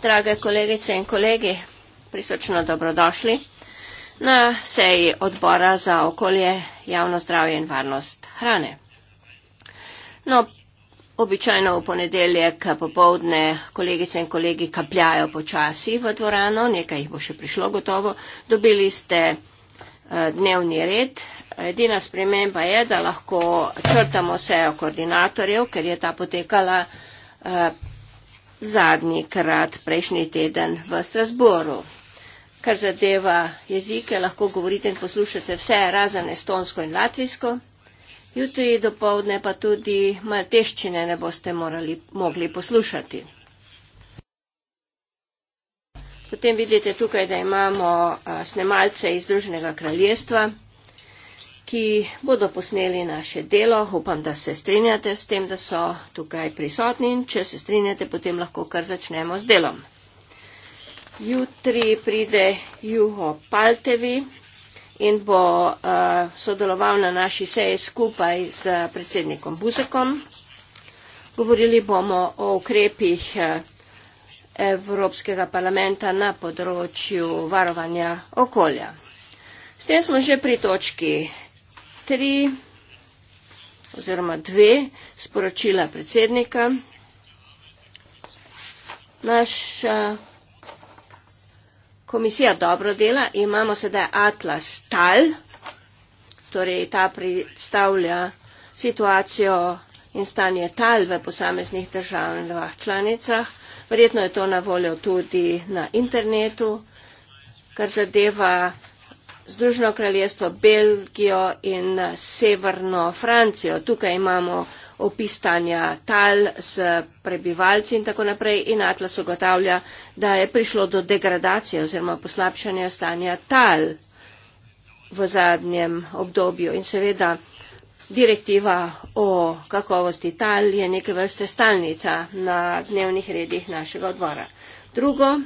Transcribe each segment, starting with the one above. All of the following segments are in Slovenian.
Drage kolegice in kolegi, prisrčno dobrodošli na seji odbora za okolje, javno zdravje in varnost hrane. No, običajno v ponedeljek popovdne kolegice in kolegi kapljajo počasi v dvorano, nekaj jih bo še prišlo gotovo. Dobili ste eh, dnevni red. Edina sprememba je, da lahko črtamo sejo koordinatorjev, ker je ta potekala eh, zadnji krat prejšnji teden v Strasboru. Kar zadeva jezike, lahko govorite in poslušate vse, razen estonsko in latvijsko. Jutri do povdne pa tudi malteščine ne boste morali, mogli poslušati. Potem vidite tukaj, da imamo eh, snemalce iz Združenega kraljestva ki bodo posneli naše delo. Upam, da se strinjate s tem, da so tukaj prisotni in če se strinjate, potem lahko kar začnemo z delom. Jutri pride Juho Paltevi in bo uh, sodeloval na naši seji skupaj z predsednikom Buzekom. Govorili bomo o ukrepih eh, Evropskega parlamenta na področju varovanja okolja. S tem smo že pri točki tri oziroma dve sporočila predsednika. Naša komisija dobro dela. Imamo sedaj Atlas Tal, torej ta predstavlja situacijo in stanje tal v posameznih državah članicah. Verjetno je to na voljo tudi na internetu, kar zadeva Združeno kraljestvo, Belgijo in eh, severno Francijo. Tukaj imamo opistanja tal s prebivalci in tako naprej in Atlas ugotavlja, da je prišlo do degradacije oziroma poslabšanja stanja tal v zadnjem obdobju. In seveda direktiva o kakovosti tal je neke vrste stalnica na dnevnih redih našega odbora. Drugo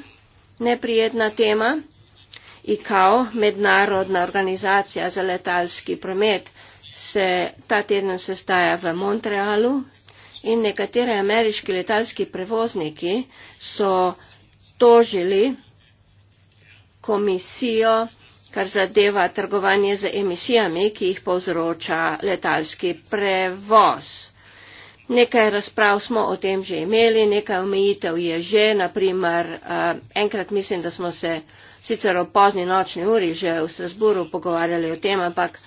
neprijedna tema. ICAO, mednarodna organizacija za letalski promet, se ta teden sestaja v Montrealu in nekatere ameriški letalski prevozniki so tožili komisijo, kar zadeva trgovanje z emisijami, ki jih povzroča letalski prevoz. Nekaj razprav smo o tem že imeli, nekaj omejitev je že, naprimer eh, enkrat mislim, da smo se sicer ob pozni nočni uri že v Strasburu pogovarjali o tem, ampak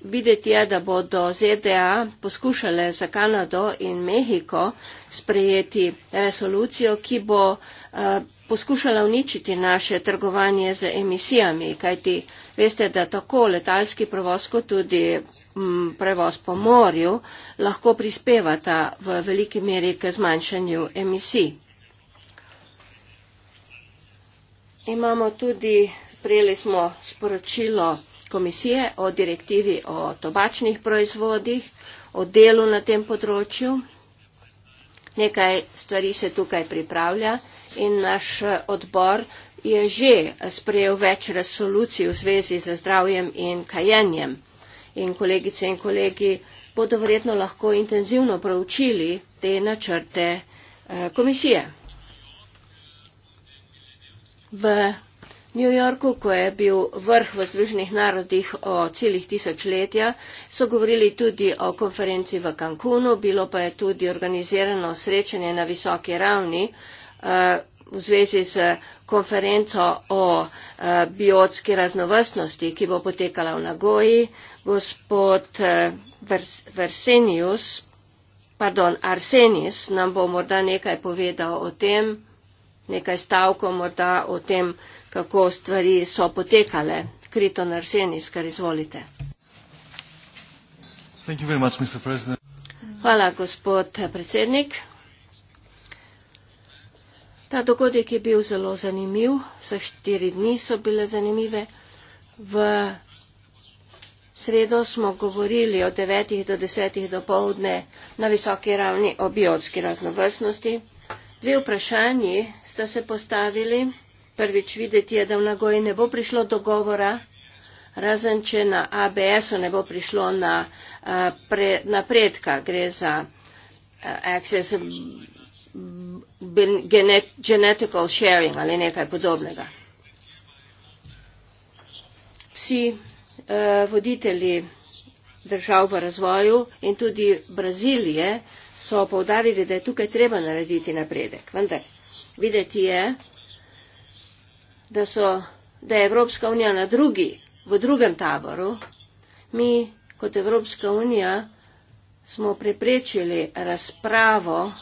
videti je, da bodo ZDA poskušale za Kanado in Mehiko sprejeti resolucijo, ki bo uh, poskušala uničiti naše trgovanje z emisijami, kajti veste, da tako letalski provoz kot tudi m, mm, prevoz po morju lahko prispevata v veliki meri k zmanjšanju emisij. Imamo tudi, prejeli smo sporočilo komisije o direktivi o tobačnih proizvodih, o delu na tem področju. Nekaj stvari se tukaj pripravlja in naš odbor je že sprejel več resolucij v zvezi z zdravjem in kajenjem. In kolegice in kolegi bodo verjetno lahko intenzivno proučili te načrte eh, komisije v New Yorku, ko je bil vrh v Združenih narodih o celih tisočletja, so govorili tudi o konferenci v Cancunu, bilo pa je tudi organizirano srečanje na visoki ravni eh, v zvezi z konferenco o eh, biotski raznovrstnosti, ki bo potekala v Nagoji. Gospod eh, Versenius, pardon, Arsenis nam bo morda nekaj povedal o tem nekaj stavkov morda o tem, kako stvari so potekale. Krito Narsenis, kar izvolite. Much, Hvala, gospod predsednik. Ta dogodek je bil zelo zanimiv, vse štiri dni so bile zanimive. V sredo smo govorili od 9. do 10. do povdne na visoki ravni o biotski raznovrstnosti. Dve vprašanji sta se postavili. Prvič videti je, da v Nagoji ne bo prišlo dogovora, razen če na ABS-u ne bo prišlo na pre, napredka. Gre za access genet, genetical sharing ali nekaj podobnega. Vsi voditelji držav v razvoju in tudi Brazilije so povdarili, da je tukaj treba narediti napredek. Vendar videti je, da, so, da je Evropska unija na drugi, v drugem taboru. Mi kot Evropska unija smo preprečili razpravo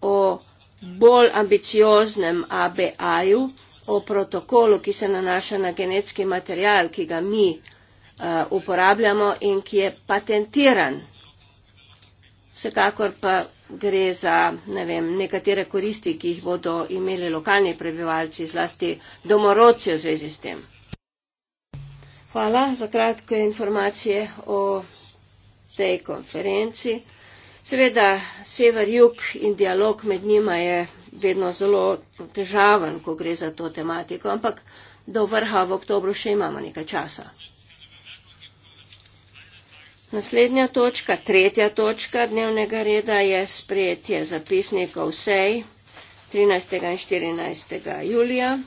o bolj ambicioznem ABA-ju, o protokolu, ki se nanaša na genetski material, ki ga mi uh, uporabljamo in ki je patentiran Vsekakor pa gre za ne vem, nekatere koristi, ki jih bodo imeli lokalni prebivalci, zlasti domorodci v zvezi s tem. Hvala za kratke informacije o tej konferenci. Seveda, sever-jug in dialog med njima je vedno zelo težaven, ko gre za to tematiko, ampak do vrha v oktobru še imamo nekaj časa. Naslednja točka, tretja točka dnevnega reda je sprejetje zapisnikov sej 13. in 14. julija.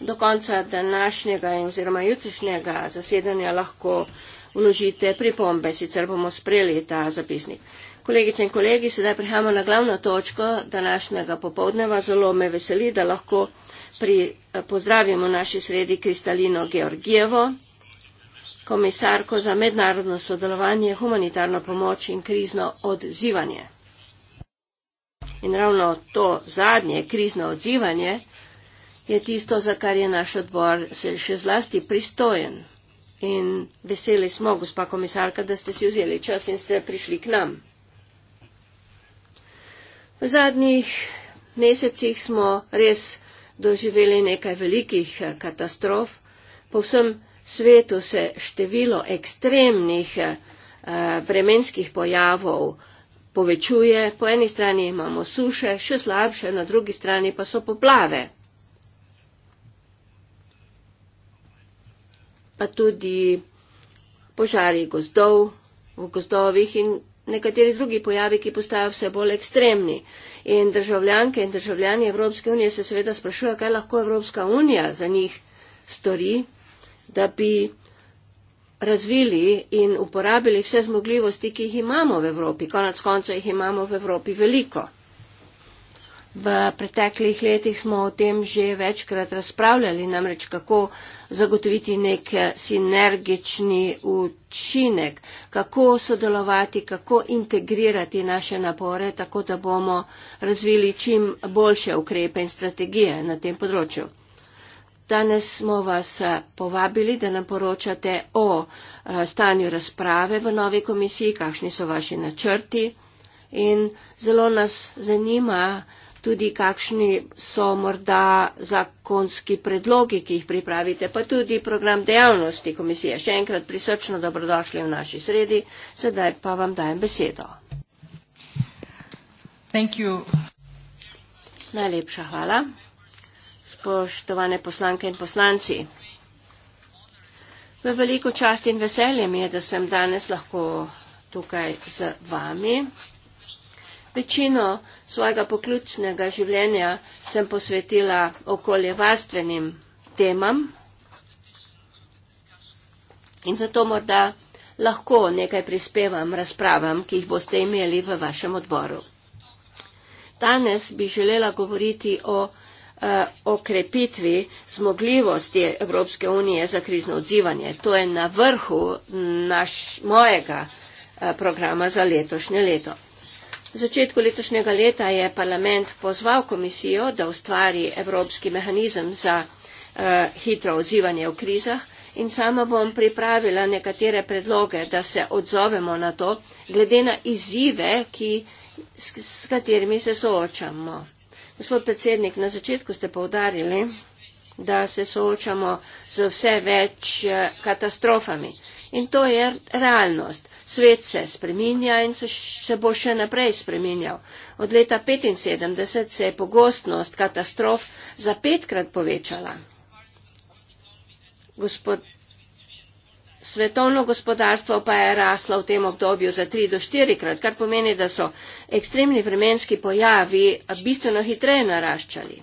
Do konca današnjega oziroma jutrišnjega zasedanja lahko vložite pripombe, sicer bomo sprejeli ta zapisnik. Kolegice in kolegi, sedaj prihajamo na glavno točko današnjega popovdneva. Zelo me veseli, da lahko pri, pozdravimo naši sredi Kristalino Georgijevo komisarko za mednarodno sodelovanje, humanitarno pomoč in krizno odzivanje. In ravno to zadnje krizno odzivanje je tisto, za kar je naš odbor se še zlasti pristojen. In veseli smo, gospa komisarka, da ste si vzeli čas in ste prišli k nam. V zadnjih mesecih smo res doživeli nekaj velikih katastrof, povsem svetu se število ekstremnih eh, vremenskih pojavov povečuje. Po eni strani imamo suše, še slabše, na drugi strani pa so poplave. Pa tudi požari gozdov v gozdovih in nekateri drugi pojavi, ki postajajo vse bolj ekstremni. In državljanke in državljani Evropske unije se seveda sprašujejo, kaj lahko Evropska unija za njih stori, da bi razvili in uporabili vse zmogljivosti, ki jih imamo v Evropi. Konec konca jih imamo v Evropi veliko. V preteklih letih smo o tem že večkrat razpravljali, namreč kako zagotoviti nek sinergični učinek, kako sodelovati, kako integrirati naše napore, tako da bomo razvili čim boljše ukrepe in strategije na tem področju. Danes smo vas eh, povabili, da nam poročate o eh, stanju razprave v novi komisiji, kakšni so vaši načrti in zelo nas zanima tudi, kakšni so morda zakonski predlogi, ki jih pripravite, pa tudi program dejavnosti komisije. Še enkrat prisrčno dobrodošli v naši sredi, sedaj pa vam dajem besedo. Najlepša hvala spoštovane poslanke in poslanci. V veliko čast in veseljem je, da sem danes lahko tukaj z vami. Večino svojega poklucnega življenja sem posvetila okoljevarstvenim temam in zato morda lahko nekaj prispevam razpravam, ki jih boste imeli v vašem odboru. Danes bi želela govoriti o Eh, o krepitvi zmogljivosti Evropske unije za krizno odzivanje. To je na vrhu naš, mojega eh, programa za letošnje leto. V začetku letošnjega leta je parlament pozval komisijo, da ustvari Evropski mehanizem za eh, hitro odzivanje v krizah in sama bom pripravila nekatere predloge, da se odzovemo na to, glede na izzive, ki, s, s katerimi se soočamo. Gospod predsednik, na začetku ste povdarili, da se soočamo z vse več eh, katastrofami. In to je realnost. Svet se spreminja in se bo še naprej spreminjal. Od leta 1975 se je pogostnost katastrof za petkrat povečala. Gospod svetovno gospodarstvo pa je raslo v tem obdobju za tri do štirikrat, kar pomeni, da so ekstremni vremenski pojavi bistveno hitreje naraščali.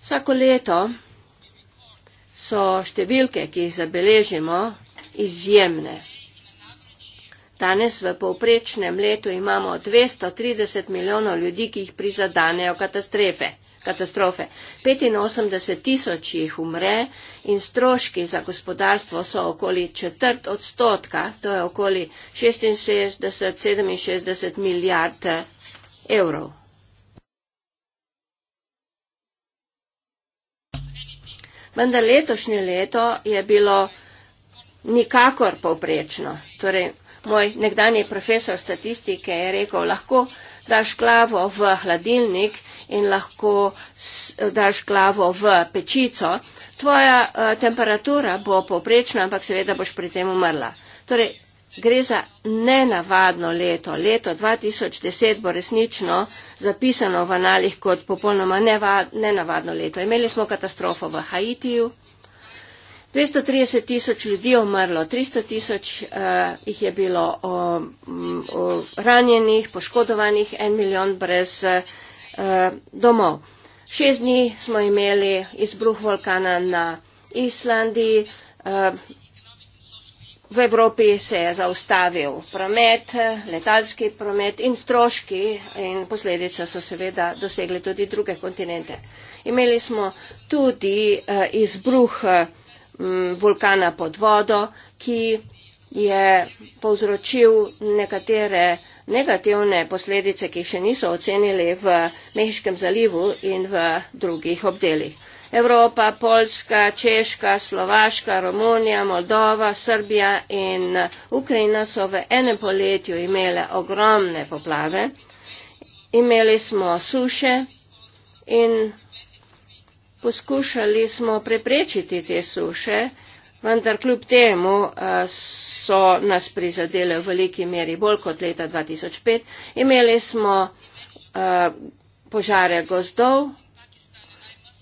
Vsako leto so številke, ki jih zabeležimo, izjemne. Danes v povprečnem letu imamo 230 milijonov ljudi, ki jih prizadanejo katastrefe katastrofe. 85 tisoč jih umre in stroški za gospodarstvo so okoli četrt odstotka, to je okoli 66-67 milijard evrov. Vendar letošnje leto je bilo nikakor povprečno. Torej, moj nekdanji profesor statistike je rekel, lahko daš glavo v hladilnik in lahko daš glavo v pečico, tvoja eh, temperatura bo povprečna, ampak seveda boš pri tem umrla. Torej, gre za nenavadno leto. Leto 2010 bo resnično zapisano v analih kot popolnoma nenavadno leto. Imeli smo katastrofo v Haitiju. 230 tisoč ljudi je umrlo, 300 tisoč uh, jih je bilo um, um, ranjenih, poškodovanih, en milijon brez uh, domov. Šest dni smo imeli izbruh vulkana na Islandiji. Eh, v Evropi se je zaustavil promet, letalski promet in stroški in posledice so seveda dosegli tudi druge kontinente. Imeli smo tudi izbruh Mm, vulkana pod vodo, ki je povzročil nekatere negativne posledice, ki jih še niso ocenili v Mehiškem zalivu in v drugih obdelih. Evropa, Poljska, Češka, Slovaška, Romunija, Moldova, Srbija in Ukrajina so v enem poletju imele ogromne poplave. Imeli smo suše in Poskušali smo preprečiti te suše, vendar kljub temu eh, so nas prizadele v veliki meri bolj kot leta 2005. Imeli smo eh, požare gozdov,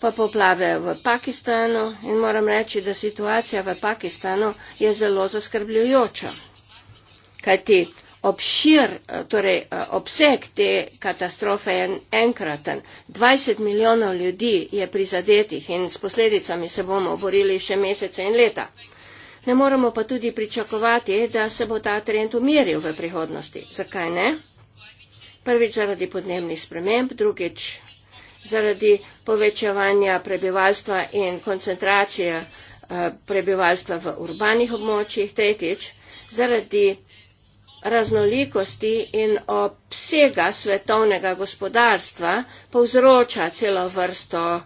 pa poplave v Pakistanu in moram reči, da situacija v Pakistanu je zelo zaskrbljujoča. Kajti obšir, eh, torej eh, obseg te katastrofe je enkraten. 20 milijonov ljudi je prizadetih in s posledicami se bomo borili še mesece in leta. Ne moremo pa tudi pričakovati, da se bo ta trend umiril v prihodnosti. Zakaj ne? Prvič zaradi podnebnih sprememb, drugič zaradi povečevanja prebivalstva in koncentracije eh, prebivalstva v urbanih območjih, tretjič zaradi raznolikosti in obsega svetovnega gospodarstva povzroča celo vrsto uh,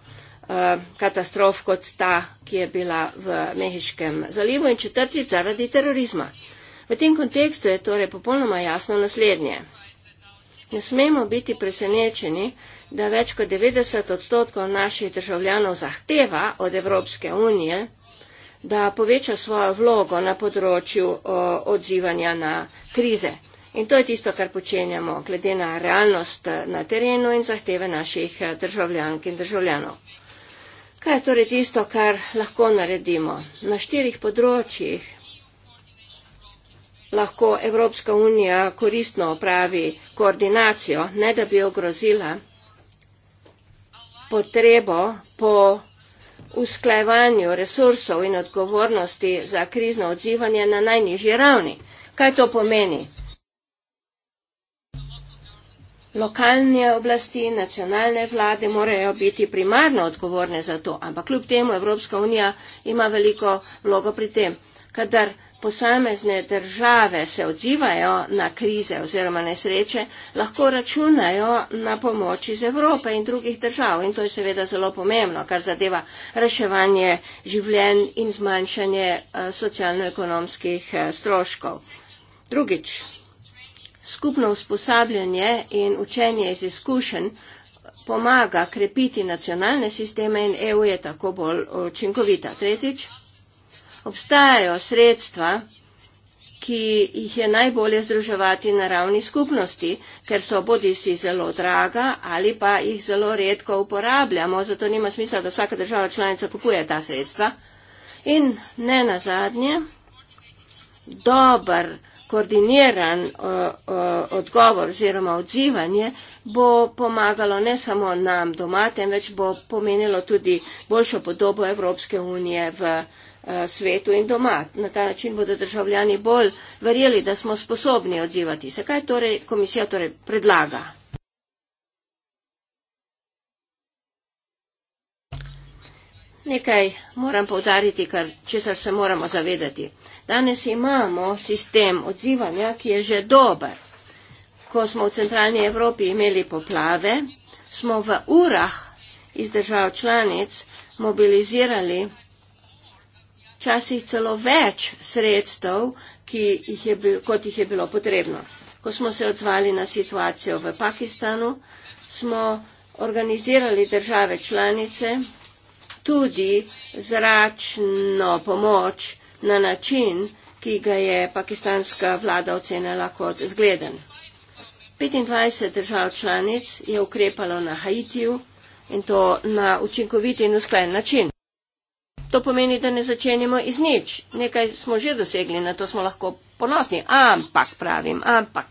katastrof kot ta, ki je bila v Mehiškem zalivu in četrtič zaradi terorizma. V tem kontekstu je torej popolnoma jasno naslednje. Ne smemo biti presenečeni, da več kot 90 odstotkov naših državljanov zahteva od Evropske unije da poveča svojo vlogo na področju odzivanja na krize. In to je tisto, kar počenjamo glede na realnost eh, na terenu in zahteve naših eh, državljank in državljanov. Kaj je torej tisto, kar lahko naredimo? Na štirih področjih lahko Evropska unija koristno opravi koordinacijo, ne da bi ogrozila potrebo po usklajevanju resursov in odgovornosti za krizno odzivanje na najnižji ravni. Kaj to pomeni? Lokalne oblasti, nacionalne vlade morajo biti primarno odgovorne za to, ampak kljub temu Evropska unija ima veliko vlogo pri tem. Kadar posamezne države se odzivajo na krize oziroma nesreče, lahko računajo na pomoč iz Evrope in drugih držav. In to je seveda zelo pomembno, kar zadeva reševanje življenj in zmanjšanje eh, socialno-ekonomskih eh, stroškov. Drugič, skupno usposabljanje in učenje iz izkušenj pomaga krepiti nacionalne sisteme in EU je tako bolj učinkovita. Tretjič, obstajajo sredstva, ki jih je najbolje združevati na ravni skupnosti, ker so bodi si zelo draga ali pa jih zelo redko uporabljamo, zato nima smisla, da vsaka država članica kupuje ta sredstva. In ne nazadnje, dober, koordiniran uh, uh, odgovor oziroma odzivanje bo pomagalo ne samo nam doma, temveč bo pomenilo tudi boljšo podobo Evropske unije v. Eh, svetu in doma. Na ta način bodo državljani bolj verjeli, da smo sposobni odzivati se. Kaj torej komisija torej predlaga? Nekaj moram povdariti, kar česar se moramo zavedati. Danes imamo sistem odzivanja, ki je že dober. Ko smo v centralni Evropi imeli poplave, smo v urah iz držav članic mobilizirali včasih celo več sredstev, jih bil, kot jih je bilo potrebno. Ko smo se odzvali na situacijo v Pakistanu, smo organizirali države članice tudi zračno pomoč na način, ki ga je pakistanska vlada ocenila kot zgleden. 25 držav članic je ukrepalo na Haitiju in to na učinkovit in usklen način. To pomeni, da ne začenjamo iz nič. Nekaj smo že dosegli, na to smo lahko ponosni. Ampak, pravim, ampak.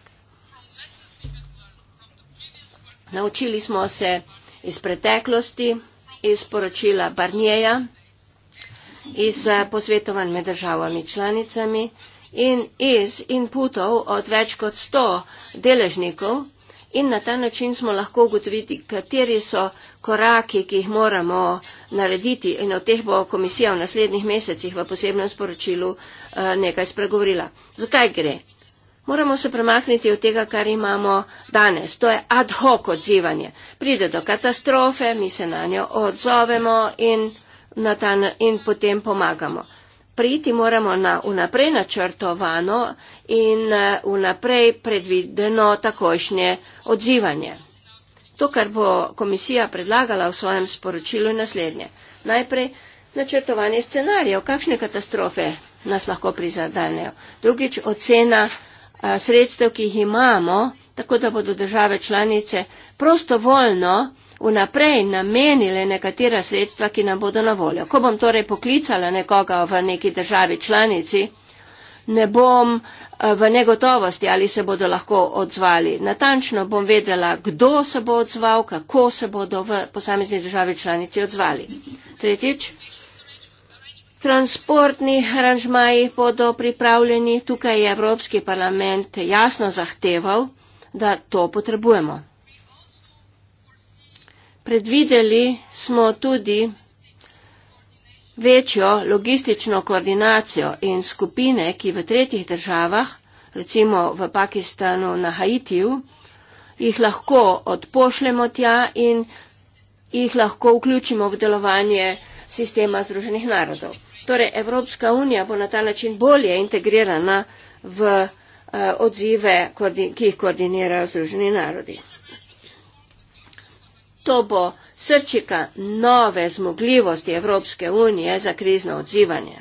Naučili smo se iz preteklosti, iz poročila Barnjeja, iz eh, posvetovanj med državami članicami in iz inputov od več kot sto deležnikov in na ta način smo lahko ugotoviti, kateri so koraki, ki jih moramo narediti in o teh bo komisija v naslednjih mesecih v posebnem sporočilu eh, nekaj spregovorila. Zakaj gre? Moramo se premakniti od tega, kar imamo danes. To je ad hoc odzivanje. Pride do katastrofe, mi se na njo odzovemo in, na ta, in potem pomagamo priti moramo na unaprej načrtovano in unaprej eh, predvideno takošnje odzivanje. To, kar bo komisija predlagala v svojem sporočilu, je naslednje. Najprej načrtovanje scenarijev, kakšne katastrofe nas lahko prizadanejo. Drugič, ocena eh, sredstev, ki jih imamo, tako da bodo države članice prostovoljno vnaprej namenile nekatera sredstva, ki nam bodo na voljo. Ko bom torej poklicala nekoga v neki državi članici, ne bom eh, v negotovosti, ali se bodo lahko odzvali. Natančno bom vedela, kdo se bo odzval, kako se bodo v posamezni državi članici odzvali. Tretjič. Transportni aranžmaji bodo pripravljeni. Tukaj je Evropski parlament jasno zahteval, da to potrebujemo. Predvideli smo tudi večjo logistično koordinacijo in skupine, ki v tretjih državah, recimo v Pakistanu na Haitiju, jih lahko odpošljemo tja in jih lahko vključimo v delovanje sistema Združenih narodov. Torej Evropska unija bo na ta način bolje integrirana v eh, odzive, ki jih koordinirajo Združeni narodi. To bo srčika nove zmogljivosti Evropske unije za krizno odzivanje.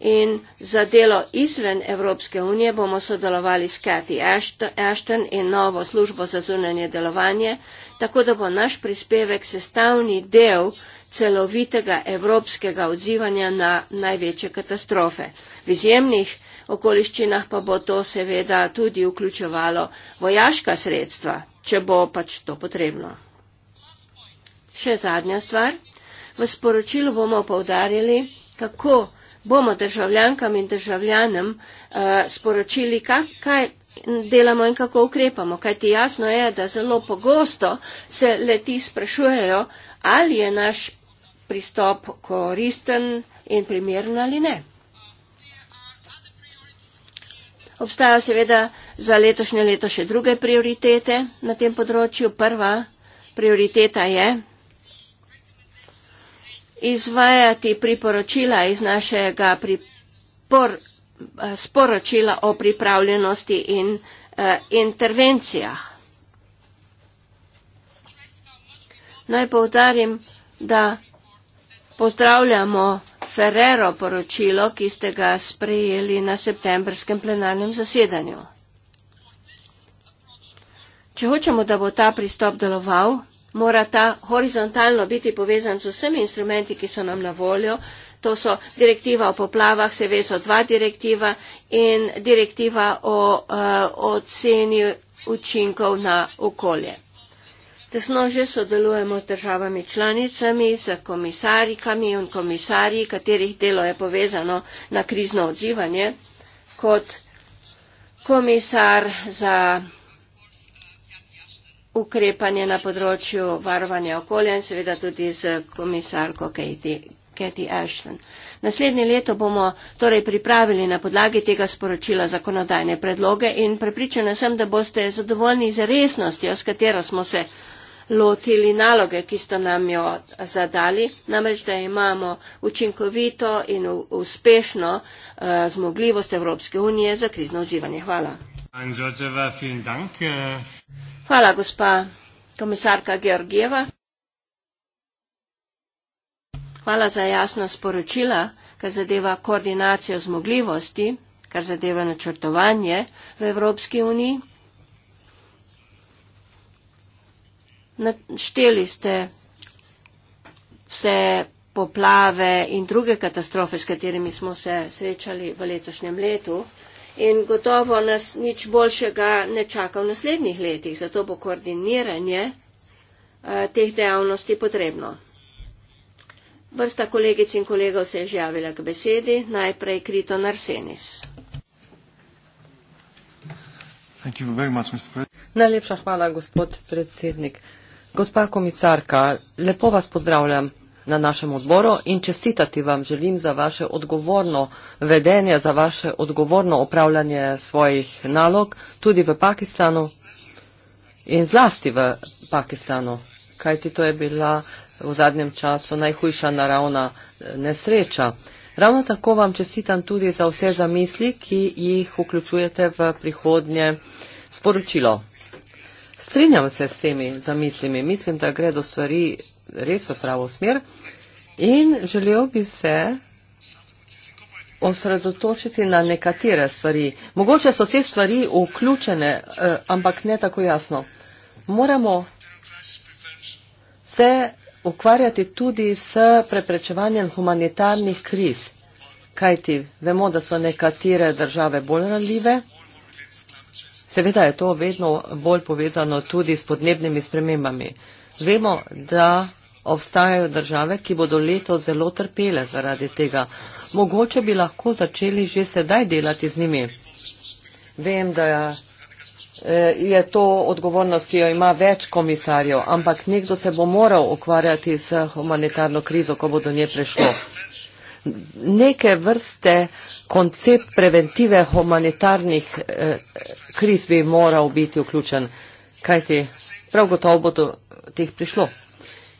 In za delo izven Evropske unije bomo sodelovali s Cathy Ashton in novo službo za zunanje delovanje, tako da bo naš prispevek sestavni del celovitega evropskega odzivanja na največje katastrofe. V izjemnih okoliščinah pa bo to seveda tudi vključevalo vojaška sredstva, če bo pač to potrebno. Še zadnja stvar. V sporočilu bomo povdarjali, kako bomo državljankam in državljanom uh, sporočili, kak, kaj delamo in kako ukrepamo. Kaj ti jasno je, da zelo pogosto se leti sprašujejo, ali je naš pristop koristen in primern ali ne. Obstajajo seveda za letošnje leto še druge prioritete na tem področju. Prva prioriteta je izvajati priporočila iz našega pripor, eh, sporočila o pripravljenosti in uh, intervencijah. Naj povdarim, da pozdravljamo Ferrero poročilo, ki ste ga sprejeli na septembrskem plenarnem zasedanju. Če hočemo, da bo ta pristop deloval, mora ta horizontalno biti povezan z vsemi instrumenti, ki so nam na voljo. To so direktiva o poplavah, se ve, so dva direktiva in direktiva o uh, oceni učinkov na okolje. Tesno že sodelujemo z državami članicami, z komisarikami in komisarji, katerih delo je povezano na krizno odzivanje. Kot komisar za ukrepanje na področju varovanja okolja in seveda tudi z komisarko Katie, Katie Ashton. Naslednje leto bomo torej pripravili na podlagi tega sporočila zakonodajne predloge in prepričana sem, da boste zadovoljni z resnostjo, s katero smo se lotili naloge, ki ste nam jo zadali, namreč da imamo učinkovito in uspešno uh, zmogljivost Evropske unije za krizno odzivanje. Hvala. Hvala, gospa komisarka Georgieva. Hvala za jasna sporočila, kar zadeva koordinacijo zmogljivosti, kar zadeva načrtovanje v Evropski uniji. Našteli ste vse poplave in druge katastrofe, s katerimi smo se srečali v letošnjem letu in gotovo nas nič boljšega ne čaka v naslednjih letih, zato bo koordiniranje eh, teh dejavnosti potrebno. Vrsta kolegic in kolegov se je že javila k besedi, najprej Krito Narsenis. Najlepša hvala, gospod predsednik. Gospa komisarka, lepo vas pozdravljam na našem odboru in čestitati vam želim za vaše odgovorno vedenje, za vaše odgovorno opravljanje svojih nalog tudi v Pakistanu in zlasti v Pakistanu, kajti to je bila v zadnjem času najhujša naravna eh, nesreča. Ravno tako vam čestitam tudi za vse zamisli, ki jih vključujete v prihodnje sporočilo. Strinjam se s temi zamislimi. Mislim, da gre do stvari res v pravo smer. In želel bi se osredotočiti na nekatere stvari. Mogoče so te stvari vključene, eh, ampak ne tako jasno. Moramo se ukvarjati tudi s preprečevanjem humanitarnih kriz, kajti vemo, da so nekatere države bolj ranljive. Seveda je to vedno bolj povezano tudi s podnebnimi spremembami. Vemo, da obstajajo države, ki bodo leto zelo trpele zaradi tega. Mogoče bi lahko začeli že sedaj delati z njimi. Vem, da eh, je to odgovornost, ki jo ima več komisarjev, ampak nekdo se bo moral ukvarjati s humanitarno krizo, ko bo do nje prišlo. Neke vrste koncept preventive humanitarnih eh, kriz bi moral biti vključen, kajti prav gotovo bo do teh prišlo.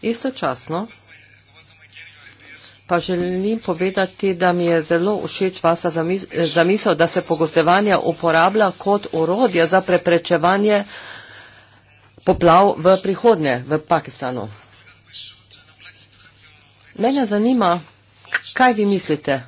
Istočasno pa želim povedati, da mi je zelo všeč vasa zamisel, da se pogostevanje uporablja kot urodje za preprečevanje poplav v prihodnje v Pakistanu. Mene zanima, kaj vi mislite?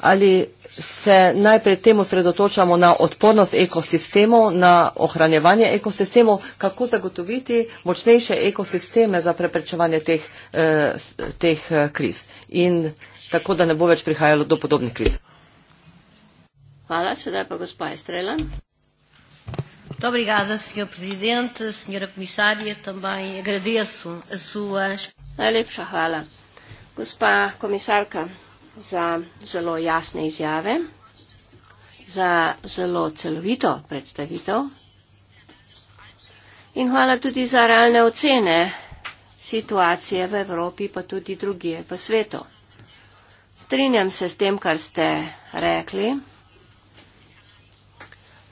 Ali se najprej temu sredotočamo na odpornost ekosistemov, na ohranjevanje ekosistemov, kako zagotoviti močnejše ekosisteme za preprečevanje teh, eh, teh eh, kriz in tako, da ne bo več prihajalo do podobnih kriz. Hvala, sedaj pa gospa Estrela. Obrigada, senjor prezident, senjora komisarje, tambaj, gradijo su, su. Najlepša hvala. Gospa komisarka, za zelo jasne izjave, za zelo celovito predstavitev in hvala tudi za realne ocene situacije v Evropi, pa tudi drugije v svetu. Strinjam se s tem, kar ste rekli,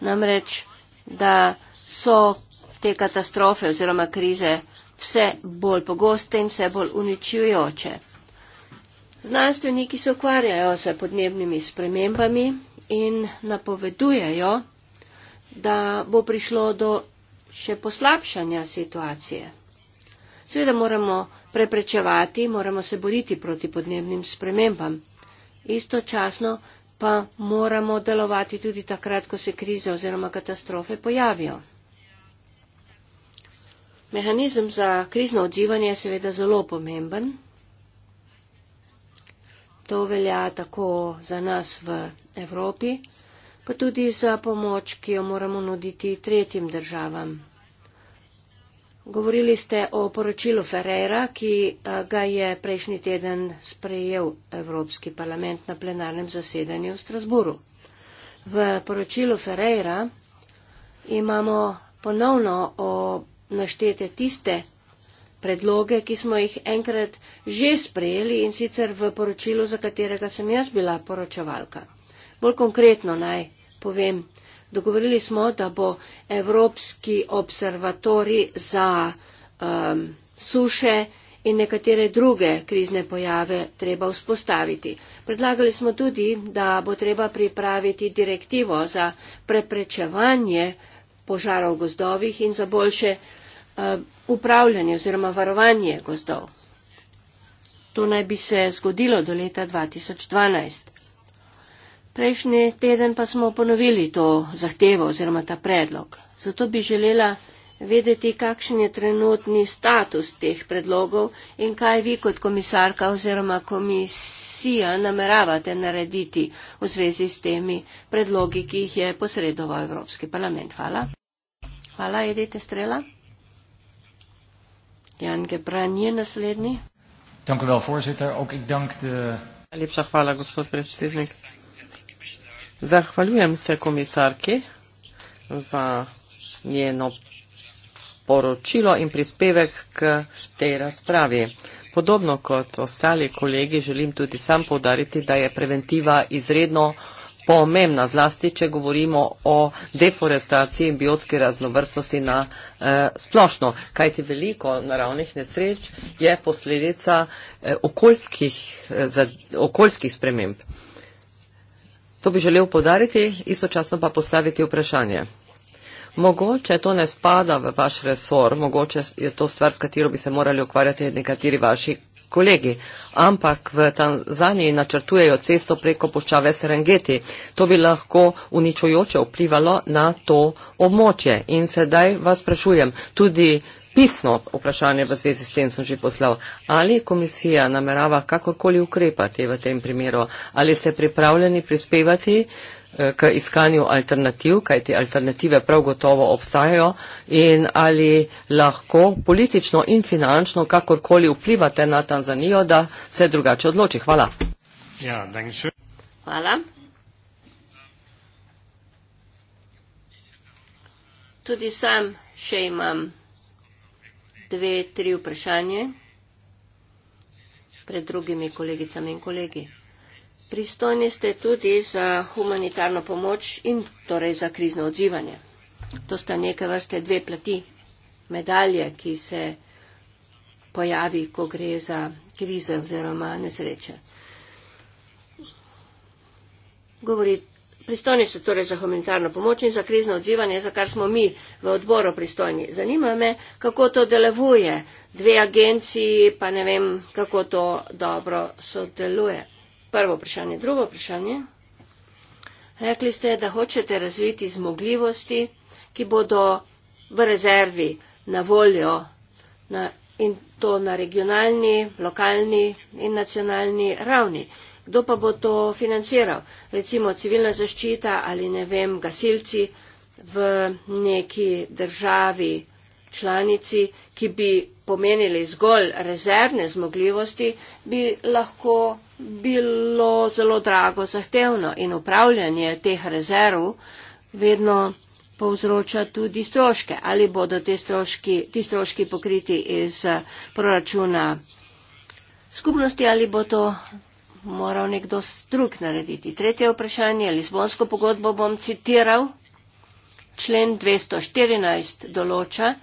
namreč, da so te katastrofe oziroma krize vse bolj pogoste in vse bolj uničujoče. Znanstveniki se ukvarjajo s podnebnimi spremembami in napovedujejo, da bo prišlo do še poslabšanja situacije. Seveda moramo preprečevati, moramo se boriti proti podnebnim spremembam. Istočasno pa moramo delovati tudi takrat, ko se krize oziroma katastrofe pojavijo. Mehanizem za krizno odzivanje je seveda zelo pomemben. To velja tako za nas v Evropi, pa tudi za pomoč, ki jo moramo nuditi tretjim državam. Govorili ste o poročilu Ferreira, ki eh, ga je prejšnji teden sprejel Evropski parlament na plenarnem zasedanju v Strasburu. V poročilu Ferreira imamo ponovno naštete tiste predloge, ki smo jih enkrat že sprejeli in sicer v poročilu, za katerega sem jaz bila poročevalka. Bolj konkretno naj povem, dogovorili smo, da bo Evropski observatori za um, suše in nekatere druge krizne pojave treba vzpostaviti. Predlagali smo tudi, da bo treba pripraviti direktivo za preprečevanje požarov v gozdovih in za boljše Eh, upravljanje oziroma varovanje gozdov. To naj bi se zgodilo do leta 2012. Prejšnji teden pa smo ponovili to zahtevo oziroma ta predlog. Zato bi želela vedeti, kakšen je trenutni status teh predlogov in kaj vi kot komisarka oziroma komisija nameravate narediti v zvezi s temi predlogi, ki jih je posredoval Evropski parlament. Hvala. Hvala, Edite Strela. Jan Gebranje, naslednji. Dank u wel, voorzitter. Ook ik dank de. Najlepša hvala, gospod predsednik. Zahvaljujem se komisarki za njeno poročilo in prispevek k tej razpravi. Podobno kot ostali kolegi želim tudi sam povdariti, da je preventiva izredno pomembna, zlasti če govorimo o deforestaciji in biotski raznovrstnosti na eh, splošno. Kaj ti veliko naravnih nesreč je posledica eh, okoljskih, eh, za, okoljskih sprememb. To bi želel podariti, istočasno pa postaviti vprašanje. Mogoče to ne spada v vaš resor, mogoče je to stvar, s katero bi se morali ukvarjati nekateri vaši kolegi. Ampak v Tanzaniji načrtujejo cesto preko poščave Serengeti. To bi lahko uničujoče vplivalo na to območje. In sedaj vas sprašujem, tudi pisno vprašanje v zvezi s tem sem že poslal. Ali komisija namerava kakorkoli ukrepati v tem primeru? Ali ste pripravljeni prispevati? k iskanju alternativ, kajti alternative prav gotovo obstajajo in ali lahko politično in finančno kakorkoli vplivate na Tanzanijo, da se drugače odloči. Hvala. Ja, Hvala. Tudi sam še imam dve, tri vprašanje pred drugimi kolegicami in kolegi. Pristojni ste tudi za humanitarno pomoč in torej za krizno odzivanje. To sta neke vrste dve plati medalje, ki se pojavi, ko gre za krize oziroma nesreče. Govori, pristojni so torej za humanitarno pomoč in za krizno odzivanje, za kar smo mi v odboru pristojni. Zanima me, kako to deluje, dve agenciji, pa ne vem, kako to dobro sodeluje prvo vprašanje. Drugo vprašanje. Rekli ste, da hočete razviti zmogljivosti, ki bodo v rezervi na voljo na, in to na regionalni, lokalni in nacionalni ravni. Kdo pa bo to financiral? Recimo civilna zaščita ali ne vem, gasilci v neki državi članici, ki bi pomenili zgolj rezervne zmogljivosti, bi lahko bilo zelo drago, zahtevno in upravljanje teh rezerv vedno povzroča tudi stroške. Ali bodo stroški, ti stroški pokriti iz eh, proračuna skupnosti ali bo to moral nekdo drug narediti. Tretje vprašanje, Lizbonsko pogodbo bom citiral. Člen 214 določa,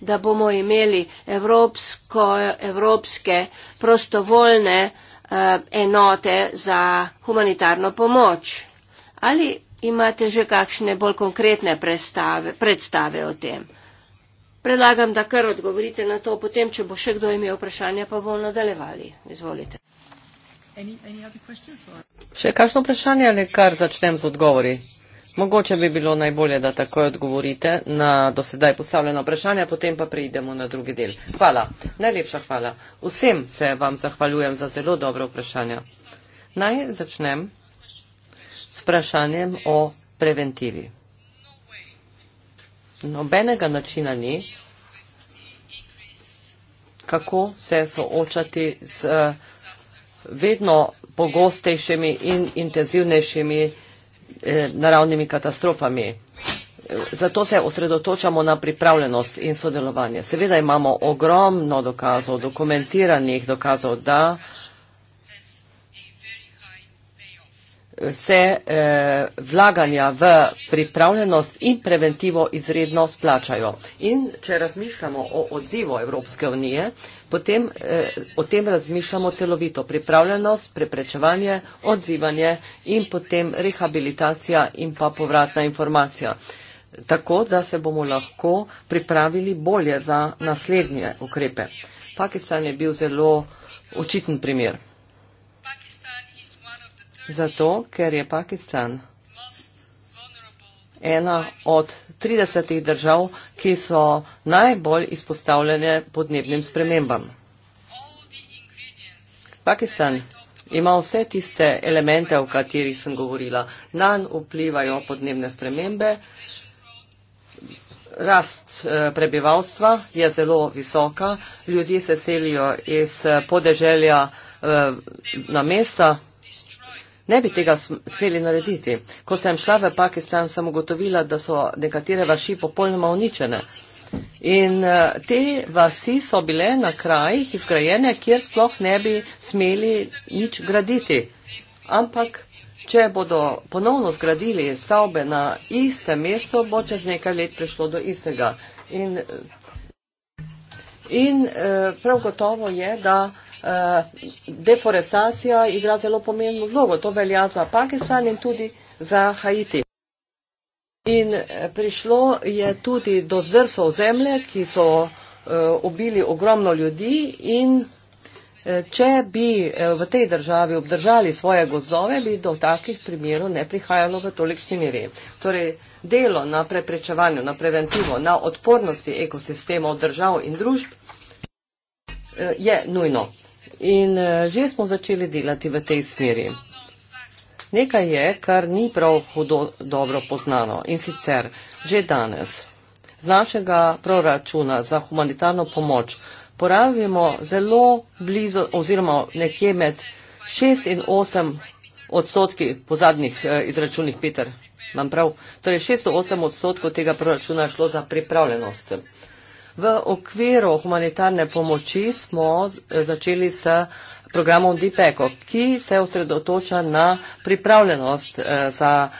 da bomo imeli evropsko, evropske prostovoljne Eh, enote za humanitarno pomoč. Ali imate že kakšne bolj konkretne predstave, predstave o tem? Predlagam, da kar odgovorite na to, potem, če bo še kdo imel vprašanje, pa bomo nadaljevali. Izvolite. Any, any še kakšno vprašanje ali kar začnem z odgovori? Mogoče bi bilo najbolje, da takoj odgovorite na dosedaj postavljeno vprašanje, potem pa prejdemo na drugi del. Hvala. Najlepša hvala. Vsem se vam zahvaljujem za zelo dobro vprašanje. Naj začnem s vprašanjem o preventivi. Nobenega načina ni, kako se soočati z eh, vedno pogostejšimi in intenzivnejšimi Eh, naravnimi katastrofami. Eh, zato se osredotočamo na pripravljenost in sodelovanje. Seveda imamo ogromno dokazov, dokumentiranih dokazov, da se eh, vlaganja v pripravljenost in preventivo izredno splačajo. In če razmišljamo o odzivu Evropske unije, potem eh, o tem razmišljamo celovito. Pripravljenost, preprečevanje, odzivanje in potem rehabilitacija in pa povratna informacija. Tako, da se bomo lahko pripravili bolje za naslednje ukrepe. Pakistan je bil zelo očiten primer. Zato, ker je Pakistan ena od 30 držav, ki so najbolj izpostavljene podnebnim spremembam. Pakistan ima vse tiste elemente, o katerih sem govorila. Nanj vplivajo podnebne spremembe, rast eh, prebivalstva je zelo visoka, ljudje se selijo iz podeželja eh, na mesta, Ne bi tega smeli narediti. Ko sem šla v Pakistan, sem ugotovila, da so nekatere vaši popolnoma uničene. In eh, te vasi so bile na krajih izgrajene, kjer sploh ne bi smeli nič graditi. Ampak, če bodo ponovno zgradili stavbe na istem mestu, bo čez nekaj let prišlo do istega. In, eh, in eh, prav gotovo je, da. Eh, deforestacija igra zelo pomembno vlogo. To velja za Pakistan in tudi za Haiti. In eh, prišlo je tudi do zdrsov zemlje, ki so eh, ubili ogromno ljudi in če bi v tej državi obdržali svoje gozdove, bi do takih primerov ne prihajalo v tolikšni meri. Torej, delo na preprečevanju, na preventivo, na odpornosti ekosistemov držav in družb je nujno. In eh, že smo začeli delati v tej smeri. Nekaj je, kar ni prav hudo dobro poznano in sicer že danes z našega proračuna za humanitarno pomoč porabimo zelo blizu oziroma nekje med 6 in 8 odstotki po zadnjih eh, izračunih, Peter, imam prav, torej 608 odstotkov tega proračuna je šlo za pripravljenost. V okviru humanitarne pomoči smo eh, začeli s eh, programom DPECO, ki se osredotoča na pripravljenost eh, za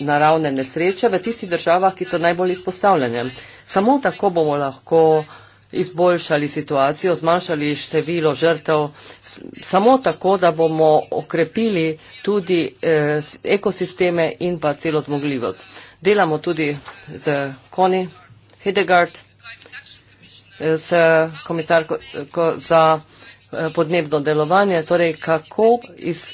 naravne nesreče v tistih državah, ki so najbolj izpostavljene. Samo tako bomo lahko izboljšali situacijo, zmanjšali število žrtev, samo tako, da bomo okrepili tudi ekosisteme in pa celo zmogljivost. Delamo tudi z Koni Hedegard s komisarko za eh, podnebno delovanje, torej kako iz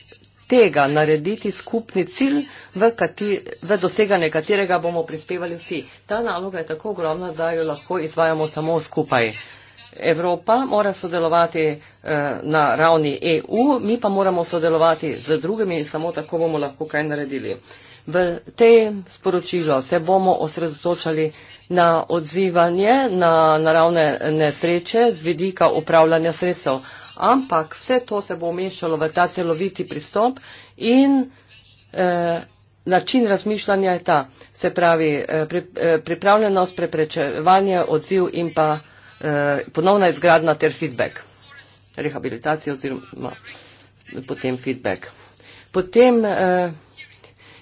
tega narediti skupni cilj, v, kati, v doseganje katerega bomo prispevali vsi. Ta naloga je tako ogromna, da jo lahko izvajamo samo skupaj. Evropa mora sodelovati eh, na ravni EU, mi pa moramo sodelovati z drugimi in samo tako bomo lahko kaj naredili. V tem sporočilu se bomo osredotočali na odzivanje na naravne nesreče z vidika upravljanja sredstev. Ampak vse to se bo umeščalo v ta celoviti pristop in eh, način razmišljanja je ta, se pravi eh, pri, eh, pripravljenost, preprečevanje, odziv in pa eh, ponovna izgradna ter feedback, rehabilitacija oziroma potem feedback. Potem eh,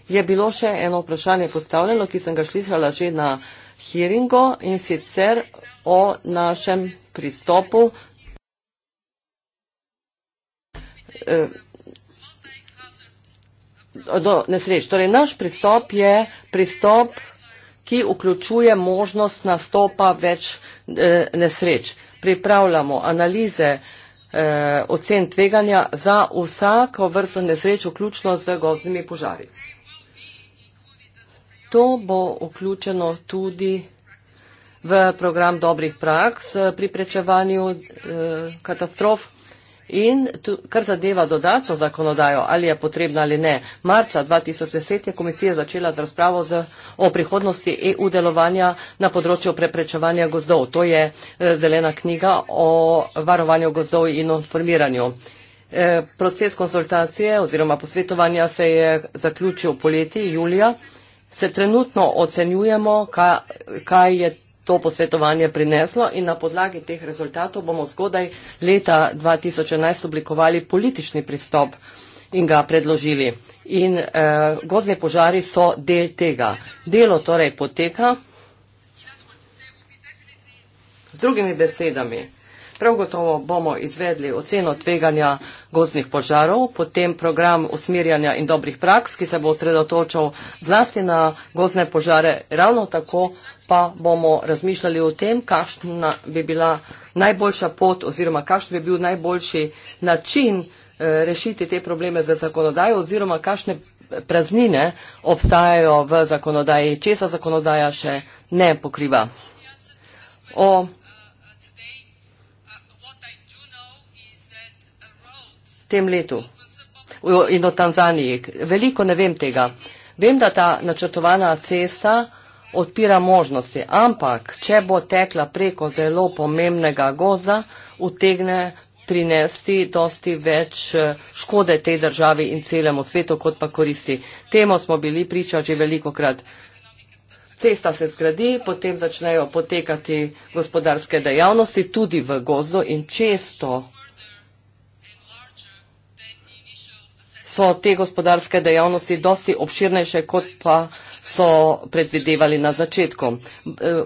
je bilo še eno vprašanje postavljeno, ki sem ga šlisala že na eh, hearingu in sicer o našem pristopu eh, do nesreč. Torej, naš pristop je pristop, ki vključuje možnost nastopa več eh, nesreč. Pripravljamo analize eh, ocen tveganja za vsako vrsto nesreč, vključno z gozdnimi požarji. To bo vključeno tudi v program dobrih praks pri prečevanju eh, katastrof. In tu, kar zadeva dodatno zakonodajo, ali je potrebna ali ne, marca 2010 je komisija začela z razpravo z, o prihodnosti EU delovanja na področju preprečevanja gozdov. To je e, zelena knjiga o varovanju gozdov in informiranju. E, proces konsultacije oziroma posvetovanja se je zaključil poleti, julija se trenutno ocenjujemo, kaj, kaj je to posvetovanje prineslo in na podlagi teh rezultatov bomo zgodaj leta 2011 oblikovali politični pristop in ga predložili. In eh, gozdni požari so del tega. Delo torej poteka. Z drugimi besedami. Prav gotovo bomo izvedli oceno tveganja gozdnih požarov, potem program usmerjanja in dobrih praks, ki se bo osredotočal zlasti na gozdne požare. Ravno tako pa bomo razmišljali o tem, kakšna bi bila najboljša pot oziroma kakšen bi bil najboljši način eh, rešiti te probleme za zakonodajo oziroma kakšne praznine obstajajo v zakonodaji, česa zakonodaja še ne pokriva. O tem letu in o Tanzaniji. Veliko ne vem tega. Vem, da ta načrtovana cesta odpira možnosti, ampak če bo tekla preko zelo pomembnega gozda, utegne prinesti dosti več eh, škode tej državi in celemu svetu, kot pa koristi. Temo smo bili priča že veliko krat. Cesta se zgradi, potem začnejo potekati gospodarske dejavnosti tudi v gozdu in često so te gospodarske dejavnosti dosti obširnejše, kot pa so predvidevali na začetku.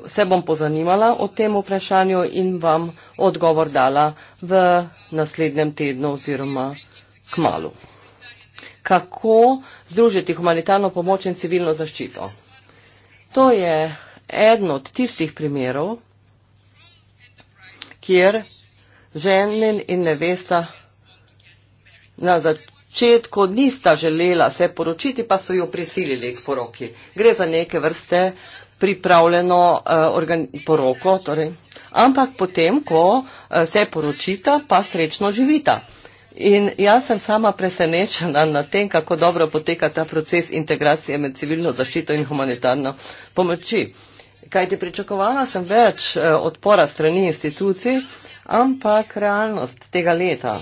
Se bom pozanimala o tem vprašanju in vam odgovor dala v naslednjem tednu oziroma k malu. Kako združiti humanitarno pomoč in civilno zaščito? To je eden od tistih primerov, kjer ženin in nevesta na začetku četko nista želela se poročiti, pa so jo prisilili k poroki. Gre za neke vrste pripravljeno uh, poroko, torej. ampak potem, ko uh, se poročita, pa srečno živita. In jaz sem sama presenečena na tem, kako dobro poteka ta proces integracije med civilno zaščito in humanitarno pomoči. Kaj ti pričakovala sem več uh, odpora strani institucij, ampak realnost tega leta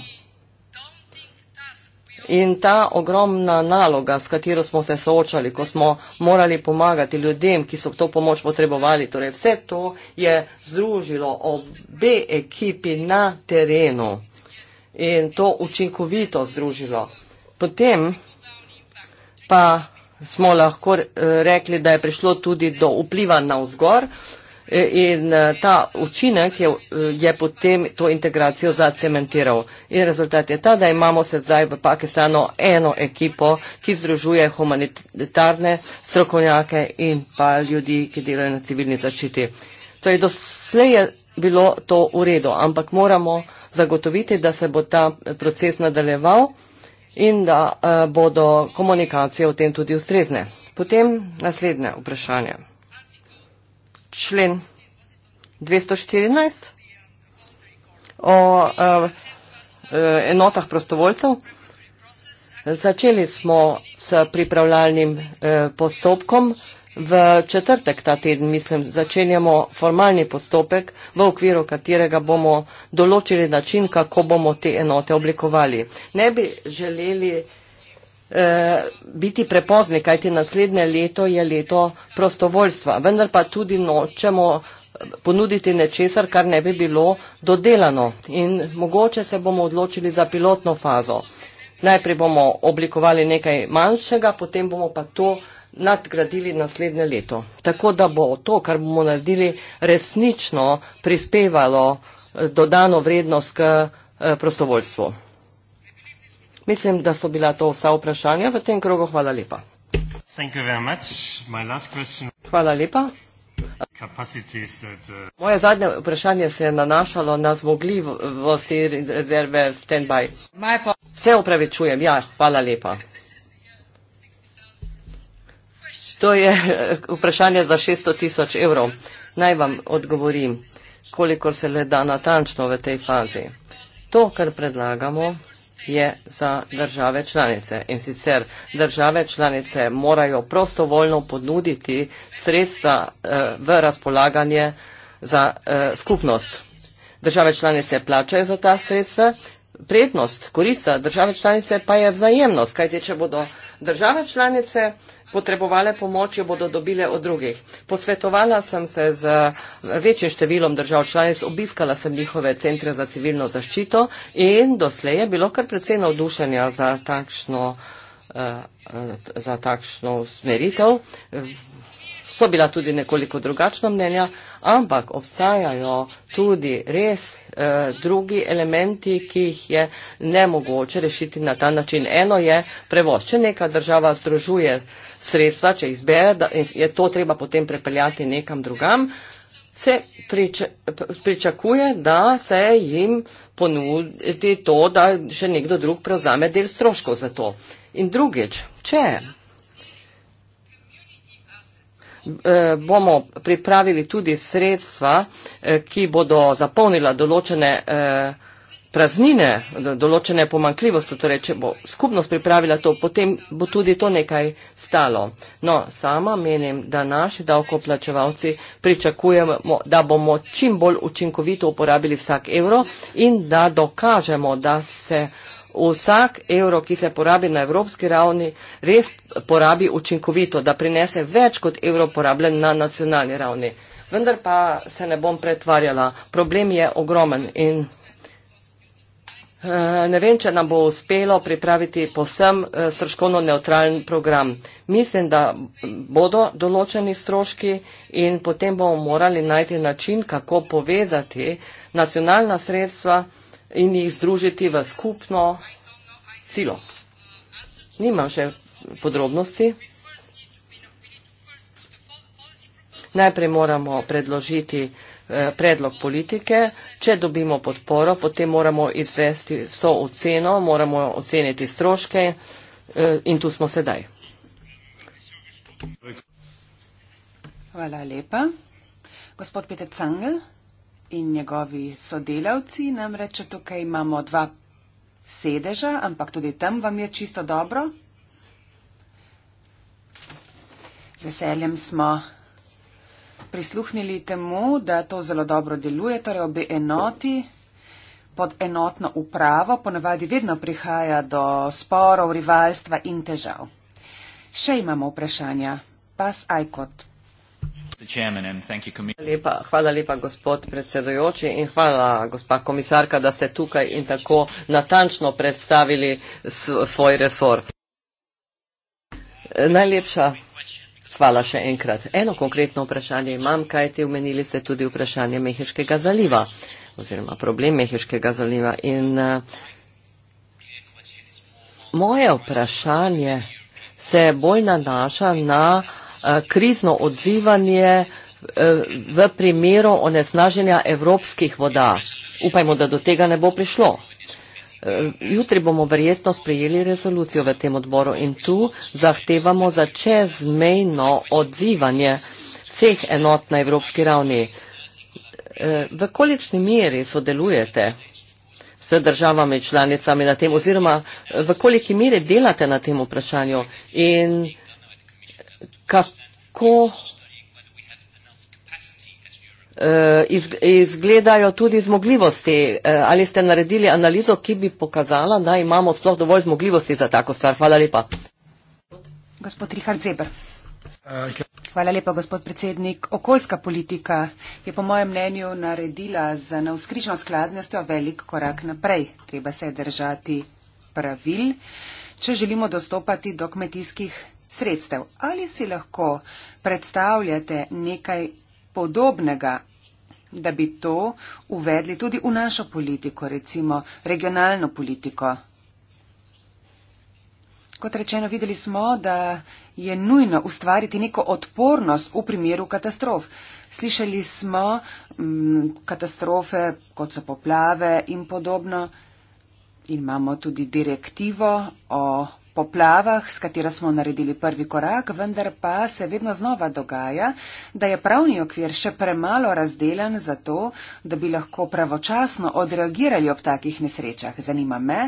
In ta ogromna naloga, s katero smo se soočali, ko smo morali pomagati ljudem, ki so to pomoč potrebovali, torej vse to je združilo obe ekipi na terenu in to učinkovito združilo. Potem pa smo lahko eh, rekli, da je prišlo tudi do vpliva na vzgor. In eh, ta učinek je, eh, je potem to integracijo zacementiral. In rezultat je ta, da imamo se zdaj v Pakistanu eno ekipo, ki združuje humanitarne strokovnjake in pa ljudi, ki delajo na civilni zaščiti. To torej, je doslej je bilo to v redu, ampak moramo zagotoviti, da se bo ta eh, proces nadaljeval in da uh, bodo komunikacije o tem tudi ustrezne. Potem naslednje vprašanje člen 214 o eh, eh, enotah prostovoljcev. Začeli smo s pripravljalnim eh, postopkom. V četrtek ta teden, mislim, začenjamo formalni postopek, v okviru katerega bomo določili način, kako bomo te enote oblikovali. Ne bi želeli vsega, Eh, biti prepozni, kajti naslednje leto je leto prostovoljstva. Vendar pa tudi nočemo eh, ponuditi nečesar, kar ne bi bilo dodelano. In mogoče se bomo odločili za pilotno fazo. Najprej bomo oblikovali nekaj manjšega, potem bomo pa to nadgradili naslednje leto. Tako da bo to, kar bomo naredili, resnično prispevalo eh, dodano vrednost k prostovoljstvu. Mislim, da so bila to vsa vprašanja v tem krogu. Hvala lepa. Hvala lepa. Uh, Moje zadnje vprašanje se je nanašalo na zmogljivosti rezerve stand-by. Se upravičujem, ja, hvala lepa. To je eh, vprašanje za 600 tisoč evrov. Naj vam odgovorim, koliko se le da natančno v tej fazi. To, kar predlagamo, je za države članice. In sicer države članice morajo prostovoljno ponuditi sredstva eh, v razpolaganje za eh, skupnost. Države članice plačajo za ta sredstva, prednost, korista države članice pa je vzajemnost, kajte če bodo države članice eh, potrebovale pomoč, jo bodo dobile od drugih. Posvetovala sem se z večjim številom držav članic, obiskala sem njihove centre za civilno zaščito in doslej je bilo kar precej navdušenja za takšno, eh, eh, za takšno usmeritev so bila tudi nekoliko drugačna mnenja, ampak obstajajo tudi res eh, drugi elementi, ki jih je nemogoče rešiti na ta način. Eno je prevoz. Če neka država združuje sredstva, če izbere, da je to treba potem prepeljati nekam drugam, se priča, pričakuje, da se jim ponudi to, da še nekdo drug prevzame del stroškov za to. In drugič, če Eh, bomo pripravili tudi sredstva, eh, ki bodo zapolnila določene eh, praznine, določene pomankljivosti, torej če bo skupnost pripravila to, potem bo tudi to nekaj stalo. No, sama menim, da naši davkoplačevalci pričakujemo, da bomo čim bolj učinkovito uporabili vsak evro in da dokažemo, da se učinkovito vsak evro, ki se porabi na evropski ravni, res porabi učinkovito, da prinese več kot evro porabljen na nacionalni ravni. Vendar pa se ne bom pretvarjala, problem je ogromen in eh, ne vem, če nam bo uspelo pripraviti posem eh, stroškovno neutralen program. Mislim, da bodo določeni stroški in potem bomo morali najti način, kako povezati nacionalna sredstva in in jih združiti v skupno silo. Nimam še podrobnosti. Najprej moramo predložiti eh, predlog politike. Če dobimo podporo, potem moramo izvesti vso oceno, moramo oceniti stroške eh, in tu smo sedaj. Hvala lepa. Gospod Peter Cangel in njegovi sodelavci, namreč tukaj imamo dva sedeža, ampak tudi tam vam je čisto dobro. Z veseljem smo prisluhnili temu, da to zelo dobro deluje, torej obe enoti pod enotno upravo, ponavadi vedno prihaja do sporov, rivalstva in težav. Še imamo vprašanja. Pas aj kot Lepa, hvala lepa, gospod predsedujoči in hvala, gospa komisarka, da ste tukaj in tako natančno predstavili svoj resor. Najlepša hvala še enkrat. Eno konkretno vprašanje imam, kaj ti omenili ste tudi vprašanje Mehiškega zaliva oziroma problem Mehiškega zaliva. In uh, moje vprašanje se bolj nanaša na. Eh, krizno odzivanje eh, v primeru onesnaženja evropskih voda. Upajmo, da do tega ne bo prišlo. Eh, jutri bomo verjetno sprejeli rezolucijo v tem odboru in tu zahtevamo za čezmejno odzivanje vseh enot na evropski ravni. V kolikšni meri sodelujete s državami članicami na tem oziroma v koliki meri delate na tem vprašanju in kako eh, izgledajo tudi zmogljivosti. Eh, ali ste naredili analizo, ki bi pokazala, da imamo sploh dovolj zmogljivosti za tako stvar? Hvala lepa. Gospod Richard Zeber. Hvala lepa, gospod predsednik. Okoljska politika je po mojem mnenju naredila za navskrižno skladnostjo velik korak naprej. Treba se držati pravil, če želimo dostopati do kmetijskih sredstev. Ali si lahko predstavljate nekaj podobnega, da bi to uvedli tudi v našo politiko, recimo regionalno politiko? Kot rečeno, videli smo, da je nujno ustvariti neko odpornost v primeru katastrof. Slišali smo mm, katastrofe, kot so poplave in podobno. Imamo tudi direktivo o poplavah, s katero smo naredili prvi korak, vendar pa se vedno znova dogaja, da je pravni okvir še premalo razdelen za to, da bi lahko pravočasno odreagirali ob takih nesrečah. Zanima me,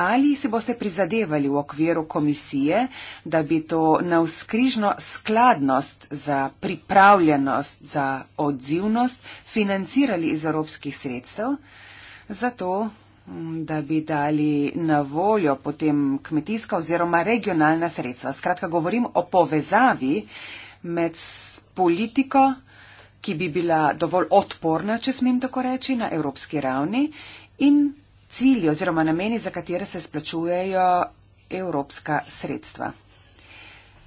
ali si boste prizadevali v okviru komisije, da bi to navskrižno skladnost za pripravljenost, za odzivnost financirali iz evropskih sredstev. Zato da bi dali na voljo potem kmetijska oziroma regionalna sredstva. Skratka, govorim o povezavi med politiko, ki bi bila dovolj odporna, če smem tako reči, na evropski ravni in cilji oziroma nameni, za katere se splačujejo evropska sredstva.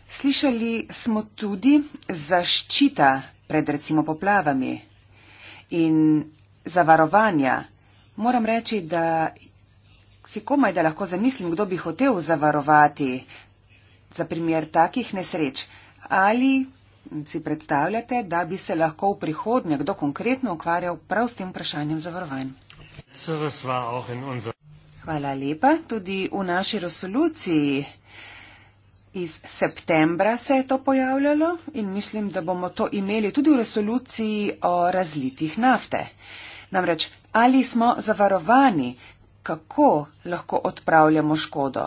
Slišali smo tudi zaščita pred recimo poplavami in zavarovanja Moram reči, da si komaj da lahko zamislim, kdo bi hotel zavarovati za primer takih nesreč. Ali si predstavljate, da bi se lahko v prihodnje kdo konkretno ukvarjal prav s tem vprašanjem zavarovanj? Hvala lepa. Tudi v naši resoluciji iz septembra se je to pojavljalo in mislim, da bomo to imeli tudi v resoluciji o razlitih nafte. Namreč ali smo zavarovani, kako lahko odpravljamo škodo.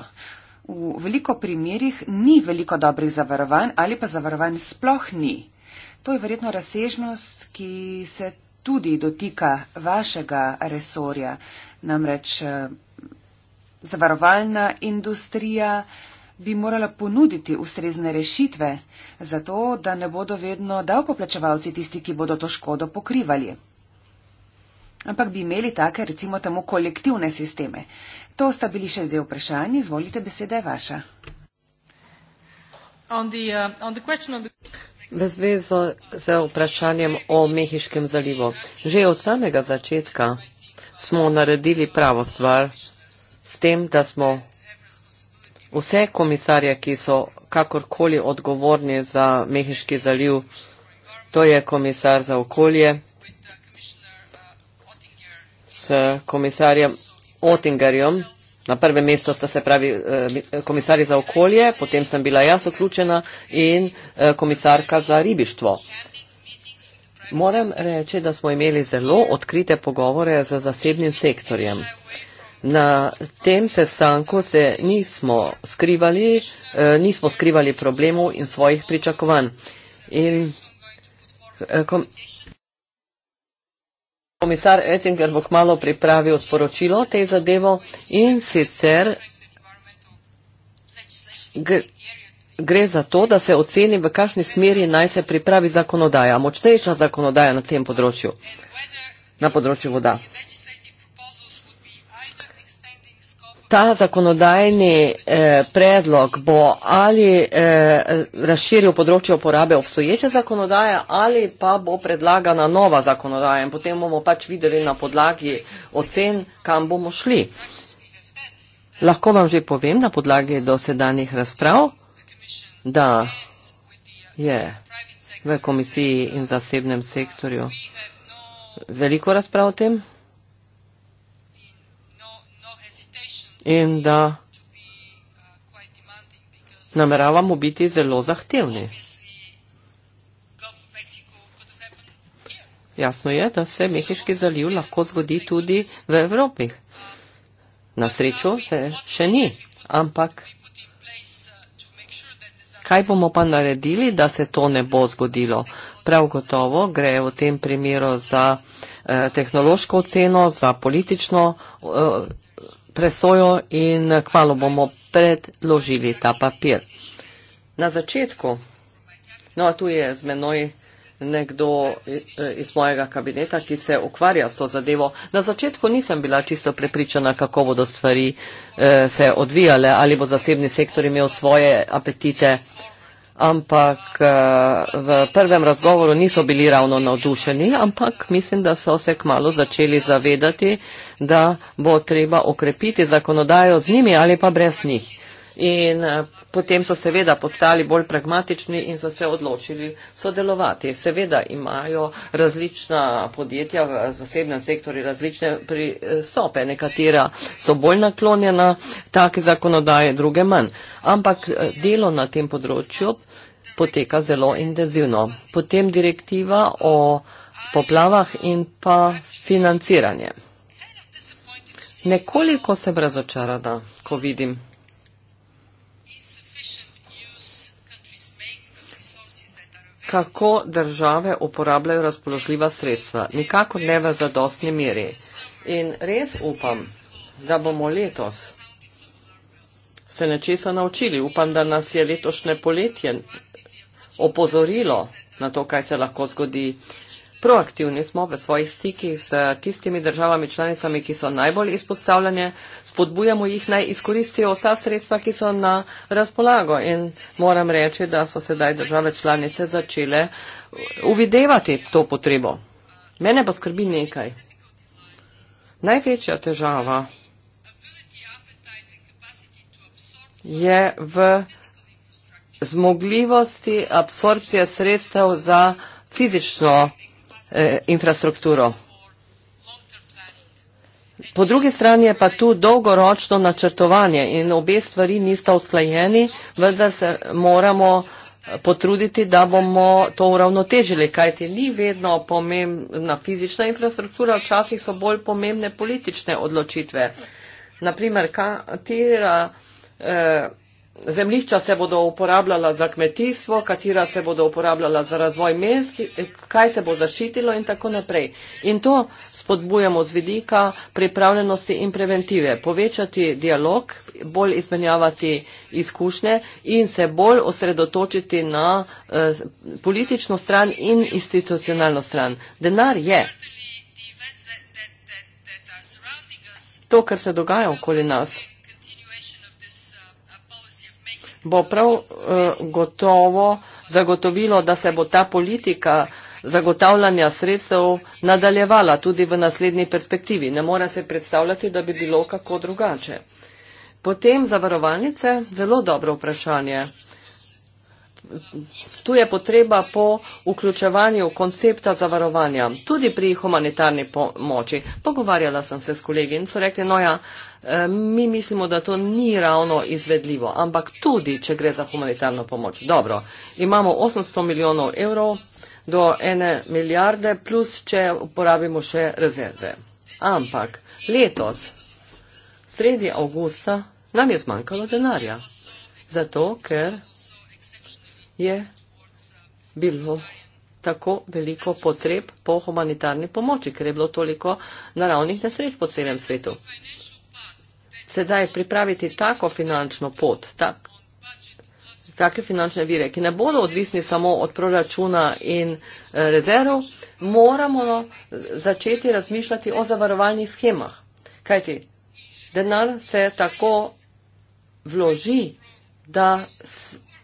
V veliko primerjih ni veliko dobrih zavarovanj ali pa zavarovanj sploh ni. To je verjetno razsežnost, ki se tudi dotika vašega resorja. Namreč eh, zavarovalna industrija bi morala ponuditi ustrezne rešitve, zato da ne bodo vedno davkoplačevalci tisti, ki bodo to škodo pokrivali ampak bi imeli take, recimo, temu kolektivne sisteme. To sta bili še dve vprašanji, izvolite, beseda je vaša. Uh, v zvezo z vprašanjem o Mehiškem zalivu. Že od samega začetka smo naredili pravo stvar s tem, da smo vse komisarje, ki so kakorkoli odgovorni za Mehiški zaliv, to je komisar za okolje, komisarjem Otingarjem na prvem mestu, to se pravi eh, komisarji za okolje, potem sem bila jaz vključena in eh, komisarka za ribištvo. Moram reči, da smo imeli zelo odkrite pogovore z zasebnim sektorjem. Na tem sestanku se nismo skrivali, eh, nismo skrivali problemov in svojih pričakovanj. In, kom, Komisar Ettinger bo kmalo pripravil sporočilo o tej zadevo in sicer gre za to, da se oceni, v kakšni smeri naj se pripravi zakonodaja, močnejša zakonodaja na tem področju, na področju voda. ta zakonodajni eh, predlog bo ali eh, razširil področje uporabe obstoječe zakonodaje ali pa bo predlagana nova zakonodaja in potem bomo pač videli na podlagi ocen, kam bomo šli. Lahko vam že povem na podlagi dosedanjih razprav, da je v komisiji in zasebnem sektorju veliko razprav o tem. in da nameravamo biti zelo zahtevni. Jasno je, da se Mehiški zaliv lahko zgodi tudi v Evropi. Na srečo se še ni, ampak kaj bomo pa naredili, da se to ne bo zgodilo? Prav gotovo gre v tem primeru za eh, tehnološko oceno, za politično eh, presojo in kmalo bomo predložili ta papir. Na začetku, no tu je z menoj nekdo eh, eh, iz mojega kabineta, ki se ukvarja s to zadevo. Na začetku nisem bila čisto prepričana, kako bodo stvari eh, se odvijale, ali bo zasebni sektor imel svoje apetite ampak eh, v prvem razgovoru niso bili ravno navdušeni, ampak mislim, da so se kmalo začeli zavedati, da bo treba okrepiti zakonodajo z njimi ali pa brez njih. In eh, potem so seveda postali bolj pragmatični in so se odločili sodelovati. Seveda imajo različna podjetja v zasebnem sektorju različne pristope. Nekatera so bolj naklonjena take zakonodaje, druge manj. Ampak eh, delo na tem področju poteka zelo intenzivno. Potem direktiva o poplavah in pa financiranje. Nekoliko sem razočarana, ko vidim kako države uporabljajo razpoložljiva sredstva. Nikako ne v zadostni meri. In res upam, da bomo letos se nečesa naučili. Upam, da nas je letošnje poletje opozorilo na to, kaj se lahko zgodi Proaktivni smo v svojih stikih s tistimi državami članicami, ki so najbolj izpostavljene, spodbujamo jih naj izkoristijo vsa sredstva, ki so na razpolago in moram reči, da so sedaj države članice začele uvidevati to potrebo. Mene pa skrbi nekaj. Največja težava je v zmogljivosti absorpcije sredstev za fizično Eh, infrastrukturo. Po drugi strani je pa tu dolgoročno načrtovanje in obe stvari nista usklajeni, vendar se moramo eh, potruditi, da bomo to uravnotežili, kajti ni vedno pomembna fizična infrastruktura, včasih so bolj pomembne politične odločitve. Naprimer, katera eh, zemljišča se bodo uporabljala za kmetijstvo, katera se bodo uporabljala za razvoj mest, kaj se bo zaščitilo in tako naprej. In to spodbujamo z vidika pripravljenosti in preventive. Povečati dialog, bolj izmenjavati izkušnje in se bolj osredotočiti na eh, politično stran in institucionalno stran. Denar je. To, kar se dogaja okoli nas bo prav eh, gotovo zagotovilo, da se bo ta politika zagotavljanja sredstev nadaljevala tudi v naslednji perspektivi. Ne mora se predstavljati, da bi bilo kako drugače. Potem zavarovalnice, zelo dobro vprašanje tu je potreba po vključevanju koncepta zavarovanja, tudi pri humanitarni pomoči. Pogovarjala sem se s kolegi in so rekli, no ja, eh, mi mislimo, da to ni ravno izvedljivo, ampak tudi, če gre za humanitarno pomoč. Dobro, imamo 800 milijonov evrov do ene milijarde, plus če uporabimo še rezerve. Ampak letos, sredi avgusta, nam je zmanjkalo denarja. Zato, ker je bilo tako veliko potreb po humanitarni pomoči, ker je bilo toliko naravnih nesreč po celem svetu. Sedaj pripraviti tako finančno pot, tak, take finančne vire, ki ne bodo odvisni samo od proračuna in eh, rezerv, moramo začeti razmišljati o zavarovalnih schemah. Kajti denar se tako vloži, da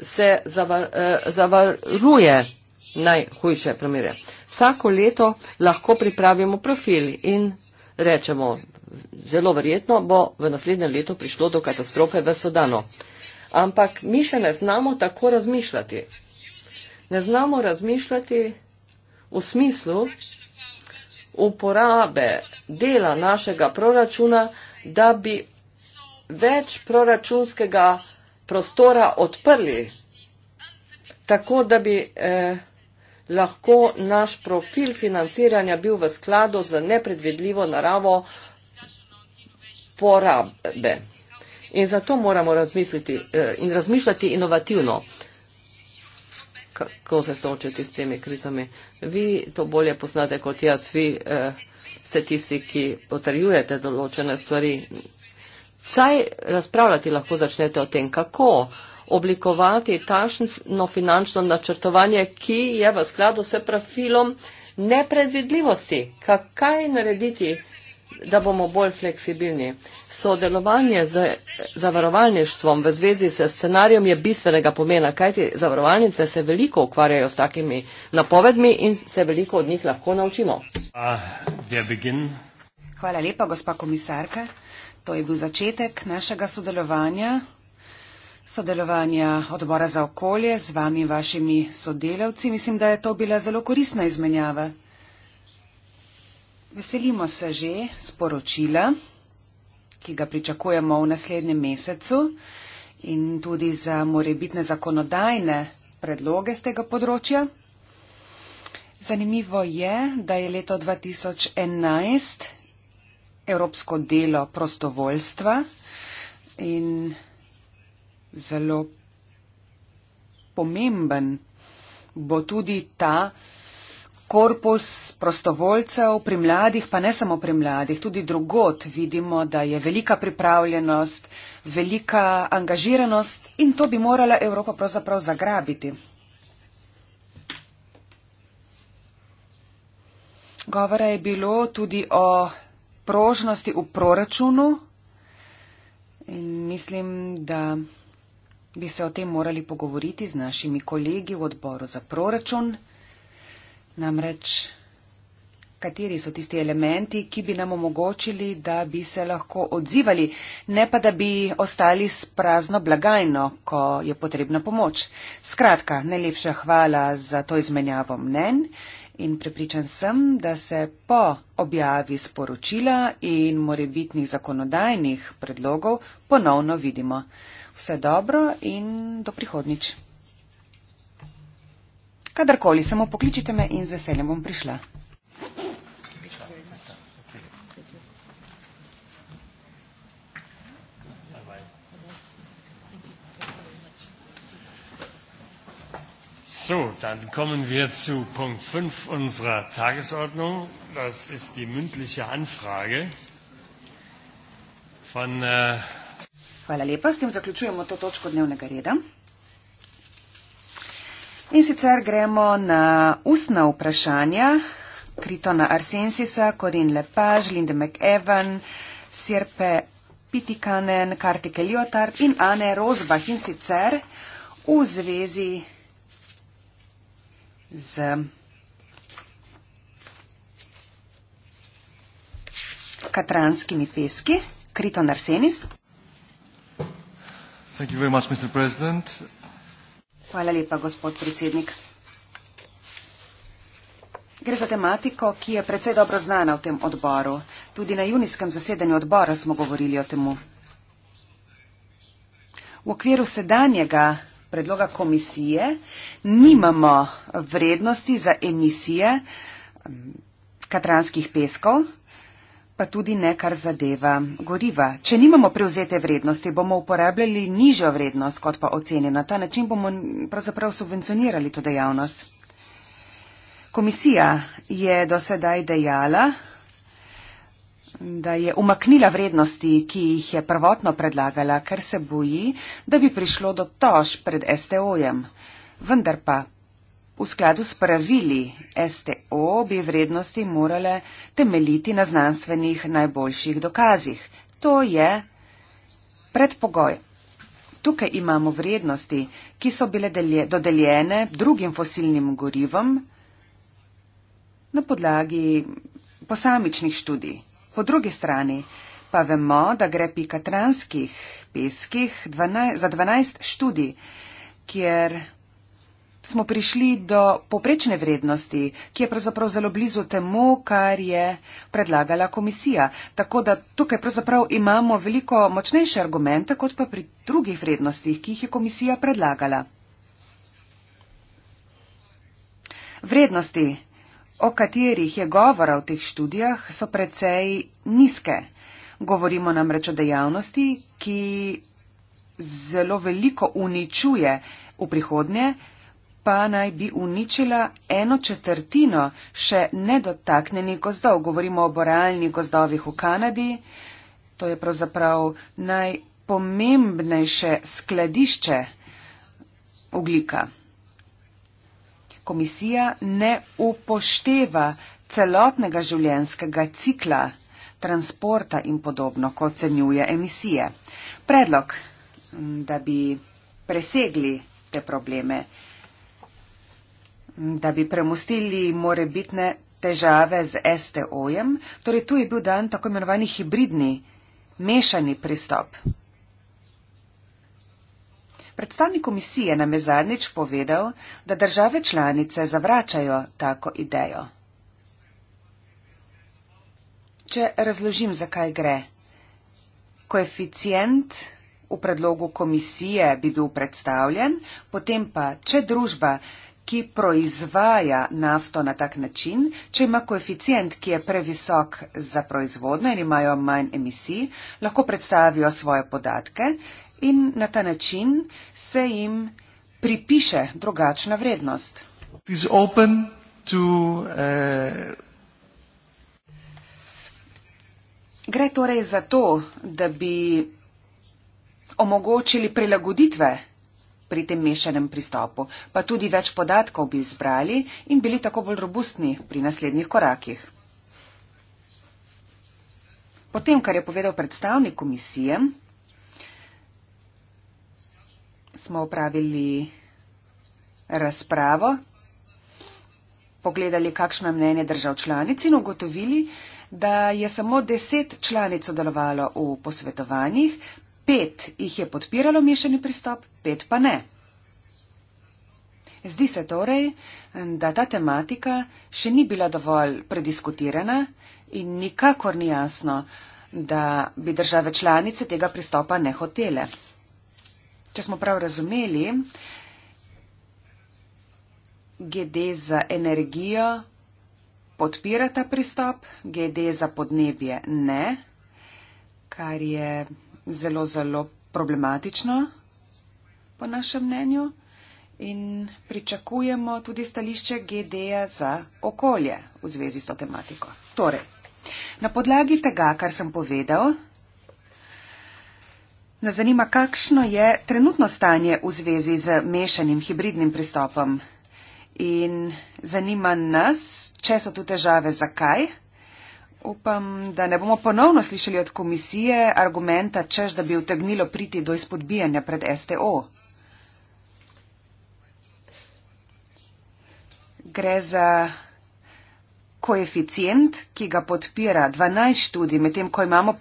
se zava, eh, zavaruje najhujše primere. Vsako leto lahko pripravimo profil in rečemo, zelo verjetno bo v naslednjem letu prišlo do katastrofe v Sodano. Ampak mi še ne znamo tako razmišljati. Ne znamo razmišljati v smislu uporabe dela našega proračuna, da bi več proračunskega prostora odprli, tako da bi eh, lahko naš profil financiranja bil v skladu z nepredvidljivo naravo porabe. In zato moramo razmisliti eh, in razmišljati inovativno, kako se soočiti s temi krizami. Vi to bolje poznate kot jaz, vi eh, ste tisti, ki potrjujete določene stvari. Vsaj razpravljati lahko začnete o tem, kako oblikovati takšno finančno načrtovanje, ki je v skladu s profilom nepredvidljivosti. Kaj narediti, da bomo bolj fleksibilni? Sodelovanje z zavarovalništvom v zvezi s scenarijem je bistvenega pomena, kajti zavarovalnice se veliko ukvarjajo s takimi napovedmi in se veliko od njih lahko naučimo. Ah, Hvala lepa, gospa komisarka. To je bil začetek našega sodelovanja, sodelovanja odbora za okolje z vami in vašimi sodelavci. Mislim, da je to bila zelo koristna izmenjava. Veselimo se že sporočila, ki ga pričakujemo v naslednjem mesecu in tudi za morebitne zakonodajne predloge z tega področja. Zanimivo je, da je leto 2011 evropsko delo prostovoljstva in zelo pomemben bo tudi ta korpus prostovoljcev pri mladih, pa ne samo pri mladih, tudi drugot vidimo, da je velika pripravljenost, velika angažiranost in to bi morala Evropa pravzaprav zagrabiti. Govora je bilo tudi o prožnosti v proračunu in mislim, da bi se o tem morali pogovoriti z našimi kolegi v odboru za proračun. Namreč kateri so tisti elementi, ki bi nam omogočili, da bi se lahko odzivali, ne pa da bi ostali s prazno blagajno, ko je potrebna pomoč. Skratka, najlepša hvala za to izmenjavo mnen in prepričan sem, da se po objavi sporočila in morebitnih zakonodajnih predlogov ponovno vidimo. Vse dobro in do prihodnič. Kadarkoli samo pokličite me in z veseljem bom prišla. So, dann kommen wir zu Punkt 5 unserer Tagesordnung. Das ist die mündliche Anfrage von. Äh, Hvala lepa, s tem zaključujemo to točko dnevnega reda. In sicer gremo na ustna vprašanja Kritona Arsensisa, Corinne Lepage, Linde McEwan, Sirpe Pitikanen, Kartike Liotard in Ane Rozbah in sicer v zvezi z katranskimi peski. Kriton Arsenis. Thank you very much, Mr. President. Hvala lepa, gospod predsednik. Gre za tematiko, ki je predvsej dobro znana v tem odboru. Tudi na junijskem zasedanju odbora smo govorili o temu. V okviru sedanjega predloga komisije nimamo vrednosti za emisije katranskih peskov, pa tudi ne kar zadeva goriva. Če nimamo prevzete vrednosti, bomo uporabljali nižjo vrednost, kot pa ocenjena. Na ta način bomo pravzaprav subvencionirali to dejavnost. Komisija je do sedaj dejala, da je umaknila vrednosti, ki jih je prvotno predlagala, ker se boji, da bi prišlo do tož pred STO-jem. Vendar pa v skladu s pravili STO bi vrednosti morale temeljiti na znanstvenih najboljših dokazih. To je predpogoj. Tukaj imamo vrednosti, ki so bile dodeljene drugim fosilnim gorivom na podlagi posamičnih študij. Po drugi strani pa vemo, da gre pri katranskih peskih za 12 študij, kjer smo prišli do poprečne vrednosti, ki je pravzaprav zelo blizu temu, kar je predlagala komisija. Tako da tukaj pravzaprav imamo veliko močnejše argumente, kot pa pri drugih vrednostih, ki jih je komisija predlagala. Vrednosti o katerih je govora v teh študijah, so precej nizke. Govorimo namreč o dejavnosti, ki zelo veliko uničuje v prihodnje, pa naj bi uničila eno četrtino še nedotaknjenih gozdov. Govorimo o boralnih gozdovih v Kanadi. To je pravzaprav najpomembnejše skladišče ugljika komisija ne upošteva celotnega življenskega cikla transporta in podobno, ko ocenjuje emisije. Predlog, da bi presegli te probleme, da bi premustili morebitne težave z STO-jem, torej tu je bil dan tako imenovani hibridni, mešani pristop. Predstavnik komisije nam je zadnjič povedal, da države članice zavračajo tako idejo. Če razložim, zakaj gre. Koeficient v predlogu komisije bi bil predstavljen, potem pa, če družba, ki proizvaja nafto na tak način, če ima koeficient, ki je previsok za proizvodno in imajo manj emisij, lahko predstavijo svoje podatke in na ta način se jim pripiše drugačna vrednost. To, uh... Gre torej za to, da bi omogočili prilagoditve pri tem mešanem pristopu, pa tudi več podatkov bi izbrali in bili tako bolj robustni pri naslednjih korakih. Potem, kar je povedal predstavnik komisije, smo upravili razpravo, pogledali, kakšno mnenje držav članic in ugotovili, da je samo deset članic sodelovalo v posvetovanjih, pet jih je podpiralo mešani pristop, pet pa ne. Zdi se torej, da ta tematika še ni bila dovolj prediskutirana in nikakor ni jasno, da bi države članice tega pristopa ne hotele če smo prav razumeli, GD za energijo podpira ta pristop, GD za podnebje ne, kar je zelo, zelo problematično po našem mnenju in pričakujemo tudi stališče GD-ja za okolje v zvezi s to tematiko. Torej, na podlagi tega, kar sem povedal, Nas zanima, kakšno je trenutno stanje v zvezi z mešanim hibridnim pristopom. In zanima nas, če so tu težave, zakaj. Upam, da ne bomo ponovno slišali od komisije argumenta, čež da bi utegnilo priti do izpodbijanja pred STO. Gre za koeficient, ki ga podpira 12 študij, medtem ko imamo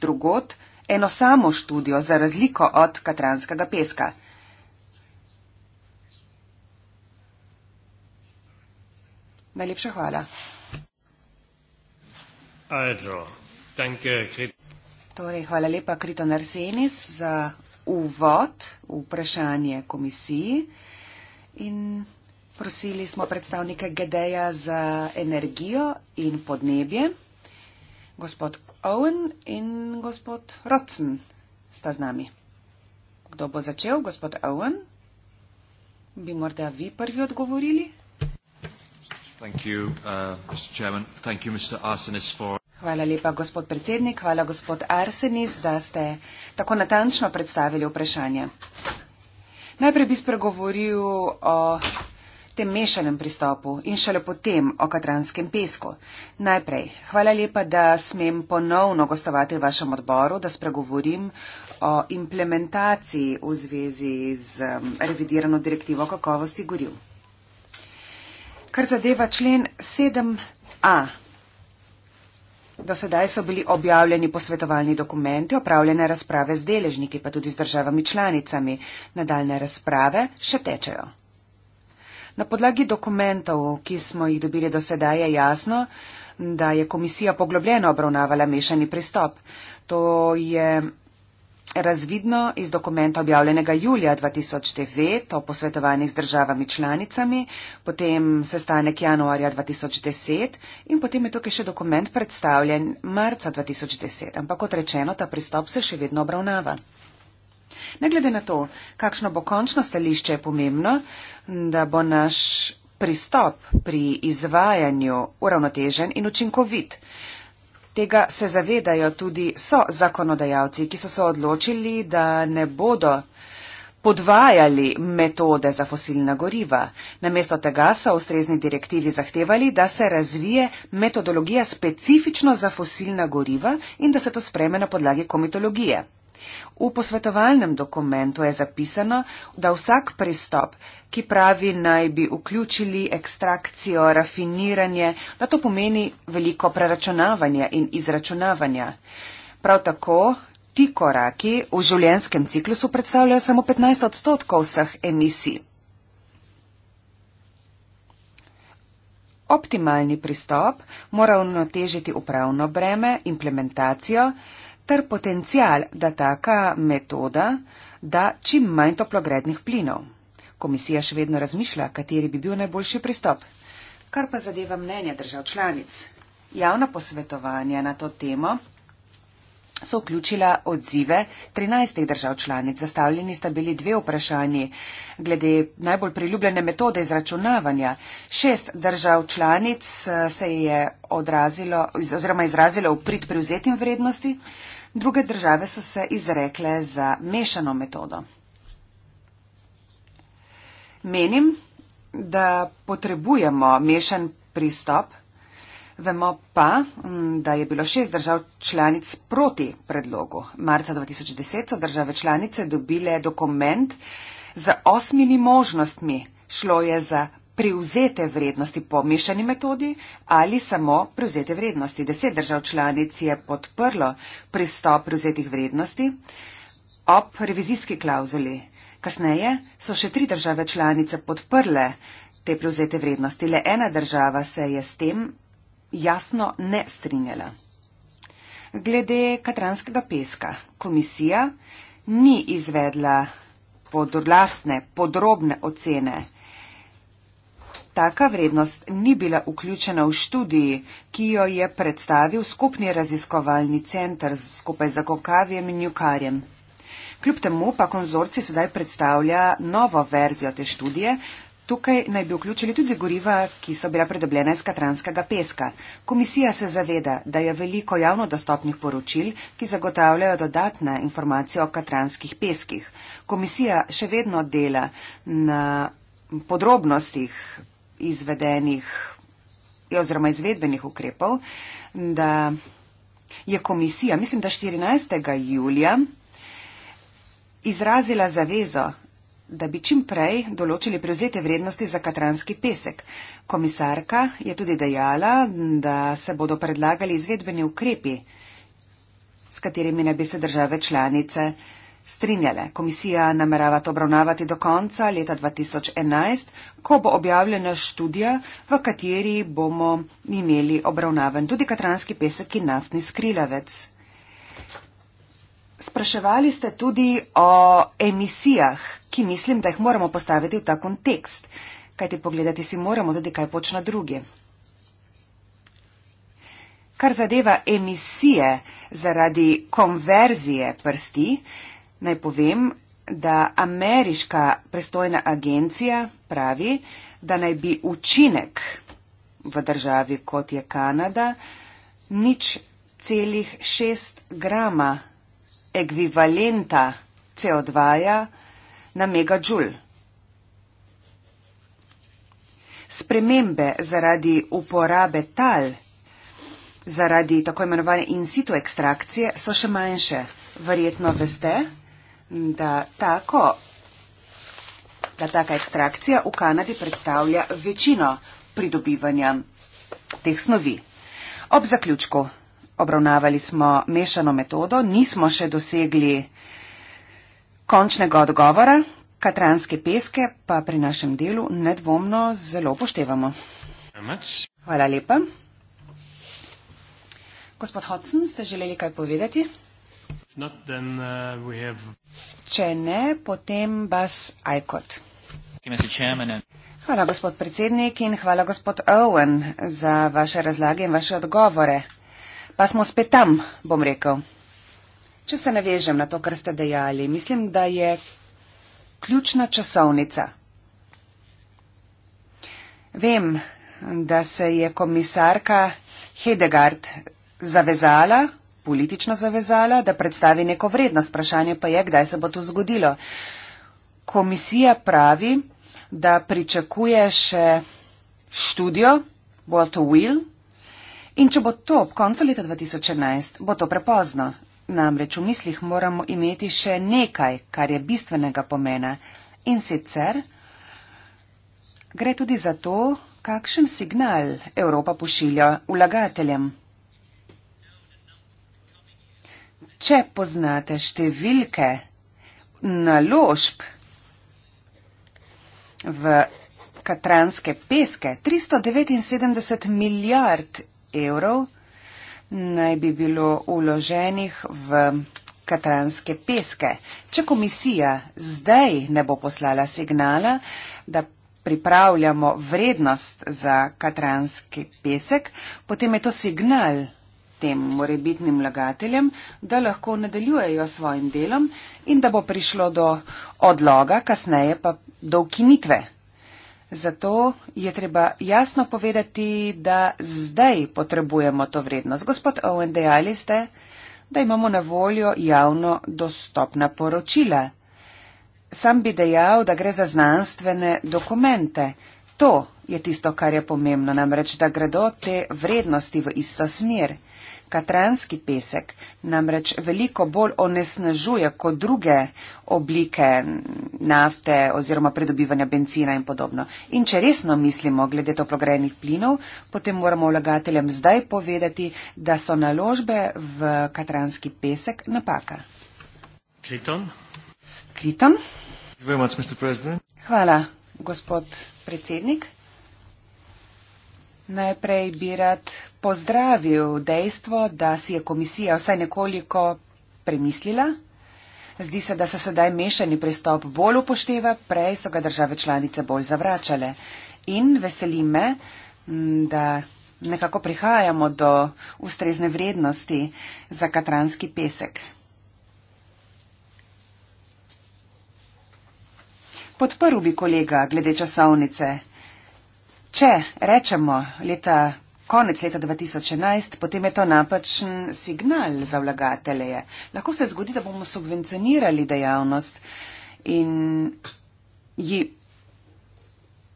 drugot eno samo študijo za razliko od katranskega peska. Najlepša hvala. Also, danke, torej, hvala lepa Kriton Arsenis za uvod v vprašanje komisiji. In prosili smo predstavnike GD-ja za energijo in podnebje. Gospod Owen in gospod Rotsen sta z nami. Kdo bo začel, gospod Owen? Bi morda vi prvi odgovorili? You, uh, for... Hvala lepa, gospod predsednik. Hvala, gospod Arsenis, da ste tako natančno predstavili vprašanje. Najprej bi spregovoril o tem mešanem pristopu in šele potem o katranskem pesku. Najprej, hvala lepa, da smem ponovno gostovati v vašem odboru, da spregovorim o implementaciji v zvezi z um, revidirano direktivo kakovosti goril. Kar zadeva člen 7a. Do sedaj so bili objavljeni posvetovalni dokumenti, opravljene razprave z deležniki, pa tudi z državami članicami. Nadaljne razprave še tečejo. Na podlagi dokumentov, ki smo jih dobili do sedaj, je jasno, da je komisija poglobljeno obravnavala mešani pristop. To je razvidno iz dokumenta objavljenega julija 2009 o posvetovanjih z državami članicami, potem sestanek januarja 2010 in potem je tukaj še dokument predstavljen marca 2010. Ampak kot rečeno, ta pristop se še vedno obravnava. Ne glede na to, kakšno bo končno stališče, je pomembno, da bo naš pristop pri izvajanju uravnotežen in učinkovit. Tega se zavedajo tudi so zakonodajalci, ki so se odločili, da ne bodo podvajali metode za fosilna goriva. Namesto tega so v strezni direktivi zahtevali, da se razvije metodologija specifično za fosilna goriva in da se to spreme na podlagi komitologije. V posvetovalnem dokumentu je zapisano, da vsak pristop, ki pravi naj bi vključili ekstrakcijo, rafiniranje, da to pomeni veliko preračunavanja in izračunavanja. Prav tako ti koraki v življenjskem ciklusu predstavljajo samo 15 odstotkov vseh emisij. Optimalni pristop mora unatežiti upravno breme, implementacijo, ter potencial, da taka metoda da čim manj toplogrednih plinov. Komisija še vedno razmišlja, kateri bi bil najboljši pristop. Kar pa zadeva mnenja držav članic. Javna posvetovanja na to temo so vključila odzive 13 držav članic. Zastavljeni sta bili dve vprašanji glede najbolj priljubljene metode izračunavanja. Šest držav članic eh, se je odrazilo oziroma izrazilo v prid privzetim vrednosti, druge države so se izrekle za mešano metodo. Menim, da potrebujemo mešan pristop Vemo pa, da je bilo šest držav članic proti predlogu. Marca 2010 so države članice dobile dokument z osmimi možnostmi. Šlo je za privzete vrednosti po mešani metodi ali samo privzete vrednosti. Deset držav članic je podprlo pristop privzetih vrednosti ob revizijski klauzuli. Kasneje so še tri države članice podprle te privzete vrednosti. Le ena država se je s tem jasno ne strinjala. Glede katranskega peska komisija ni izvedla podlastne podrobne ocene. Taka vrednost ni bila vključena v študiji, ki jo je predstavil skupni raziskovalni center skupaj z Kokavijem in Jukarjem. Kljub temu pa konzorci sedaj predstavlja novo verzijo te študije, Tukaj naj bi vključili tudi goriva, ki so bila predobljena iz katranskega peska. Komisija se zaveda, da je veliko javno dostopnih poročil, ki zagotavljajo dodatne informacije o katranskih peskih. Komisija še vedno dela na podrobnostih izvedenih oziroma izvedbenih ukrepov, da je komisija, mislim, da 14. julija, izrazila zavezo, da bi čim prej določili prevzete vrednosti za katranski pesek. Komisarka je tudi dejala, da se bodo predlagali izvedbeni ukrepi, s katerimi ne bi se države članice strinjale. Komisija namerava to obravnavati do konca leta 2011, ko bo objavljena študija, v kateri bomo imeli obravnaven tudi katranski pesek in naftni skrilavec. Spraševali ste tudi o emisijah, ki mislim, da jih moramo postaviti v ta kontekst, kajti pogledati si moramo tudi, kaj počno drugi. Kar zadeva emisije zaradi konverzije prsti, naj povem, da ameriška prestojna agencija pravi, da naj bi učinek v državi, kot je Kanada, nič celih šest grama ekvivalenta CO2-ja na megajul. Spremembe zaradi uporabe tal, zaradi tako imenovane in situ ekstrakcije, so še manjše. Verjetno veste, da, tako, da taka ekstrakcija v Kanadi predstavlja večino pridobivanja teh snovi. Ob zaključku obravnavali smo mešano metodo, nismo še dosegli uh, Končnega odgovora katranske peske pa pri našem delu nedvomno zelo upoštevamo. Hvala lepa. Gospod Hodson, ste želeli kaj povedati? Not, then, uh, have... Če ne, potem vas ajkot. Hvala, gospod predsednik, in hvala, gospod Owen, za vaše razlage in vaše odgovore. Pa smo spet tam, bom rekel. Če se navežem na to, kar ste dejali, mislim, da je ključna časovnica. Vem, da se je komisarka Hedegard zavezala, politično zavezala, da predstavi neko vrednost. Vprašanje pa je, kdaj se bo to zgodilo. Komisija pravi, da pričakuje še študijo Walter Will in če bo to ob koncu leta 2011, bo to prepozno. Namreč v mislih moramo imeti še nekaj, kar je bistvenega pomena. In sicer gre tudi za to, kakšen signal Evropa pošilja vlagateljem. Če poznate številke naložb v katranske peske, 379 milijard evrov, naj bi bilo uloženih v katranske peske. Če komisija zdaj ne bo poslala signala, da pripravljamo vrednost za katranski pesek, potem je to signal tem morebitnim lagateljem, da lahko nadaljujejo svojim delom in da bo prišlo do odloga, kasneje pa do ukinitve Zato je treba jasno povedati, da zdaj potrebujemo to vrednost. Gospod Owen, dejali ste, da imamo na voljo javno dostopna poročila. Sam bi dejal, da gre za znanstvene dokumente. To je tisto, kar je pomembno, namreč, da gredo te vrednosti v isto smer. Katranski pesek namreč veliko bolj onesnažuje kot druge oblike nafte oziroma predobivanja benzina in podobno. In če resno mislimo glede toplogrenih plinov, potem moramo vlagateljem zdaj povedati, da so naložbe v katranski pesek napaka. Kriton. Kriton. Hvala, gospod predsednik. Najprej bi rad pozdravil dejstvo, da si je komisija vsaj nekoliko premislila. Zdi se, da se sedaj mešani pristop bolj upošteva, prej so ga države članice bolj zavračale. In veseli me, da nekako prihajamo do ustrezne vrednosti za katranski pesek. Podprl bi kolega glede časovnice. Če rečemo leta konec leta 2011, potem je to napačen signal za vlagatelje. Lahko se zgodi, da bomo subvencionirali dejavnost in ji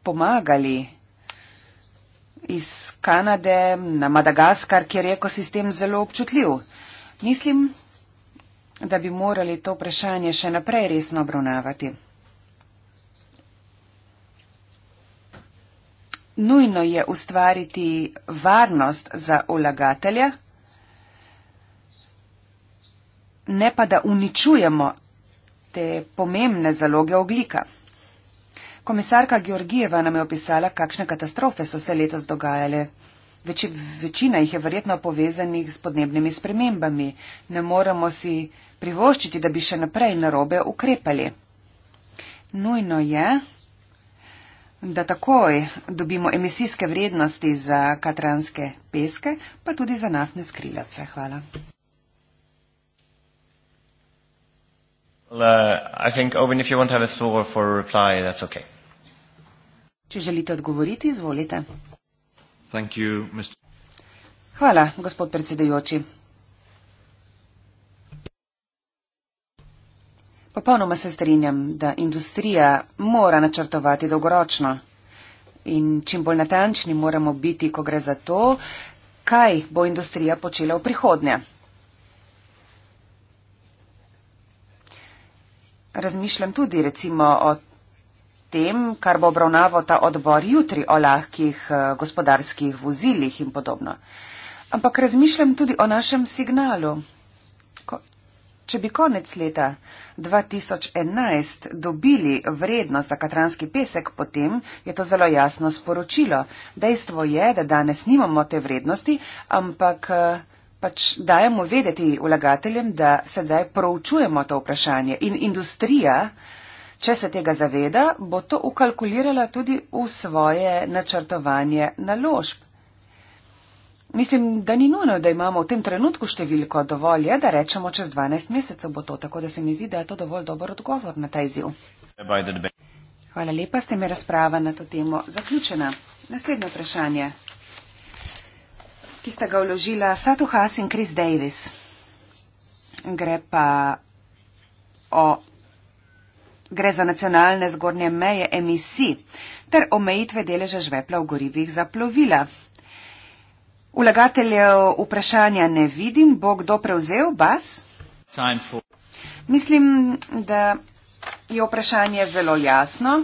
pomagali iz Kanade na Madagaskar, kjer je ekosistem zelo občutljiv. Mislim, da bi morali to vprašanje še naprej resno obravnavati. Nujno je ustvariti varnost za vlagatelja, ne pa da uničujemo te pomembne zaloge oglika. Komisarka Georgijeva nam je opisala, kakšne katastrofe so se letos dogajale. Več, večina jih je verjetno povezanih s podnebnimi spremembami. Ne moremo si privoščiti, da bi še naprej narobe ukrepali. Nujno je, da takoj dobimo emisijske vrednosti za katranske peske, pa tudi za naftne skrilace. Hvala. Uh, Če želite odgovoriti, izvolite. Hvala, gospod predsedujoči. Popolnoma se strinjam, da industrija mora načrtovati dolgoročno. In čim bolj natančni moramo biti, ko gre za to, kaj bo industrija počela v prihodnje. Razmišljam tudi recimo o tem, kar bo obravnaval ta odbor jutri o lahkih eh, gospodarskih vozilih in podobno. Ampak razmišljam tudi o našem signalu, Če bi konec leta 2011 dobili vrednost za katranski pesek, potem je to zelo jasno sporočilo. Dejstvo je, da danes nimamo te vrednosti, ampak eh, pač dajemo vedeti vlagateljem, da sedaj proučujemo to vprašanje. In industrija, če se tega zaveda, bo to ukalkulirala tudi v svoje načrtovanje naložb. Mislim, da ni nujno, da imamo v tem trenutku številko dovolj, je, da rečemo, čez 12 mesecev bo to, tako da se mi zdi, da je to dovolj dober odgovor na ta izziv. Hvala lepa, ste mi razprava na to temo zaključena. Naslednje vprašanje, ki ste ga vložila Satu Has in Chris Davis. Gre pa o. Gre za nacionalne zgornje meje emisij ter omejitve deleža žvepla v gorivih za plovila. Vlagateljev vprašanja ne vidim, bo kdo prevzel bas? Mislim, da je vprašanje zelo jasno,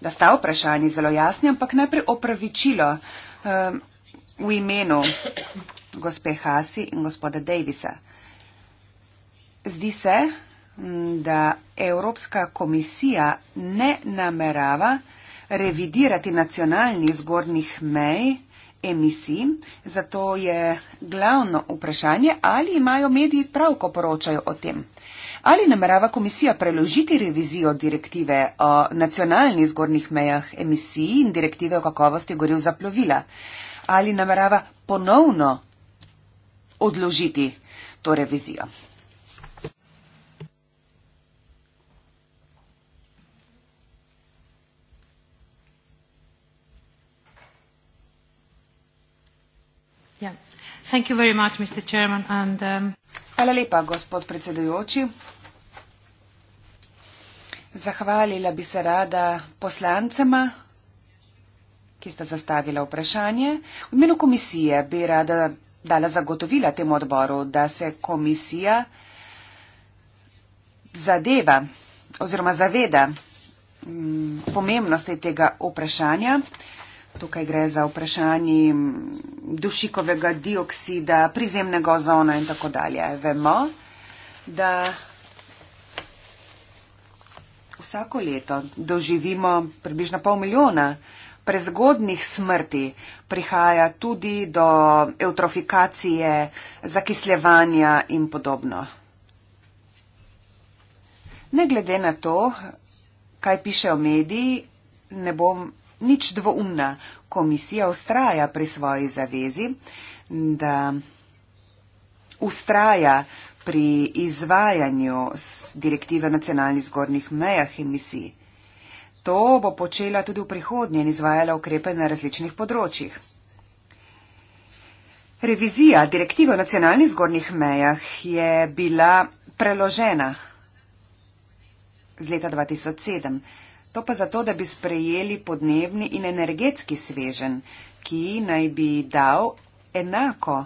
da sta vprašanji zelo jasni, ampak najprej opravičilo um, v imenu gospe Hasi in gospoda Davisa. Zdi se, mm, da Evropska komisija ne namerava revidirati nacionalnih zgornjih mej, emisij, zato je glavno vprašanje, ali imajo mediji prav, ko poročajo o tem. Ali namerava komisija preložiti revizijo direktive o nacionalnih zgornjih mejah emisij in direktive o kakovosti goril za plovila? Ali namerava ponovno odložiti to revizijo? Thank you very much, Mr. Chairman, and, um... Hvala lepa, gospod predsedujoči. Zahvalila bi se rada poslancema, ki sta zastavila vprašanje. V imenu komisije bi rada dala zagotovila temu odboru, da se komisija zadeva oziroma zaveda mm, pomembnosti tega vprašanja. Tukaj gre za vprašanje dušikovega dioksida, prizemnega ozona in tako dalje. Vemo, da vsako leto doživimo približno pol milijona prezgodnih smrti, prihaja tudi do eutrofikacije, zakisljevanja in podobno. Ne glede na to, kaj piše o mediji, ne bom nič dvoumna. Komisija ustraja pri svoji zavezi, da ustraja pri izvajanju direktive nacionalnih zgornjih mejah emisij. To bo počela tudi v prihodnje in izvajala ukrepe na različnih področjih. Revizija direktive o nacionalnih zgornjih mejah je bila preložena z leta 2007. To pa zato, da bi sprejeli podnebni in energetski svežen, ki naj bi dal enako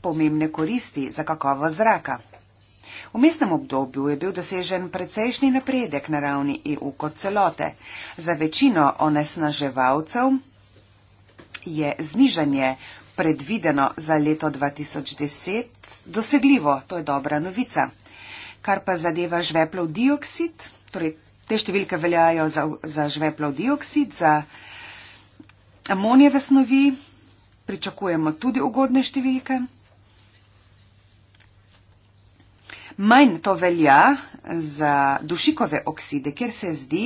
pomembne koristi za kakovo zraka. V mestnem obdobju je bil dosežen precejšnji napredek na ravni EU kot celote. Za večino onesnaževalcev je znižanje predvideno za leto 2010 dosegljivo, to je dobra novica. Kar pa zadeva žveplov dioksid, torej Te številke veljajo za, za žveplov dioksid, za amonijeve snovi. Pričakujemo tudi ugodne številke. Manj to velja za dušikove okside, kjer se zdi,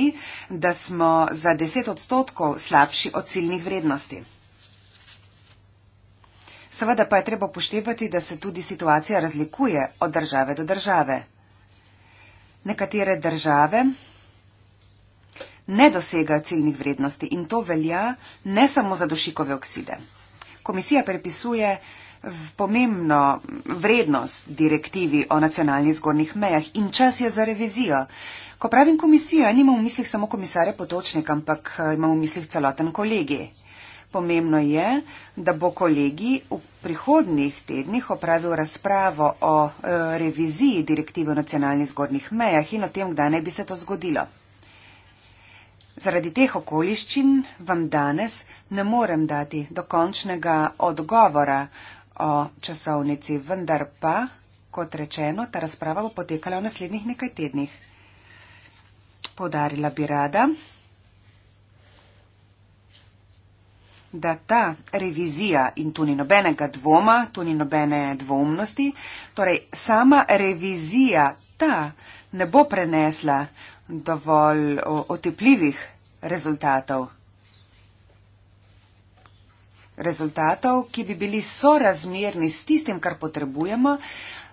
da smo za 10 odstotkov slabši od ciljnih vrednosti. Seveda pa je treba upoštevati, da se tudi situacija razlikuje od države do države. Nekatere države ne dosegajo ciljnih vrednosti in to velja ne samo za dušikove okside. Komisija prepisuje pomembno vrednost direktivi o nacionalnih zgornjih mejah in čas je za revizijo. Ko pravim komisija, nimam v mislih samo komisare Potočnik, ampak eh, imam v mislih celoten kolegi. Pomembno je, da bo kolegi v prihodnih tednih opravil razpravo o eh, reviziji direktive o nacionalnih zgornjih mejah in o tem, kdaj naj bi se to zgodilo. Zaradi teh okoliščin vam danes ne morem dati dokončnega odgovora o časovnici, vendar pa, kot rečeno, ta razprava bo potekala v naslednjih nekaj tednih. Podarila bi rada, da ta revizija in tu ni nobenega dvoma, tu ni nobene dvomnosti, torej sama revizija ta ne bo prenesla dovolj otepljivih rezultatov. Rezultatov, ki bi bili sorazmerni s tistim, kar potrebujemo,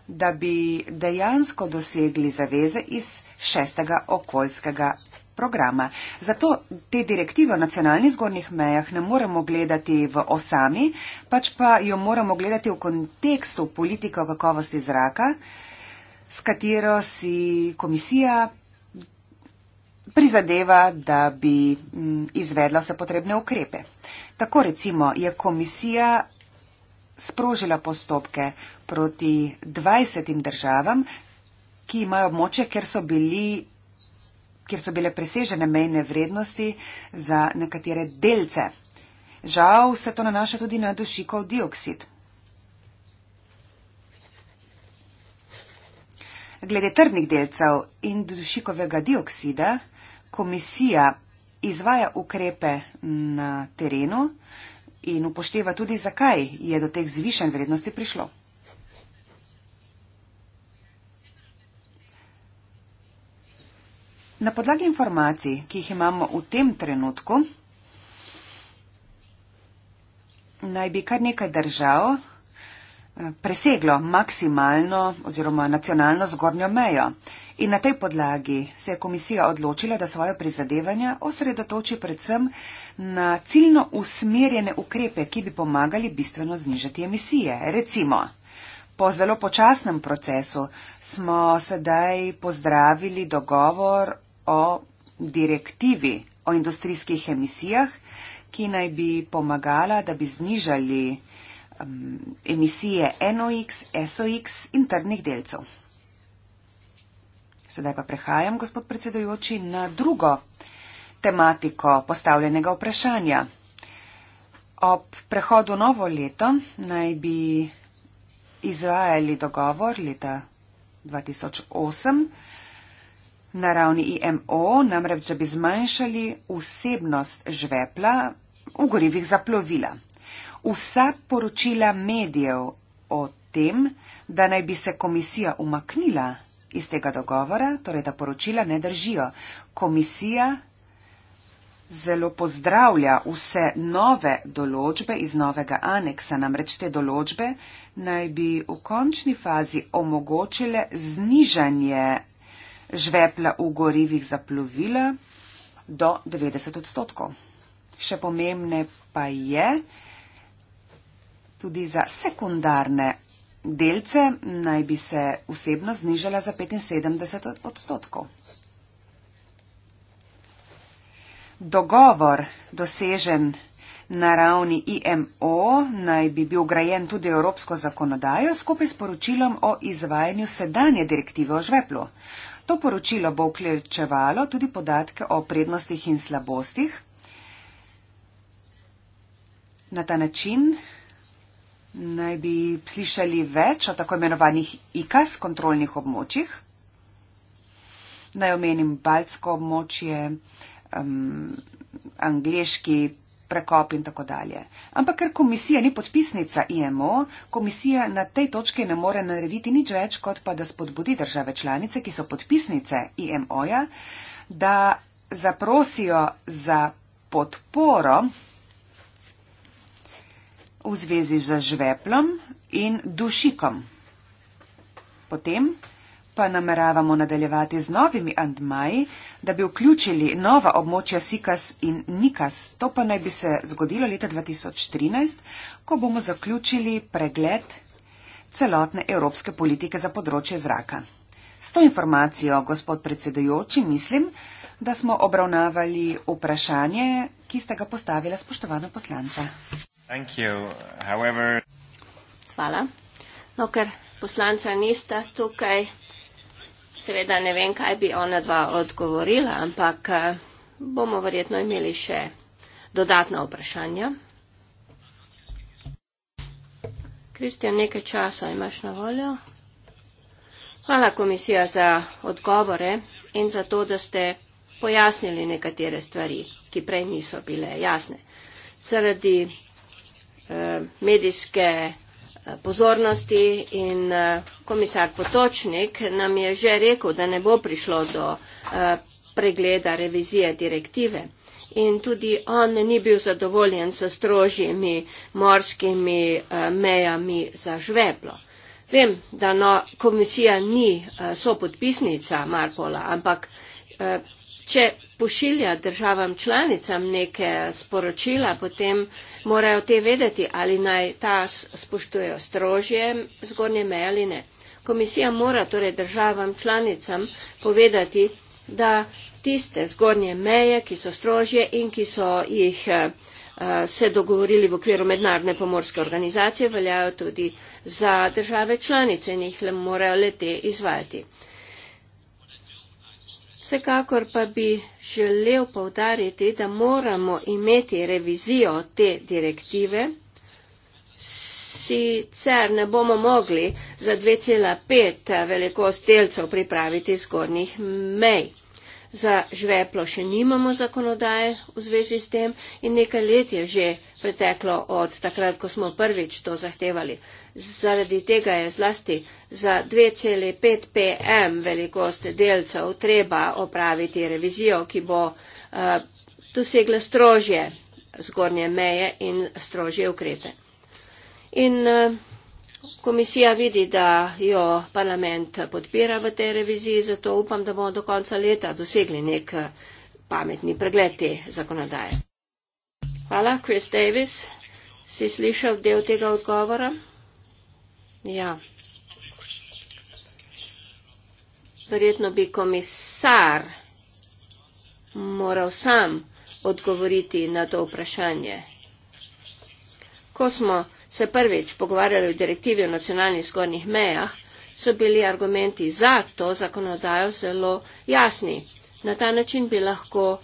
da bi dejansko dosegli zaveze iz šestega okoljskega programa. Zato te direktive o nacionalnih zgornjih mejah ne moremo gledati v osami, pač pa jo moramo gledati v kontekstu politike o kakovosti zraka, s katero si komisija prizadeva, da bi mm, izvedla vse potrebne ukrepe. Tako recimo je komisija sprožila postopke proti 20 državam, ki imajo območje, kjer so bili kjer so bile presežene mejne vrednosti za nekatere delce. Žal se to nanaša tudi na dušikov dioksid. Glede trdnih delcev in dušikovega dioksida komisija izvaja ukrepe na terenu in upošteva tudi, zakaj je do teh zvišenj vrednosti prišlo. Na podlagi informacij, ki jih imamo v tem trenutku, naj bi kar nekaj držav preseglo maksimalno oziroma nacionalno zgornjo mejo. In na tej podlagi se je komisija odločila, da svoje prizadevanja osredotoči predvsem na ciljno usmerjene ukrepe, ki bi pomagali bistveno znižati emisije. Recimo, po zelo počasnem procesu smo sedaj pozdravili dogovor o direktivi o industrijskih emisijah, ki naj bi pomagala, da bi znižali um, emisije NOx, SOx in trdnih delcev. Sedaj pa prehajam, gospod predsedujoči, na drugo tematiko postavljenega vprašanja. Ob prehodu novo leto naj bi izvajali dogovor leta 2008 na ravni IMO, namreč, da bi zmanjšali vsebnost žvepla v gorivih za plovila vsa poročila medijev o tem, da naj bi se komisija umaknila iz tega dogovora, torej da poročila ne držijo. Komisija zelo pozdravlja vse nove določbe iz novega aneksa, namreč te določbe naj bi v končni fazi omogočile znižanje žvepla v gorivih za plovila do 90 odstotkov. Še pomembne pa je, tudi za sekundarne delce naj bi se vsebno znižala za 75 odstotkov. Dogovor dosežen na ravni IMO naj bi bil grajen tudi evropsko zakonodajo skupaj s poročilom o izvajanju sedanje direktive o žveplu. To poročilo bo vključevalo tudi podatke o prednostih in slabostih. Na ta način naj bi slišali več o tako imenovanih IKAS kontrolnih območjih. Naj omenim Baltsko območje, um, angliški prekop in tako dalje. Ampak ker komisija ni podpisnica IMO, komisija na tej točki ne more narediti nič več, kot pa da spodbudi države članice, ki so podpisnice IMO-ja, da zaprosijo za podporo v zvezi z žveplom in dušikom. Potem pa nameravamo nadaljevati z novimi antmaji, da bi vključili nova območja Sikas in Nikas. To pa naj bi se zgodilo leta 2013, ko bomo zaključili pregled celotne evropske politike za področje zraka. S to informacijo, gospod predsedujoči, mislim, da smo obravnavali vprašanje, ki ste ga postavila spoštovana poslanca. Hvala. No, ker poslanca nista tukaj, seveda ne vem, kaj bi ona dva odgovorila, ampak eh, bomo verjetno imeli še dodatna vprašanja. Kristjan, nekaj časa imaš na voljo. Hvala komisija za odgovore in za to, da ste pojasnili nekatere stvari, ki prej niso bile jasne. Zaradi Eh, medijske eh, pozornosti in eh, komisar Potočnik nam je že rekel, da ne bo prišlo do pregleda revizije direktive. In tudi on ni bil zadovoljen s strožjimi morskimi mejami za žveplo. Vem, da no, komisija ni sopodpisnica Marpola, ampak če pošilja državam članicam neke sporočila, potem morajo te vedeti, ali naj ta spoštujejo strožje zgornje meje ali ne. Komisija mora torej državam članicam povedati, da tiste zgornje meje, ki so strožje in ki so jih eh, se dogovorili v okviru mednarodne pomorske organizacije, veljajo tudi za države članice in jih le morajo le te izvajati. Vsekakor pa bi želel povdariti, da moramo imeti revizijo te direktive, sicer ne bomo mogli za 2,5 velikost delcev pripraviti zgornjih mej. Za žveplo še nimamo zakonodaje v zvezi s tem in nekaj let je že preteklo od takrat, ko smo prvič to zahtevali. Zaradi tega je zlasti za 2,5 pm velikost delcev treba opraviti revizijo, ki bo eh, dosegla uh, strožje zgornje meje in strožje ukrepe. In uh, komisija vidi, da jo parlament podpira v tej reviziji, zato upam, da bomo do konca leta dosegli nek eh, pametni pregled te zakonodaje. Hvala, Chris Davis. Si slišal del tega odgovora? Ja. Verjetno bi komisar moral sam odgovoriti na to vprašanje. Ko smo se prvič pogovarjali o direktivi o nacionalnih zgornjih mejah, so bili argumenti za to zakonodajo zelo jasni. Na ta način bi lahko uh,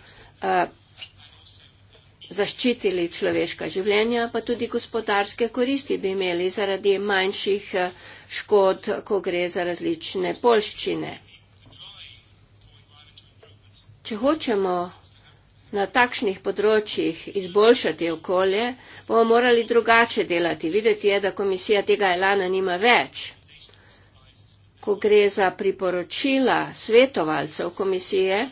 zaščitili človeška življenja, pa tudi gospodarske koristi bi imeli zaradi manjših eh, škod, ko gre za različne polščine. Če hočemo na takšnih področjih izboljšati okolje, bomo morali drugače delati. Videti je, da komisija tega elana nima več. Ko gre za priporočila svetovalcev komisije,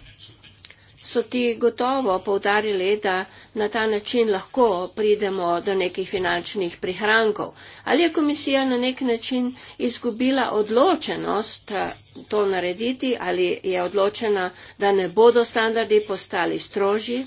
so ti gotovo povdarjali, da na ta način lahko pridemo do nekih finančnih prihrankov. Ali je komisija na nek način izgubila odločenost eh, to narediti ali je odločena, da ne bodo standardi postali stroži?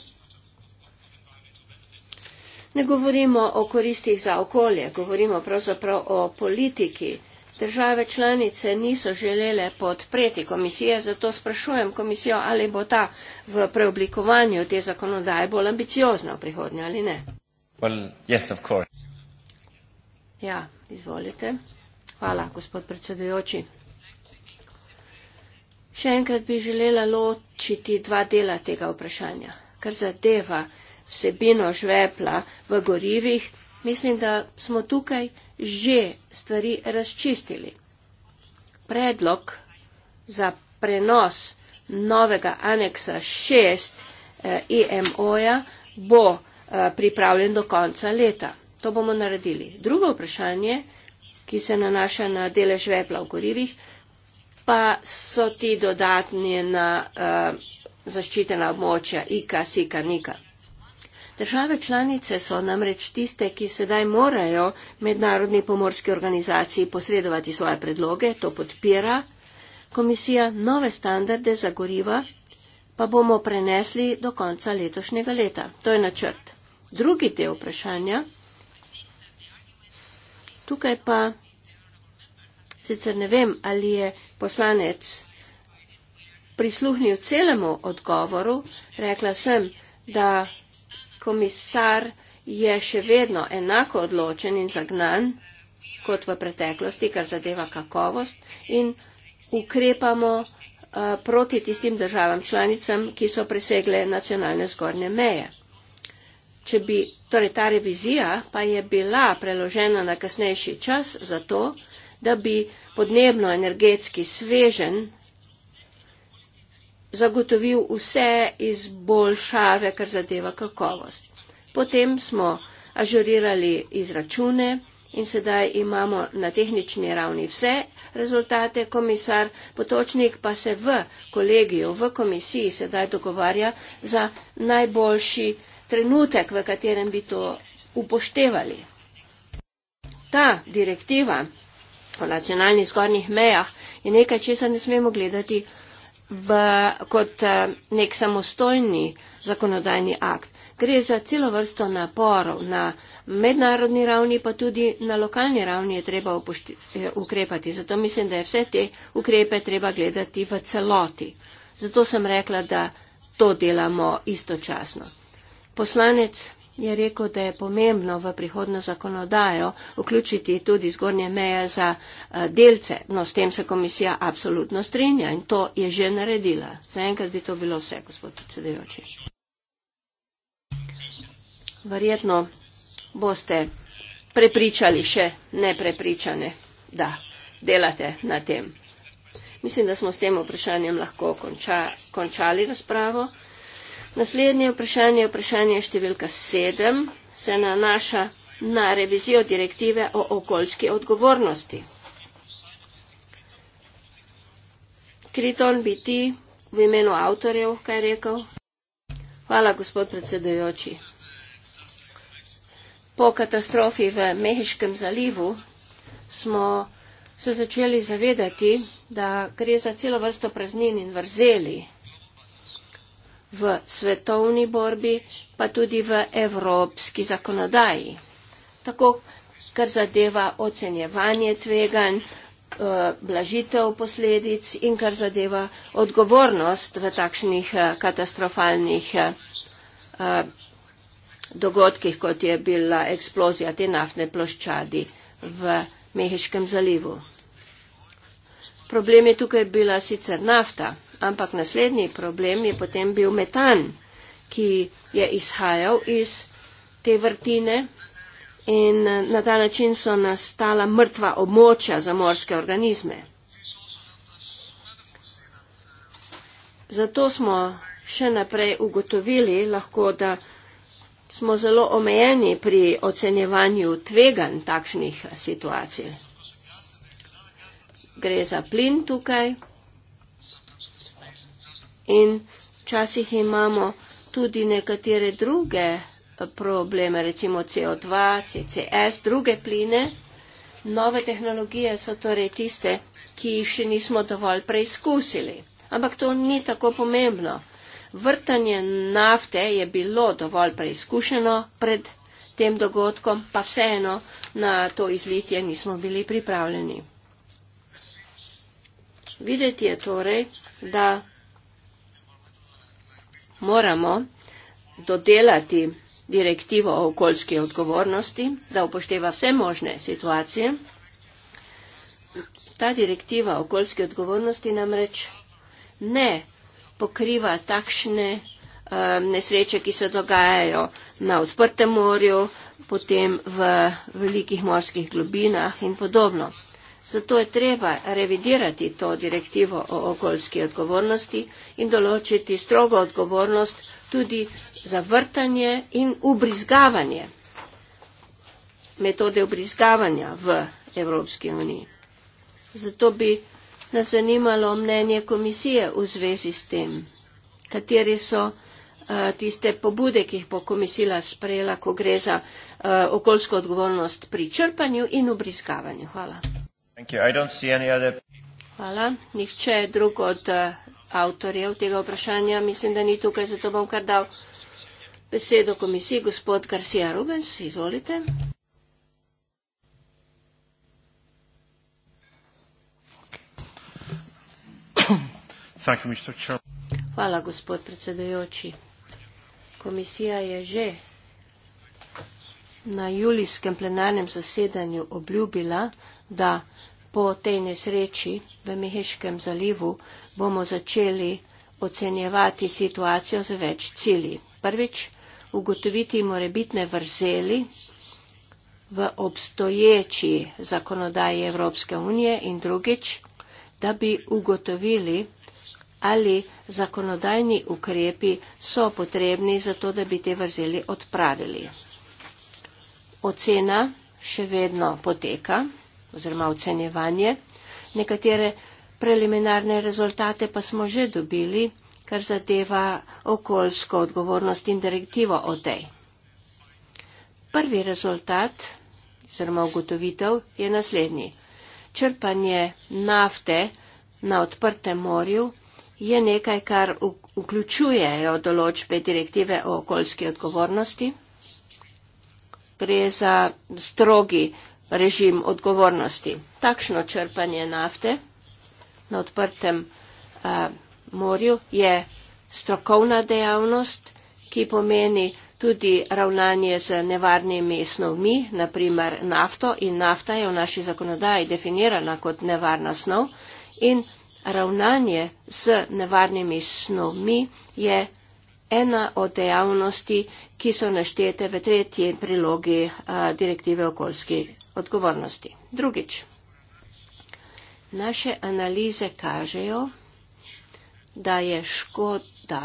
Ne govorimo o koristih za okolje, govorimo pravzaprav o politiki države članice niso želele podpreti komisije, zato sprašujem komisijo, ali bo ta v preoblikovanju te zakonodaje bolj ambiciozna v prihodnje ali ne. Well, yes, ja, izvolite. Hvala, gospod predsedujoči. Še enkrat bi želela ločiti dva dela tega vprašanja. Kar zadeva vsebino žvepla v gorivih, mislim, da smo tukaj že stvari razčistili. Predlog za prenos novega aneksa 6 EMO-ja eh, e bo eh, pripravljen do konca leta. To bomo naredili. Drugo vprašanje, ki se nanaša na dele žvepla v gorivih, pa so ti dodatni na uh, zaščitena območja IKA, SIKA, NIKA. Države članice so namreč tiste, ki sedaj morajo mednarodni pomorski organizaciji posredovati svoje predloge, to podpira komisija, nove standarde za goriva pa bomo prenesli do konca letošnjega leta. To je načrt. Drugi del vprašanja, tukaj pa sicer ne vem, ali je poslanec prisluhnil celemu odgovoru, rekla sem, da komisar je še vedno enako odločen in zagnan kot v preteklosti, kar zadeva kakovost in ukrepamo uh, proti tistim državam članicam, ki so presegle nacionalne zgornje meje. Če bi torej ta revizija pa je bila preložena na kasnejši čas zato, da bi podnebno-energetski svežen zagotovil vse izboljšave, kar zadeva kakovost. Potem smo ažurirali izračune in sedaj imamo na tehnični ravni vse rezultate. Komisar Potočnik pa se v kolegiju, v komisiji sedaj dogovarja za najboljši trenutek, v katerem bi to upoštevali. Ta direktiva o nacionalnih zgornjih mejah je nekaj, česar ne smemo gledati v, kot eh, nek samostojni zakonodajni akt. Gre za celo vrsto naporov na mednarodni ravni, pa tudi na lokalni ravni je treba upošti, eh, ukrepati. Zato mislim, da je vse te ukrepe treba gledati v celoti. Zato sem rekla, da to delamo istočasno. Poslanec je rekel, da je pomembno v prihodno zakonodajo vključiti tudi zgornje meje za eh, delce. No, s tem se komisija absolutno strinja in to je že naredila. Zaenkrat bi to bilo vse, gospod predsedujoči. Verjetno boste prepričali še neprepričane, da delate na tem. Mislim, da smo s tem vprašanjem lahko konča, končali razpravo. Naslednje vprašanje je vprašanje številka sedem, se nanaša na revizijo direktive o okoljski odgovornosti. Kriton, bi ti v imenu avtorjev kaj rekel? Hvala, gospod predsedujoči. Po katastrofi v Mehiškem zalivu smo se začeli zavedati, da gre za celo vrsto praznin in vrzeli v svetovni borbi, pa tudi v evropski zakonodaji. Tako, kar zadeva ocenjevanje tvegan, eh, blažitev posledic in kar zadeva odgovornost v takšnih eh, katastrofalnih eh, dogodkih, kot je bila eksplozija te naftne ploščadi v Mehiškem zalivu. Problem je tukaj bila sicer nafta. Ampak naslednji problem je potem bil metan, ki je izhajal iz te vrtine in eh, na ta način so nastala mrtva območja za morske organizme. Zato smo še naprej ugotovili lahko, da smo zelo omejeni pri ocenjevanju tvegan takšnih situacij. Gre za plin tukaj. In včasih imamo tudi nekatere druge eh, probleme, recimo CO2, CCS, druge pline. Nove tehnologije so torej tiste, ki jih še nismo dovolj preizkusili. Ampak to ni tako pomembno. Vrtanje nafte je bilo dovolj preizkušeno pred tem dogodkom, pa vseeno na to izvitje nismo bili pripravljeni. Videti je torej, da moramo dodelati direktivo o okoljski odgovornosti, da upošteva vse možne situacije. Ta direktiva o okoljski odgovornosti namreč ne pokriva takšne um, nesreče, ki se dogajajo na odprtem morju, potem v velikih morskih globinah in podobno. Zato je treba revidirati to direktivo o okoljski odgovornosti in določiti strogo odgovornost tudi za vrtanje in ubrizgavanje, metode ubrizgavanja v Evropski uniji. Zato bi nas zanimalo mnenje komisije v zvezi s tem, kateri so eh, tiste pobude, ki jih bo komisija sprejela, ko gre za uh, okoljsko odgovornost pri črpanju in obriskavanju. Hvala. Hvala. Nihče drug od eh, avtorjev tega vprašanja mislim, da ni tukaj, zato bom kar dal besedo komisiji. Gospod Garcia Rubens, izvolite. Hvala, gospod predsedujoči. Komisija je že na julijskem plenarnem zasedanju obljubila, da po tej nesreči v Mehiškem zalivu bomo začeli ocenjevati situacijo z več cilji. Prvič, ugotoviti morebitne vrzeli v obstoječi zakonodaji Evropske unije in drugič, da bi ugotovili, ali zakonodajni ukrepi so potrebni za to, da bi te vrzeli odpravili. Ocena še vedno poteka oziroma ocenjevanje. Nekatere preliminarne rezultate pa smo že dobili, kar zadeva okoljsko odgovornost in direktivo o tej. Prvi rezultat, oziroma ugotovitev, je naslednji. Črpanje nafte na odprtem morju je nekaj, kar vključujejo določbe direktive o okoljski odgovornosti. Gre za strogi režim odgovornosti. Takšno črpanje nafte na odprtem a, eh, morju je strokovna dejavnost, ki pomeni tudi ravnanje z nevarnimi snovmi, naprimer nafto in nafta je v naši zakonodaji definirana kot nevarna snov in ravnanje z nevarnimi snovmi je ena od dejavnosti, ki so naštete v tretji prilogi a, eh, direktive okoljskih odgovornosti. Drugič, naše analize kažejo, da je škoda,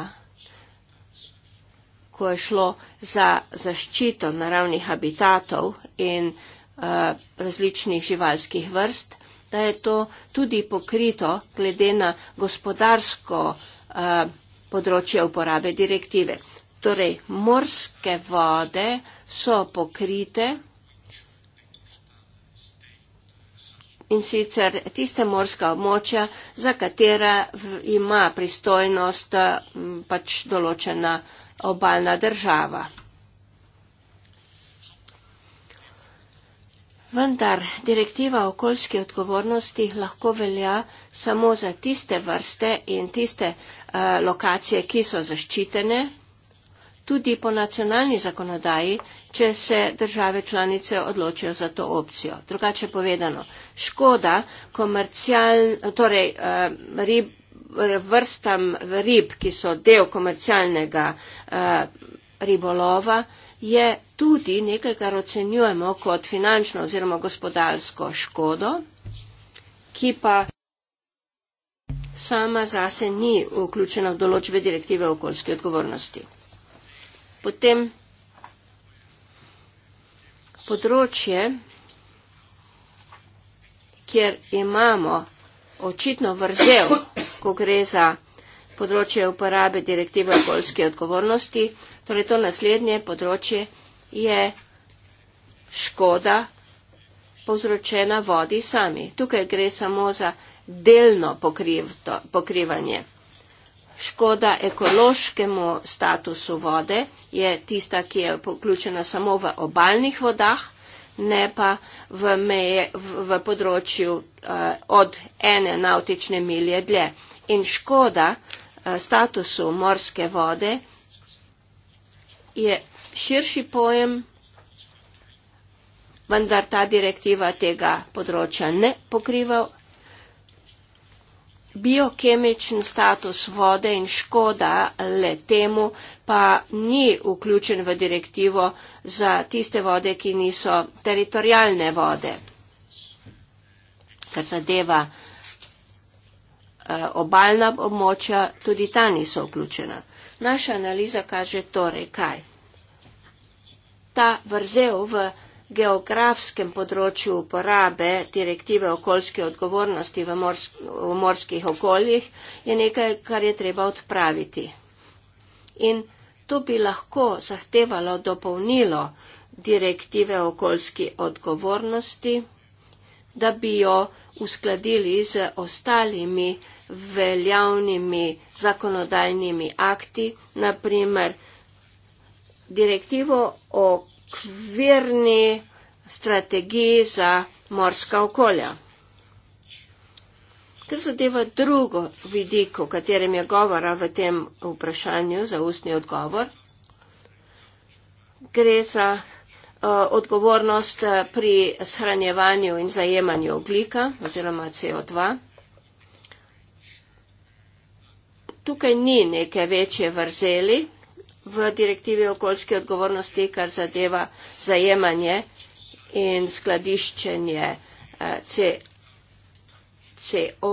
ko je šlo za zaščito naravnih habitatov in uh, različnih živalskih vrst, da je to tudi pokrito glede na gospodarsko uh, področje uporabe direktive. Torej, morske vode so pokrite in sicer tiste morska območja, za katera ima pristojnost eh, pač določena obaljna država. Vendar direktiva okoljske odgovornosti lahko velja samo za tiste vrste in tiste uh, lokacije, ki so zaščitene. Tudi po nacionalni zakonodaji če se države članice odločijo za to opcijo. Drugače povedano, škoda torej, eh, rib, vrstam rib, ki so del komercialnega eh, ribolova, je tudi nekaj, kar ocenjujemo kot finančno oziroma gospodarsko škodo, ki pa sama zase ni vključena v določbe direktive okoljske odgovornosti. Potem področje, kjer imamo očitno vrzel, ko gre za področje uporabe direktive okoljske odgovornosti, torej to naslednje področje je škoda povzročena vodi sami. Tukaj gre samo za delno pokrivanje. Škoda ekološkemu statusu vode je tista, ki je poključena samo v obaljnih vodah, ne pa v, meje, v, v področju uh, od ene nautične milje dlje. In škoda uh, statusu morske vode je širši pojem, vendar ta direktiva tega področja ne pokriva biokemičen status vode in škoda le temu pa ni vključen v direktivo za tiste vode, ki niso teritorijalne vode. Kar zadeva eh, obaljna območja, tudi ta niso vključena. Naša analiza kaže torej kaj? Ta vrzel v geografskem področju uporabe direktive okoljske odgovornosti v, morsk, v morskih okoljih je nekaj, kar je treba odpraviti. In to bi lahko zahtevalo dopolnilo direktive okoljske odgovornosti, da bi jo uskladili z ostalimi veljavnimi zakonodajnimi akti, naprimer direktivo o okvirni strategiji za morska okolja. Kar zadeva drugo vidiko, o katerem je govora v tem vprašanju za ustni odgovor, gre za uh, odgovornost eh, pri shranjevanju in zajemanju oglika oziroma CO2. Tukaj ni neke večje vrzeli, v direktivi okoljske odgovornosti, kar zadeva zajemanje in skladiščenje eh, CO.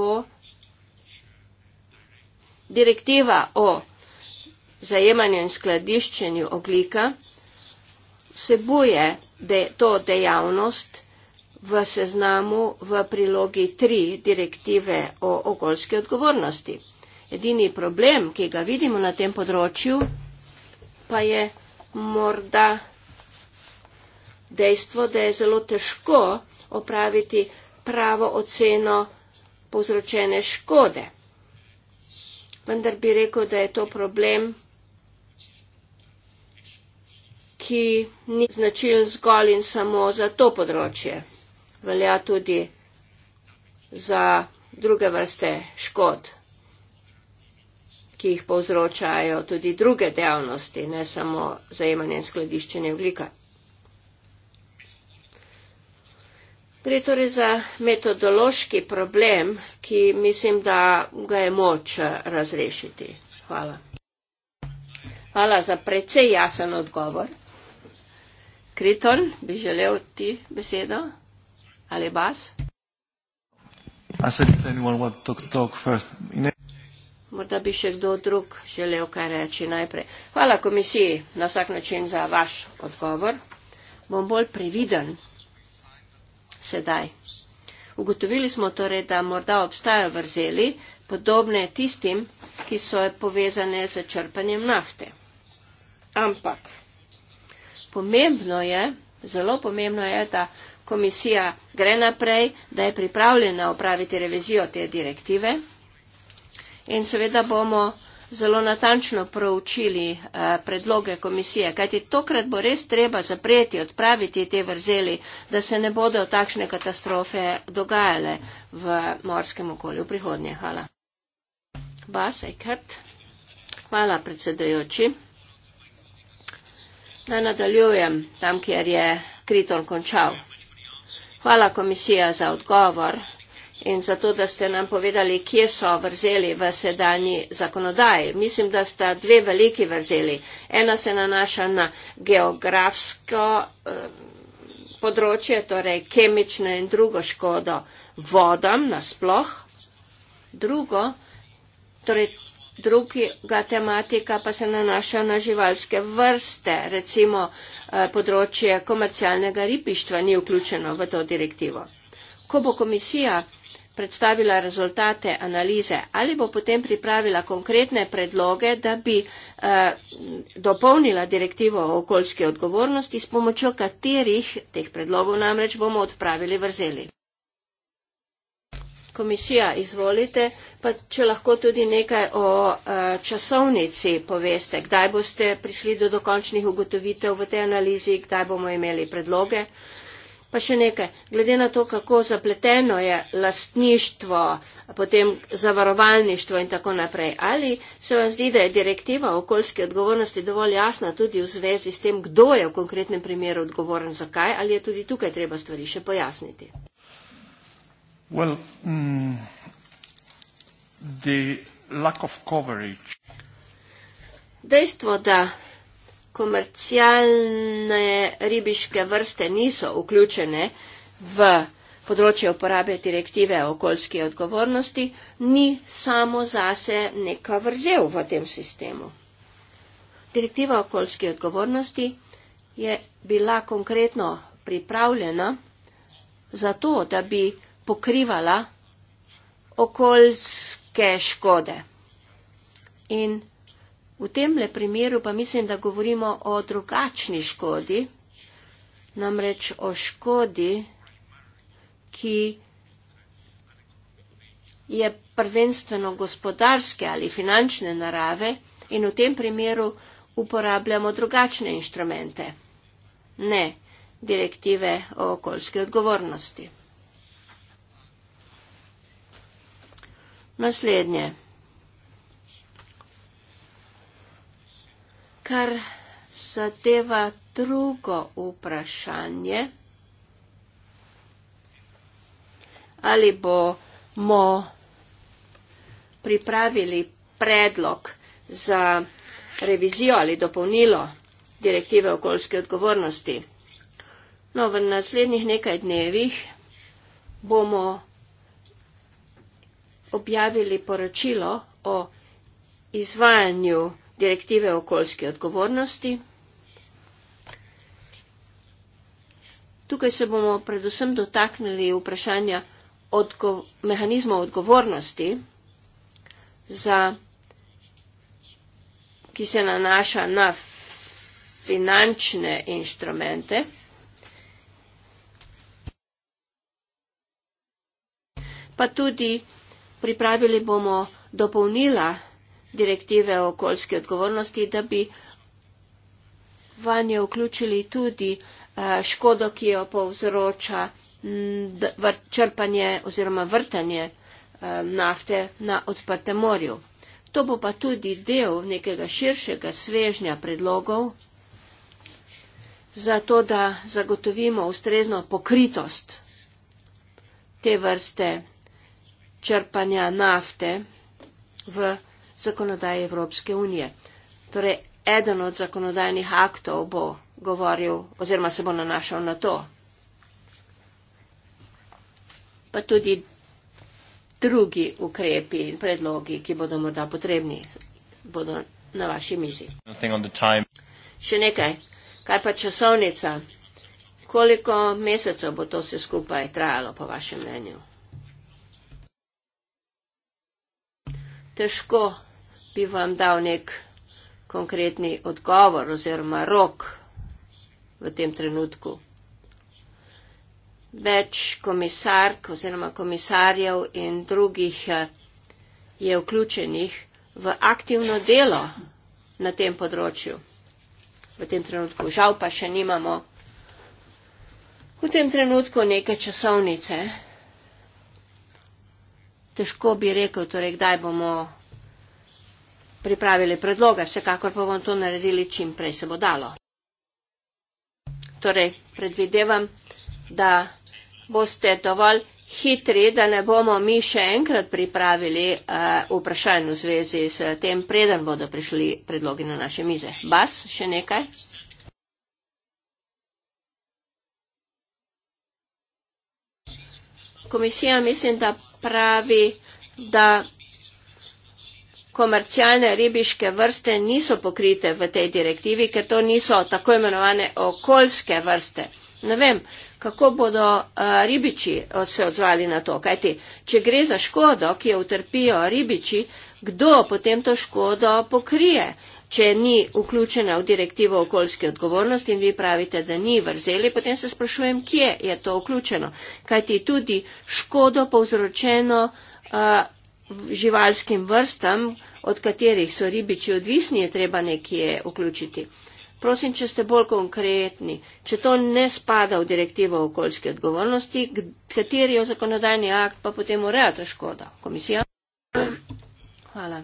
Direktiva o zajemanju in skladiščenju oglika vsebuje to dejavnost v seznamu v prilogi 3 direktive o okoljski odgovornosti. Edini problem, ki ga vidimo na tem področju, pa je morda dejstvo, da je zelo težko opraviti pravo oceno povzročene škode. Vendar bi rekel, da je to problem, ki ni značilen zgolj in samo za to področje. Velja tudi za druge vrste škod ki jih povzročajo tudi druge dejavnosti, ne samo zajemanje in skladiščenje oglika. Gre torej za metodološki problem, ki mislim, da ga je moč razrešiti. Hvala. Hvala za precej jasen odgovor. Kriton, bi želel ti besedo? Ali bas? I said if anyone wants to talk first. In a- Morda bi še kdo drug želel kaj reči najprej. Hvala komisiji na vsak način za vaš odgovor. Bom bolj previden sedaj. Ugotovili smo torej, da morda obstajajo vrzeli podobne tistim, ki so povezane z črpanjem nafte. Ampak pomembno je, zelo pomembno je, da komisija gre naprej, da je pripravljena opraviti revizijo te direktive in seveda bomo zelo natančno proučili eh, predloge komisije, kajti tokrat bo res treba zapreti, odpraviti te vrzeli, da se ne bodo takšne katastrofe dogajale v morskem okolju v prihodnje. Hvala. Bas, ekrat. Hvala, predsedajoči. Naj nadaljujem tam, kjer je Kriton končal. Hvala komisija za odgovor in zato, da ste nam povedali, kje so vrzeli v sedanji zakonodaji. Mislim, da sta dve veliki vrzeli. Ena se nanaša na geografsko eh, področje, torej kemično in drugo škodo vodam nasploh. Drugo, torej druga tematika pa se nanaša na živalske vrste, recimo eh, področje komercialnega ribištva ni vključeno v to direktivo. Ko bo komisija predstavila rezultate analize, ali bo potem pripravila konkretne predloge, da bi eh, dopolnila direktivo o okoljski odgovornosti, s pomočjo katerih teh predlogov namreč bomo odpravili vrzeli. Komisija, izvolite, pa če lahko tudi nekaj o eh, časovnici poveste, kdaj boste prišli do dokončnih ugotovitev v tej analizi, kdaj bomo imeli predloge. Eh, Pa še nekaj, glede na to, kako zapleteno je lastništvo, potem zavarovalništvo in tako naprej. Ali se vam zdi, da je direktiva o okoljski odgovornosti dovolj jasna tudi v zvezi s tem, kdo je v konkretnem primeru odgovoren za kaj, ali je tudi tukaj treba stvari še pojasniti? Well, mm, the lack of coverage. Dejstvo, da komercialne ribiške vrste niso vključene v področje uporabe direktive o okoljski odgovornosti, ni samo zase neka vrzel v tem sistemu. Direktiva o okoljski odgovornosti je bila konkretno pripravljena zato, da bi pokrivala okoljske škode. In V tem le primeru pa mislim, da govorimo o drugačni škodi, namreč o škodi, ki je prvenstveno gospodarske ali finančne narave in v tem primeru uporabljamo drugačne inštrumente, ne direktive o okoljski odgovornosti. Naslednje. kar zadeva drugo vprašanje, ali bomo pripravili predlog za revizijo ali dopolnilo direktive okoljske odgovornosti. No, v naslednjih nekaj dnevih bomo objavili poročilo o izvajanju direktive o okoljski odgovornosti. Tukaj se bomo predvsem dotaknili vprašanja odgo mehanizmov odgovornosti, za, ki se nanaša na finančne inštrumente. Pa tudi pripravili bomo dopolnila direktive o okoljski odgovornosti, da bi vanje vključili tudi eh, škodo, ki jo povzroča črpanje oziroma vrtanje eh, nafte na odprtem morju. To bo pa tudi del nekega širšega svežnja predlogov za to, da zagotovimo ustrezno pokritost te vrste črpanja nafte v zakonodaje Evropske unije. Torej, eden od zakonodajnih aktov bo govoril oziroma se bo nanašal na to. Pa tudi drugi ukrepi in predlogi, ki bodo morda potrebni, bodo na vaši mizi. Še nekaj. Kaj pa časovnica? Koliko mesecev bo to vse skupaj trajalo, po vašem mnenju? Težko bi vam dal nek konkretni odgovor oziroma rok v tem trenutku. Več komisark oziroma komisarjev in drugih eh, je vključenih v aktivno delo na tem področju. V tem trenutku žal pa še nimamo v tem trenutku neke časovnice. Težko bi rekel, torej kdaj bomo pripravili predloge, vsekakor pa bomo to naredili čim prej se bo dalo. Torej, predvidevam, da boste dovolj hitri, da ne bomo mi še enkrat pripravili uh, vprašanj v zvezi s tem, preden bodo prišli predlogi na naše mize. Bas, še nekaj? Komisija mislim, da pravi, da komercialne ribiške vrste niso pokrite v tej direktivi, ker to niso tako imenovane okoljske vrste. Ne vem, kako bodo eh, ribiči eh, se odzvali na to, kajti če gre za škodo, ki jo utrpijo ribiči, kdo potem to škodo pokrije, če ni vključena v direktivo okoljske odgovornosti in vi pravite, da ni vrzeli, potem se sprašujem, kje je to vključeno, kajti tudi škodo povzročeno eh, živalskim vrstam, od katerih so ribiči odvisni, je treba nekje vključiti. Prosim, če ste bolj konkretni, če to ne spada v direktivo okoljske odgovornosti, kateri je zakonodajni akt, pa potem ureja ta škoda. Komisija? Hvala.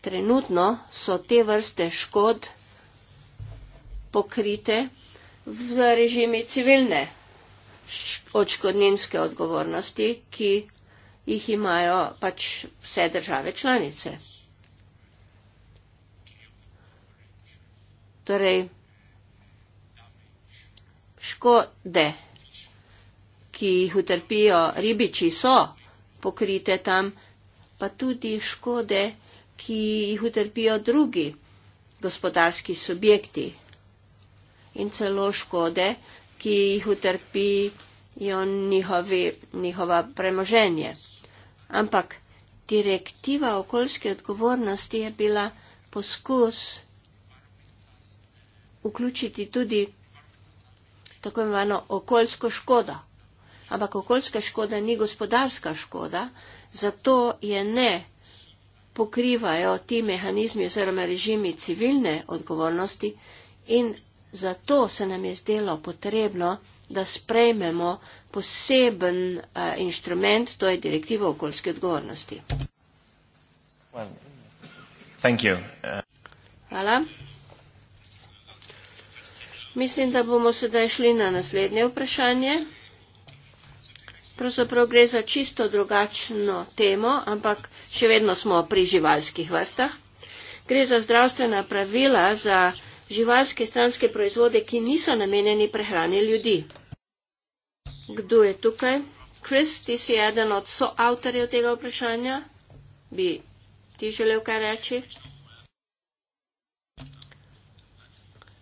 Trenutno so te vrste škod pokrite v režimi civilne odškodninske odgovornosti, ki jih imajo pač vse države članice. Torej, škode, ki jih utrpijo ribiči, so pokrite tam, pa tudi škode, ki jih utrpijo drugi gospodarski subjekti in celo škode, ki jih utrpijo njihovi, njihova premoženje. Ampak direktiva okoljske odgovornosti je bila poskus vključiti tudi tako imenovano okoljsko škodo. Ampak okoljska škoda ni gospodarska škoda, zato je ne pokrivajo ti mehanizmi oziroma režimi civilne odgovornosti in zato se nam je zdelo potrebno, da sprejmemo poseben uh, inštrument, to je direktiva okoljske odgovornosti. Hvala. Mislim, da bomo sedaj šli na naslednje vprašanje. Pravzaprav gre za čisto drugačno temo, ampak še vedno smo pri živalskih vrstah. Gre za zdravstvena pravila za živalske stranske proizvode, ki niso namenjeni prehrani ljudi. Kdo je tukaj? Kris, ti si eden od soavtorjev tega vprašanja. Bi ti želel kaj reči?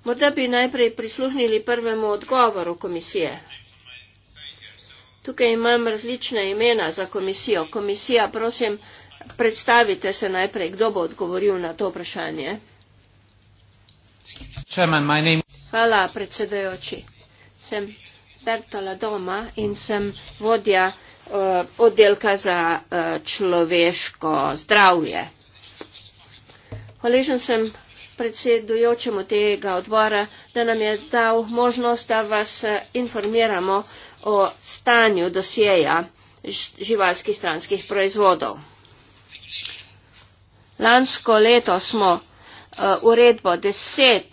Morda bi najprej prisluhnili prvemu odgovoru komisije. Tukaj imam različne imena za komisijo. Komisija, prosim, predstavite se najprej, kdo bo odgovoril na to vprašanje. Hvala, predsedajoči. Sem Bertola Doma in sem vodja uh, oddelka za uh, človeško zdravje. Hvaležen sem predsedujočemu tega odbora, da nam je dal možnost, da vas eh, informiramo o stanju dosjeja živalskih stranskih proizvodov. Lansko leto smo Uh, uredbo 10.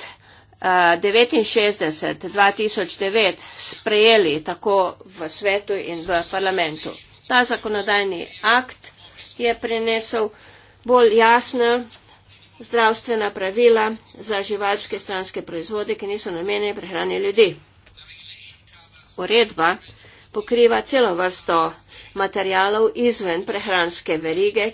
69. 2009 sprejeli tako v svetu in v parlamentu. Ta zakonodajni akt je prinesel bolj jasna zdravstvena pravila za živalske stranske proizvode, ki niso namenjeni prehrani ljudi. Uredba pokriva celo vrsto materijalov izven prehranske verige,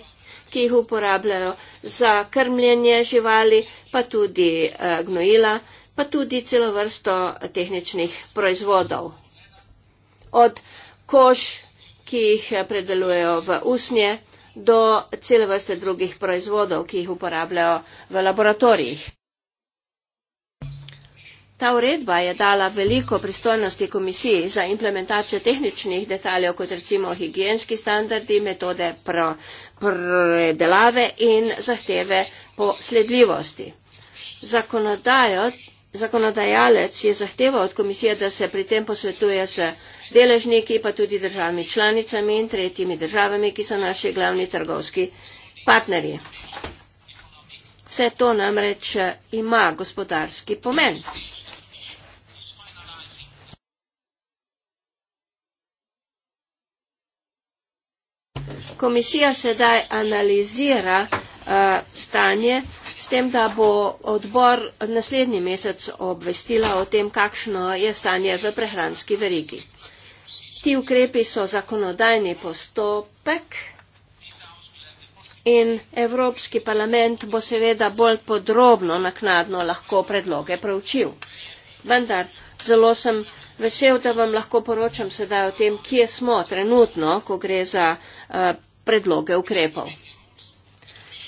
ki jih uporabljajo za krmljenje živali, pa tudi eh, gnojila, pa tudi celo vrsto tehničnih proizvodov. Od kož, ki jih eh, predelujejo v usnje, do cele vrste drugih proizvodov, ki jih uporabljajo v laboratorijih. Ta uredba je dala veliko pristojnosti komisiji za implementacijo tehničnih detaljev, kot recimo higijenski standardi, metode predelave in zahteve po sledljivosti. Zakonodajalec je zahteval od komisije, da se pri tem posvetuje s deležniki, pa tudi državami članicami in tretjimi državami, ki so naši glavni trgovski partnerji. Vse to namreč eh, ima gospodarski pomen. komisija sedaj analizira uh, stanje, s tem, da bo odbor naslednji mesec obvestila o tem, kakšno je stanje v prehranski verigi. Ti ukrepi so zakonodajni postopek in Evropski parlament bo seveda bolj podrobno naknadno lahko predloge preučil. Vendar zelo sem vesel, da vam lahko poročam sedaj o tem, kje smo trenutno, ko gre za uh, predloge ukrepov.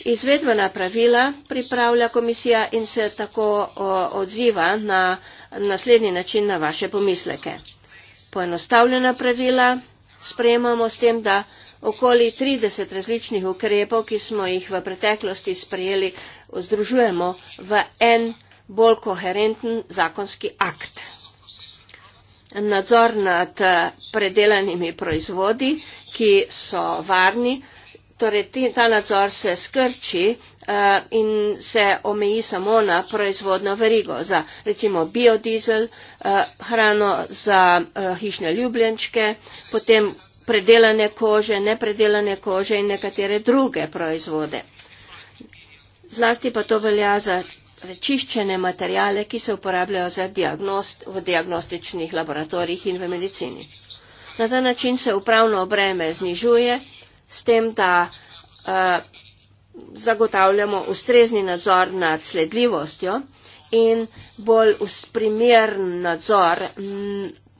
Izvedbena pravila pripravlja komisija in se tako odziva na naslednji način na vaše pomisleke. Poenostavljena pravila sprejemamo s tem, da okoli 30 različnih ukrepov, ki smo jih v preteklosti sprejeli, združujemo v en bolj koherenten zakonski akt nadzor nad eh, predelanimi proizvodi, ki so varni, torej ta nadzor se skrči eh, in se omeji samo na proizvodno verigo za recimo biodizel, eh, hrano za hišne ljubljenčke, potem predelane kože, nepredelane kože in nekatere druge proizvode. Zlasti pa to velja za prečiščene materijale, ki se uporabljajo diagnost, v diagnostičnih laboratorijih in v medicini. Na ta način se upravno breme znižuje, s tem, da uh, zagotavljamo ustrezni nadzor nad sledljivostjo in bolj usprimern nadzor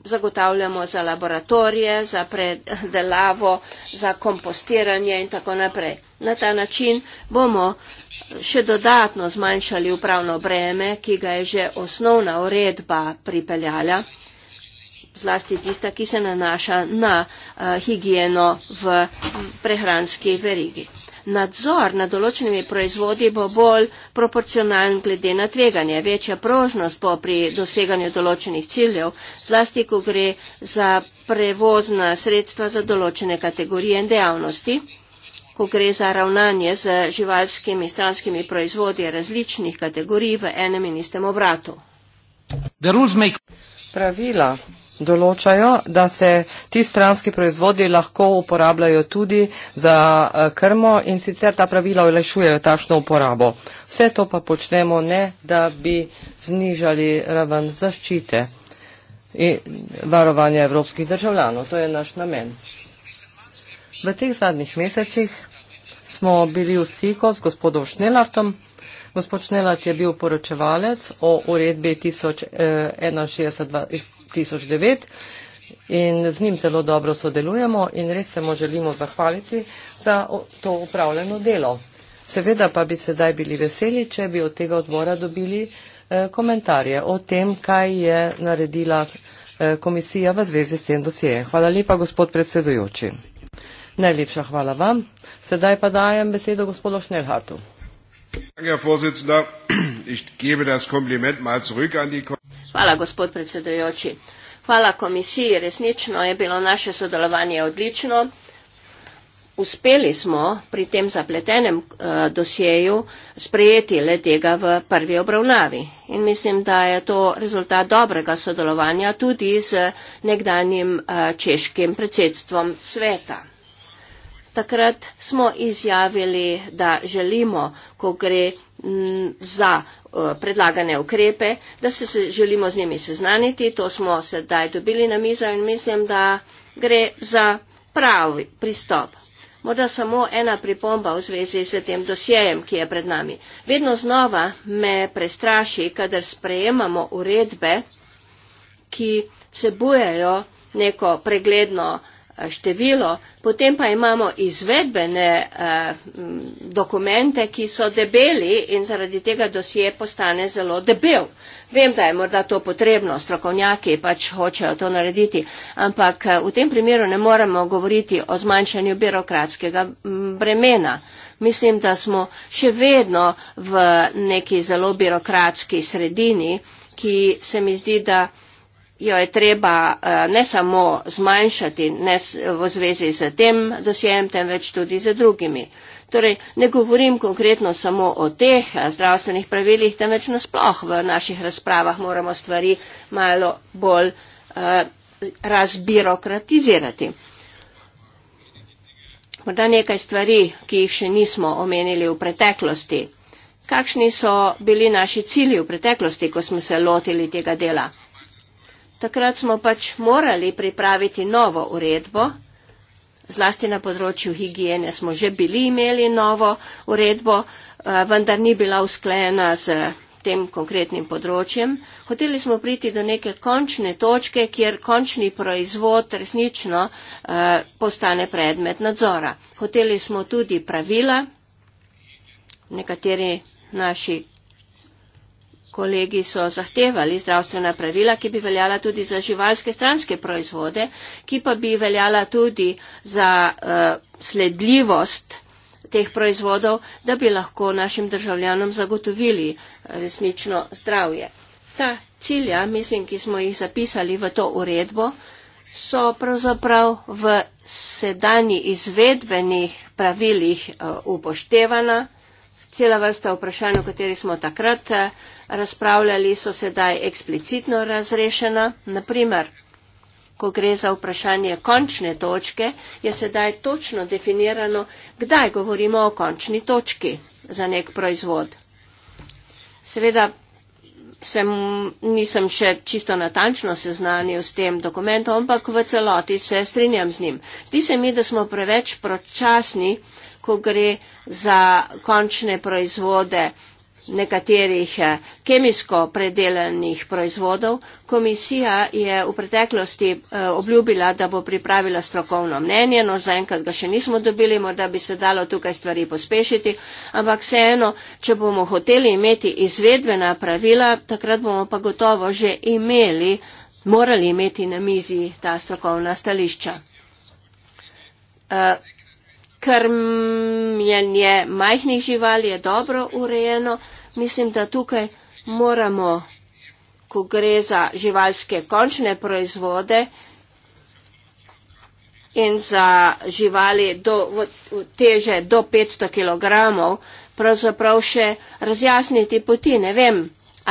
zagotavljamo za laboratorije, za predelavo, za kompostiranje in tako naprej. Na ta način bomo še dodatno zmanjšali upravno breme, ki ga je že osnovna uredba pripeljala, zlasti tista, ki se nanaša na eh, higieno v prehranski verigi. Nadzor nad določenimi proizvodi bo bolj proporcionalen glede na tveganje. Večja prožnost bo pri doseganju določenih ciljev, zlasti ko gre za prevozna sredstva za določene kategorije in dejavnosti ko gre za ravnanje z živalskimi stranskimi proizvodi različnih kategorij v enem in istem obratu. Make... Pravila določajo, da se ti stranski proizvodi lahko uporabljajo tudi za eh, krmo in sicer ta pravila olajšujejo takšno uporabo. Vse to pa počnemo ne, da bi znižali raven zaščite in varovanja evropskih državljanov. To je naš namen. V teh zadnjih mesecih smo bili v stiku z gospodom Šnelartom. Gospod Šnelart je bil poročevalec o uredbi 1061-2009 eh, in z njim zelo dobro sodelujemo in res se mu želimo zahvaliti za to upravljeno delo. Seveda pa bi sedaj bili veseli, če bi od tega odbora dobili eh, komentarje o tem, kaj je naredila eh, komisija v zvezi s tem dosjejem. Hvala lepa, gospod predsedujoči. Najlepša hvala vam. Sedaj pa dajem besedo gospodu Šnelhartu. Hvala, gospod predsedojoči. Hvala komisiji. Resnično je bilo naše sodelovanje odlično. Uspeli smo pri tem zapletenem uh, dosjeju sprejeti le tega v prvi obravnavi. In mislim, da je to rezultat dobrega sodelovanja tudi z nekdanjim uh, češkim predsedstvom sveta takrat smo izjavili, da želimo, ko gre za eh, predlagane ukrepe, da se želimo z njimi seznaniti. To smo sedaj dobili na mizo in mislim, da gre za pravi pristop. Morda samo ena pripomba v zvezi s tem dosjejem, ki je pred nami. Vedno znova me prestraši, kadar sprejemamo uredbe, ki sebujejo neko pregledno Eh, število, potem pa imamo izvedbene eh, dokumente, ki so debeli in zaradi tega dosije postane zelo debel. Vem, da je morda to potrebno, strokovnjaki pač hočejo to narediti, ampak eh, v tem primeru ne moremo govoriti o zmanjšanju birokratskega bremena. Mislim, da smo še vedno v neki zelo birokratski sredini, ki se mi zdi, da jo je treba eh, ne samo zmanjšati ne v zvezi z tem dosjejem, temveč tudi z drugimi. Torej, ne govorim konkretno samo o teh eh, zdravstvenih pravilih, temveč nasploh v naših razpravah moramo stvari malo bolj eh, razbirokratizirati. Morda nekaj stvari, ki jih še nismo omenili v preteklosti. Kakšni so bili naši cilji v preteklosti, ko smo se lotili tega dela? Takrat smo pač morali pripraviti novo uredbo, zlasti na področju higiene smo že bili imeli novo uredbo, eh, vendar ni bila usklajena z tem konkretnim področjem. Hoteli smo priti do neke končne točke, kjer končni proizvod resnično eh, postane predmet nadzora. Hoteli smo tudi pravila, nekateri naši Kolegi so zahtevali zdravstvena pravila, ki bi veljala tudi za živalske stranske proizvode, ki pa bi veljala tudi za uh, sledljivost teh proizvodov, da bi lahko našim državljanom zagotovili eh, resnično zdravje. Ta cilja, mislim, ki smo jih zapisali v to uredbo, so pravzaprav v sedanji izvedbenih pravilih eh, upoštevana. Cela vrsta vprašanj, o katerih smo takrat uh, razpravljali, so sedaj eksplicitno razrešena. Naprimer, ko gre za vprašanje končne točke, je sedaj točno definirano, kdaj govorimo o končni točki za nek proizvod. Seveda sem, nisem še čisto natančno seznanil s tem dokumentom, ampak v celoti se strinjam z njim. Zdi se mi, da smo preveč pročasni, ko gre za končne proizvode nekaterih eh, kemijsko predelanih proizvodov. Komisija je v preteklosti eh, obljubila, da bo pripravila strokovno mnenje, no zaenkrat ga še nismo dobili, morda bi se dalo tukaj stvari pospešiti, ampak vseeno, če bomo hoteli imeti izvedbena pravila, takrat bomo pa gotovo že imeli, morali imeti na mizi ta strokovna stališča. Eh, Krmljenje majhnih živali je dobro urejeno. Mislim, da tukaj moramo, ko gre za živalske končne proizvode in za živali do, v, v teže do 500 kg, pravzaprav še razjasniti poti. Ne vem,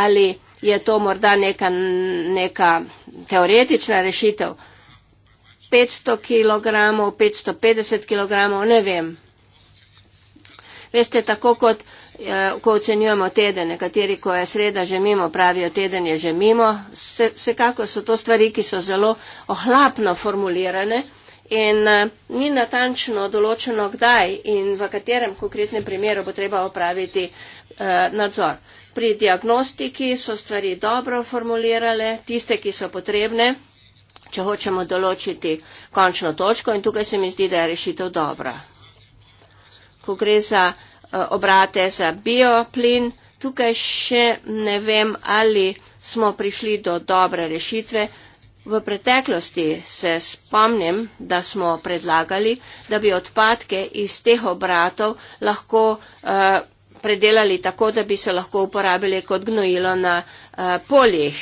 ali je to morda neka, neka teoretična rešitev. 500 kg, 550 kg, ne vem. Veste, tako kot Ja, ko ocenjujemo teden, nekateri, ko je sreda že mimo, pravijo teden je že mimo. Se, vsekako so to stvari, ki so zelo ohlapno formulirane in eh, ni natančno določeno, kdaj in v katerem konkretnem primeru bo treba opraviti eh, nadzor. Pri diagnostiki so stvari dobro formulirale, tiste, ki so potrebne, če hočemo določiti končno točko in tukaj se mi zdi, da je rešitev dobra. Ko gre za Eh, obrate za bioplin. Tukaj še ne vem, ali smo prišli do dobre rešitve. V preteklosti se spomnim, da smo predlagali, da bi odpadke iz teh obratov lahko uh, predelali tako, da bi se lahko uporabili kot gnojilo na uh, poljih.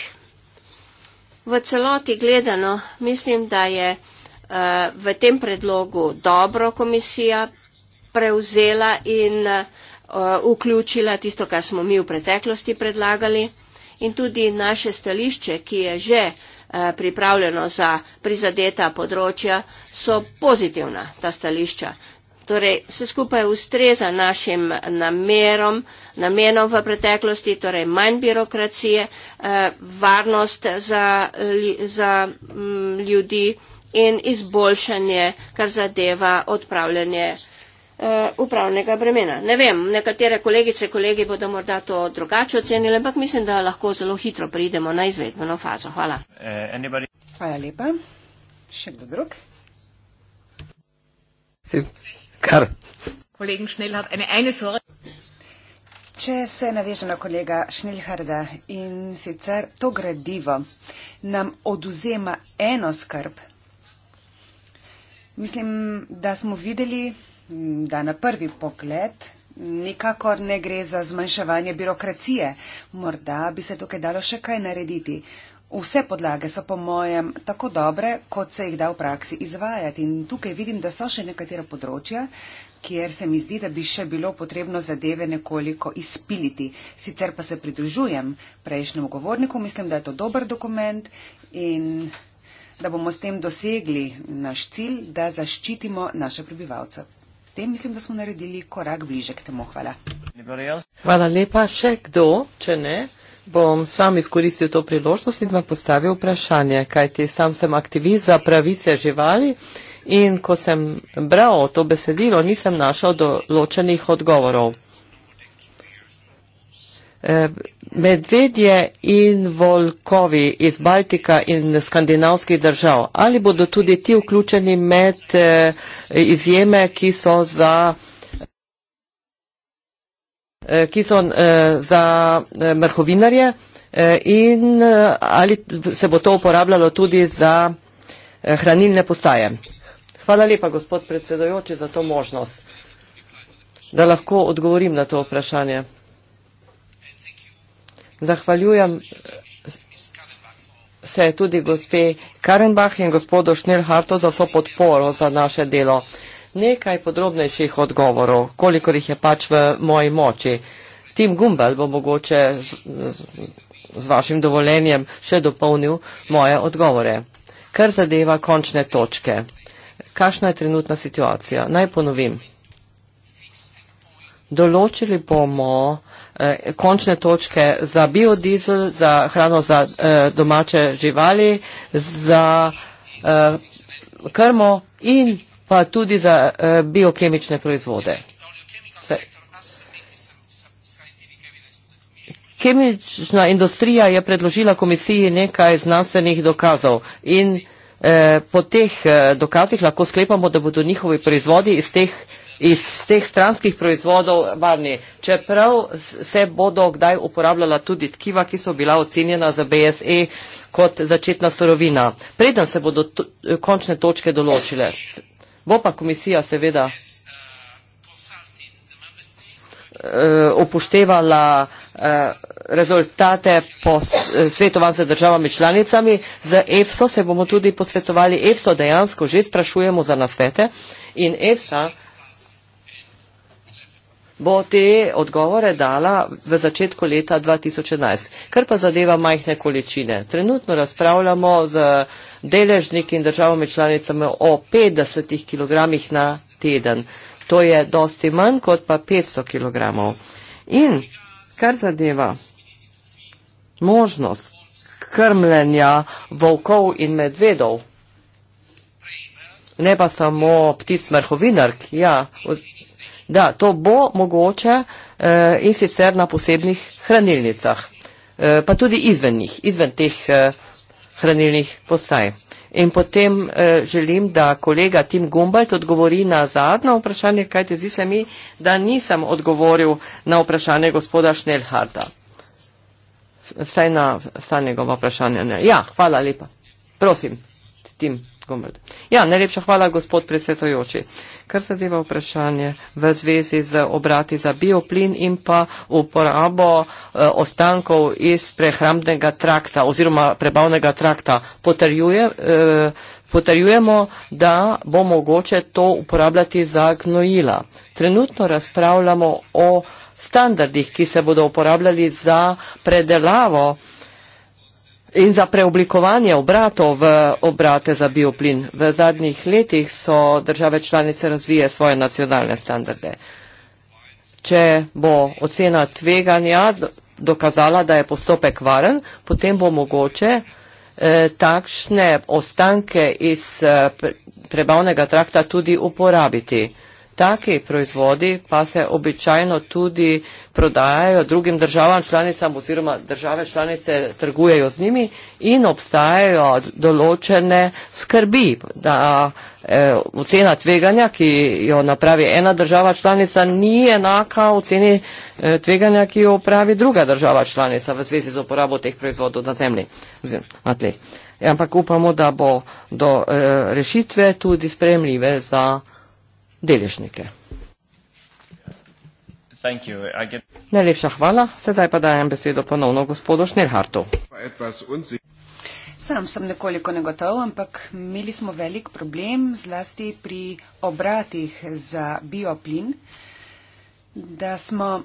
V celoti gledano mislim, da je uh, v tem predlogu dobro komisija prevzela in uh, vključila tisto, kar smo mi v preteklosti predlagali. In tudi naše stališče, ki je že uh, pripravljeno za prizadeta področja, so pozitivna ta stališča. Torej, vse skupaj ustreza našim namerom, namenom v preteklosti, torej manj birokracije, eh, varnost za, za m, mm, ljudi in izboljšanje, kar zadeva odpravljanje. Eh, upravnega bremena. Ne vem, nekatere kolegice, kolegi bodo morda to drugače ocenili, ampak mislim, da lahko zelo hitro pridemo na izvedbeno fazo. Hvala. Eh, anybody? Hvala lepa. Še kdo drug? Sim. Kar? Kolegin Šnelhard, ene ene sore. Če se navežemo na kolega Šnelharda in sicer to gradivo nam oduzema eno skrb. Mislim, da smo videli, da na prvi pogled nikakor ne gre za zmanjševanje birokracije. Morda bi se tukaj dalo še kaj narediti. Vse podlage so po mojem tako dobre, kot se jih da v praksi izvajati. In tukaj vidim, da so še nekatera področja, kjer se mi zdi, da bi še bilo potrebno zadeve nekoliko izpiliti. Sicer pa se pridružujem prejšnjemu govorniku, mislim, da je to dober dokument in da bomo s tem dosegli naš cilj, da zaščitimo naše prebivalce tem mislim, da smo naredili korak bliže k temu. Hvala. Hvala lepa. Še kdo, če ne, bom sam izkoristil to priložnost in vam postavil vprašanje, kajti sam sem aktivist za pravice živali in ko sem bral to besedilo, nisem našel določenih odgovorov. Eh, medvedje in volkovi iz Baltika in skandinavskih držav. Ali bodo tudi ti vključeni med eh, izjeme, ki so za eh, ki so eh, za eh, mrhovinarje eh, in eh, ali se bo to uporabljalo tudi za eh, hranilne postaje. Hvala lepa, gospod predsedojoči, za to možnost, da lahko odgovorim na to vprašanje. Zahvaljujem se tudi gospe Karenbach in gospodu Schnellharto za so podporo za naše delo. Nekaj podrobnejših odgovorov, kolikor jih je pač v moji moči. Tim Gumbel bo mogoče z, z, z vašim dovoljenjem še dopolnil moje odgovore. Kar zadeva končne točke. Kakšna je trenutna situacija? Naj ponovim. Določili bomo Eh, končne točke za biodizel, za hrano za eh, domače živali, za eh, krmo in pa tudi za biokemične proizvode. Kemična industrija je predložila komisiji nekaj znanstvenih dokazov in po teh dokazih lahko sklepamo, da bodo njihovi proizvodi iz teh proizvodov iz teh stranskih proizvodov varni. Čeprav se bodo kdaj uporabljala tudi tkiva, ki so bila ocenjena za BSE kot začetna sorovina. Preden se bodo končne točke določile. Bo pa komisija seveda eh, upoštevala eh, rezultate posvetovanj z državami članicami. Z EFSO se bomo tudi posvetovali. EFSO dejansko že sprašujemo za nasvete in EFSA bo te odgovore dala v začetku leta 2011. Kar pa zadeva majhne količine. Trenutno razpravljamo z deležniki in državami članicami o 50 kg na teden. To je dosti manj kot pa 500 kg. In kar zadeva možnost krmljenja volkov in medvedov, ne pa samo ptic mrhovinark, ja, da to bo mogoče eh, in sicer na posebnih hranilnicah, eh, pa tudi izven njih, izven teh eh, hranilnih postaj. In potem želim, da kolega Tim Gumbalt odgovori na zadnjo vprašanje, kajte zdi se mi, da nisem odgovoril na vprašanje gospoda Šnelharta. Vsaj na vsa njegova vprašanja. Ja, hvala lepa. Prosim, Tim. Ja, najlepša hvala, gospod predsedojoči. Kar zadeva vprašanje v zvezi z obrati za bioplin in pa uporabo eh, ostankov iz prehrambnega trakta oziroma prebavnega trakta, potrjuje, eh, potrjujemo, da bo mogoče to uporabljati za gnojila. Trenutno razpravljamo o standardih, ki se bodo uporabljali za predelavo In za preoblikovanje obratov v obrate za bioplin. V zadnjih letih so države članice razvije svoje nacionalne standarde. Če bo ocena tveganja dokazala, da je postopek varen, potem bo mogoče eh, takšne ostanke iz eh, prebavnega trakta tudi uporabiti. Taki proizvodi pa se običajno tudi prodajajo drugim državam članicam oziroma države članice trgujejo z njimi in obstajajo določene skrbi, da eh, ocena tveganja, ki jo napravi ena država članica, ni enaka oceni eh, tveganja, ki jo upravi druga država članica v zvezi z uporabo teh proizvodov na zemlji. Oziroma, na ja, Ampak upamo, da bo do eh, rešitve tudi spremljive za deležnike. Najlepša hvala. Sedaj pa dajem besedo ponovno gospodu Šnirhartu. Sam sem nekoliko negotov, ampak imeli smo velik problem zlasti pri obratih za bioplin, da smo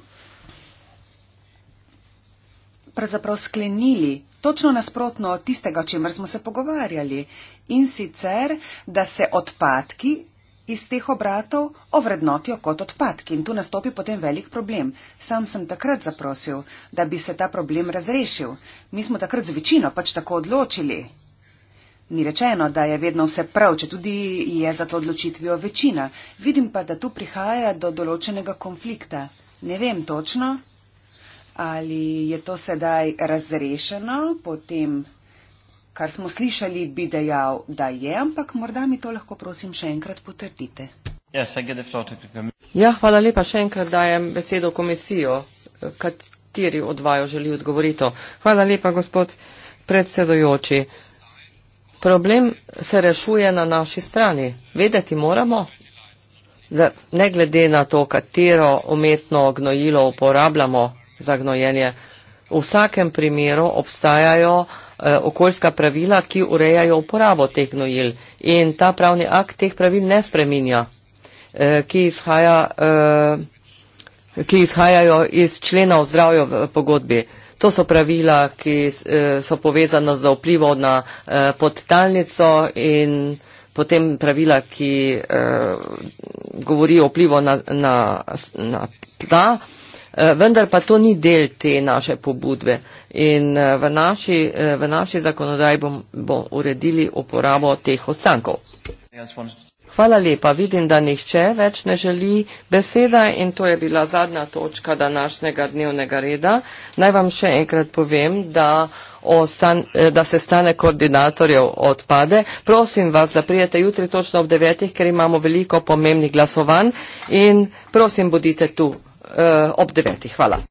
pravzaprav sklenili točno nasprotno od tistega, o čemer smo se pogovarjali. In sicer, da se odpadki iz teh obratov ovrednotijo kot odpadki in tu nastopi potem velik problem. Sam sem takrat zaprosil, da bi se ta problem razrešil. Mi smo takrat z večino pač tako odločili. Ni rečeno, da je vedno vse prav, če tudi je za to odločitvijo večina. Vidim pa, da tu prihaja do določenega konflikta. Ne vem točno, ali je to sedaj razrešeno, potem kar smo slišali, bi dejal, da je, ampak morda mi to lahko prosim še enkrat potrdite. Ja, hvala lepa še enkrat dajem besedo komisijo, kateri od vaju želi odgovoriti. Hvala lepa, gospod predsedojoči. Problem se rešuje na naši strani. Vedeti moramo, da ne glede na to, katero umetno gnojilo uporabljamo za gnojenje, v vsakem primeru obstajajo uh, Eh, okoljska pravila, ki urejajo uporabo teh gnojil. In ta pravni akt teh pravil ne spreminja, eh, ki, izhaja, eh, ki izhajajo iz člena o zdravju v pogodbi. To so pravila, ki so povezana z vplivo na podtalnico in potem pravila, ki govorijo vplivo na, na, na tla. Eh, vendar pa to ni del te naše pobudbe in eh, v naši, eh, v naši zakonodaj bomo bom uredili uporabo teh ostankov. Hvala lepa. Vidim, da nihče več ne želi beseda in to je bila zadnja točka današnjega dnevnega reda. Naj vam še enkrat povem, da, stan, da se stane koordinatorjev odpade. Prosim vas, da prijete jutri točno ob devetih, ker imamo veliko pomembnih glasovanj in prosim, bodite tu. Eh, ob deveti. Hvala.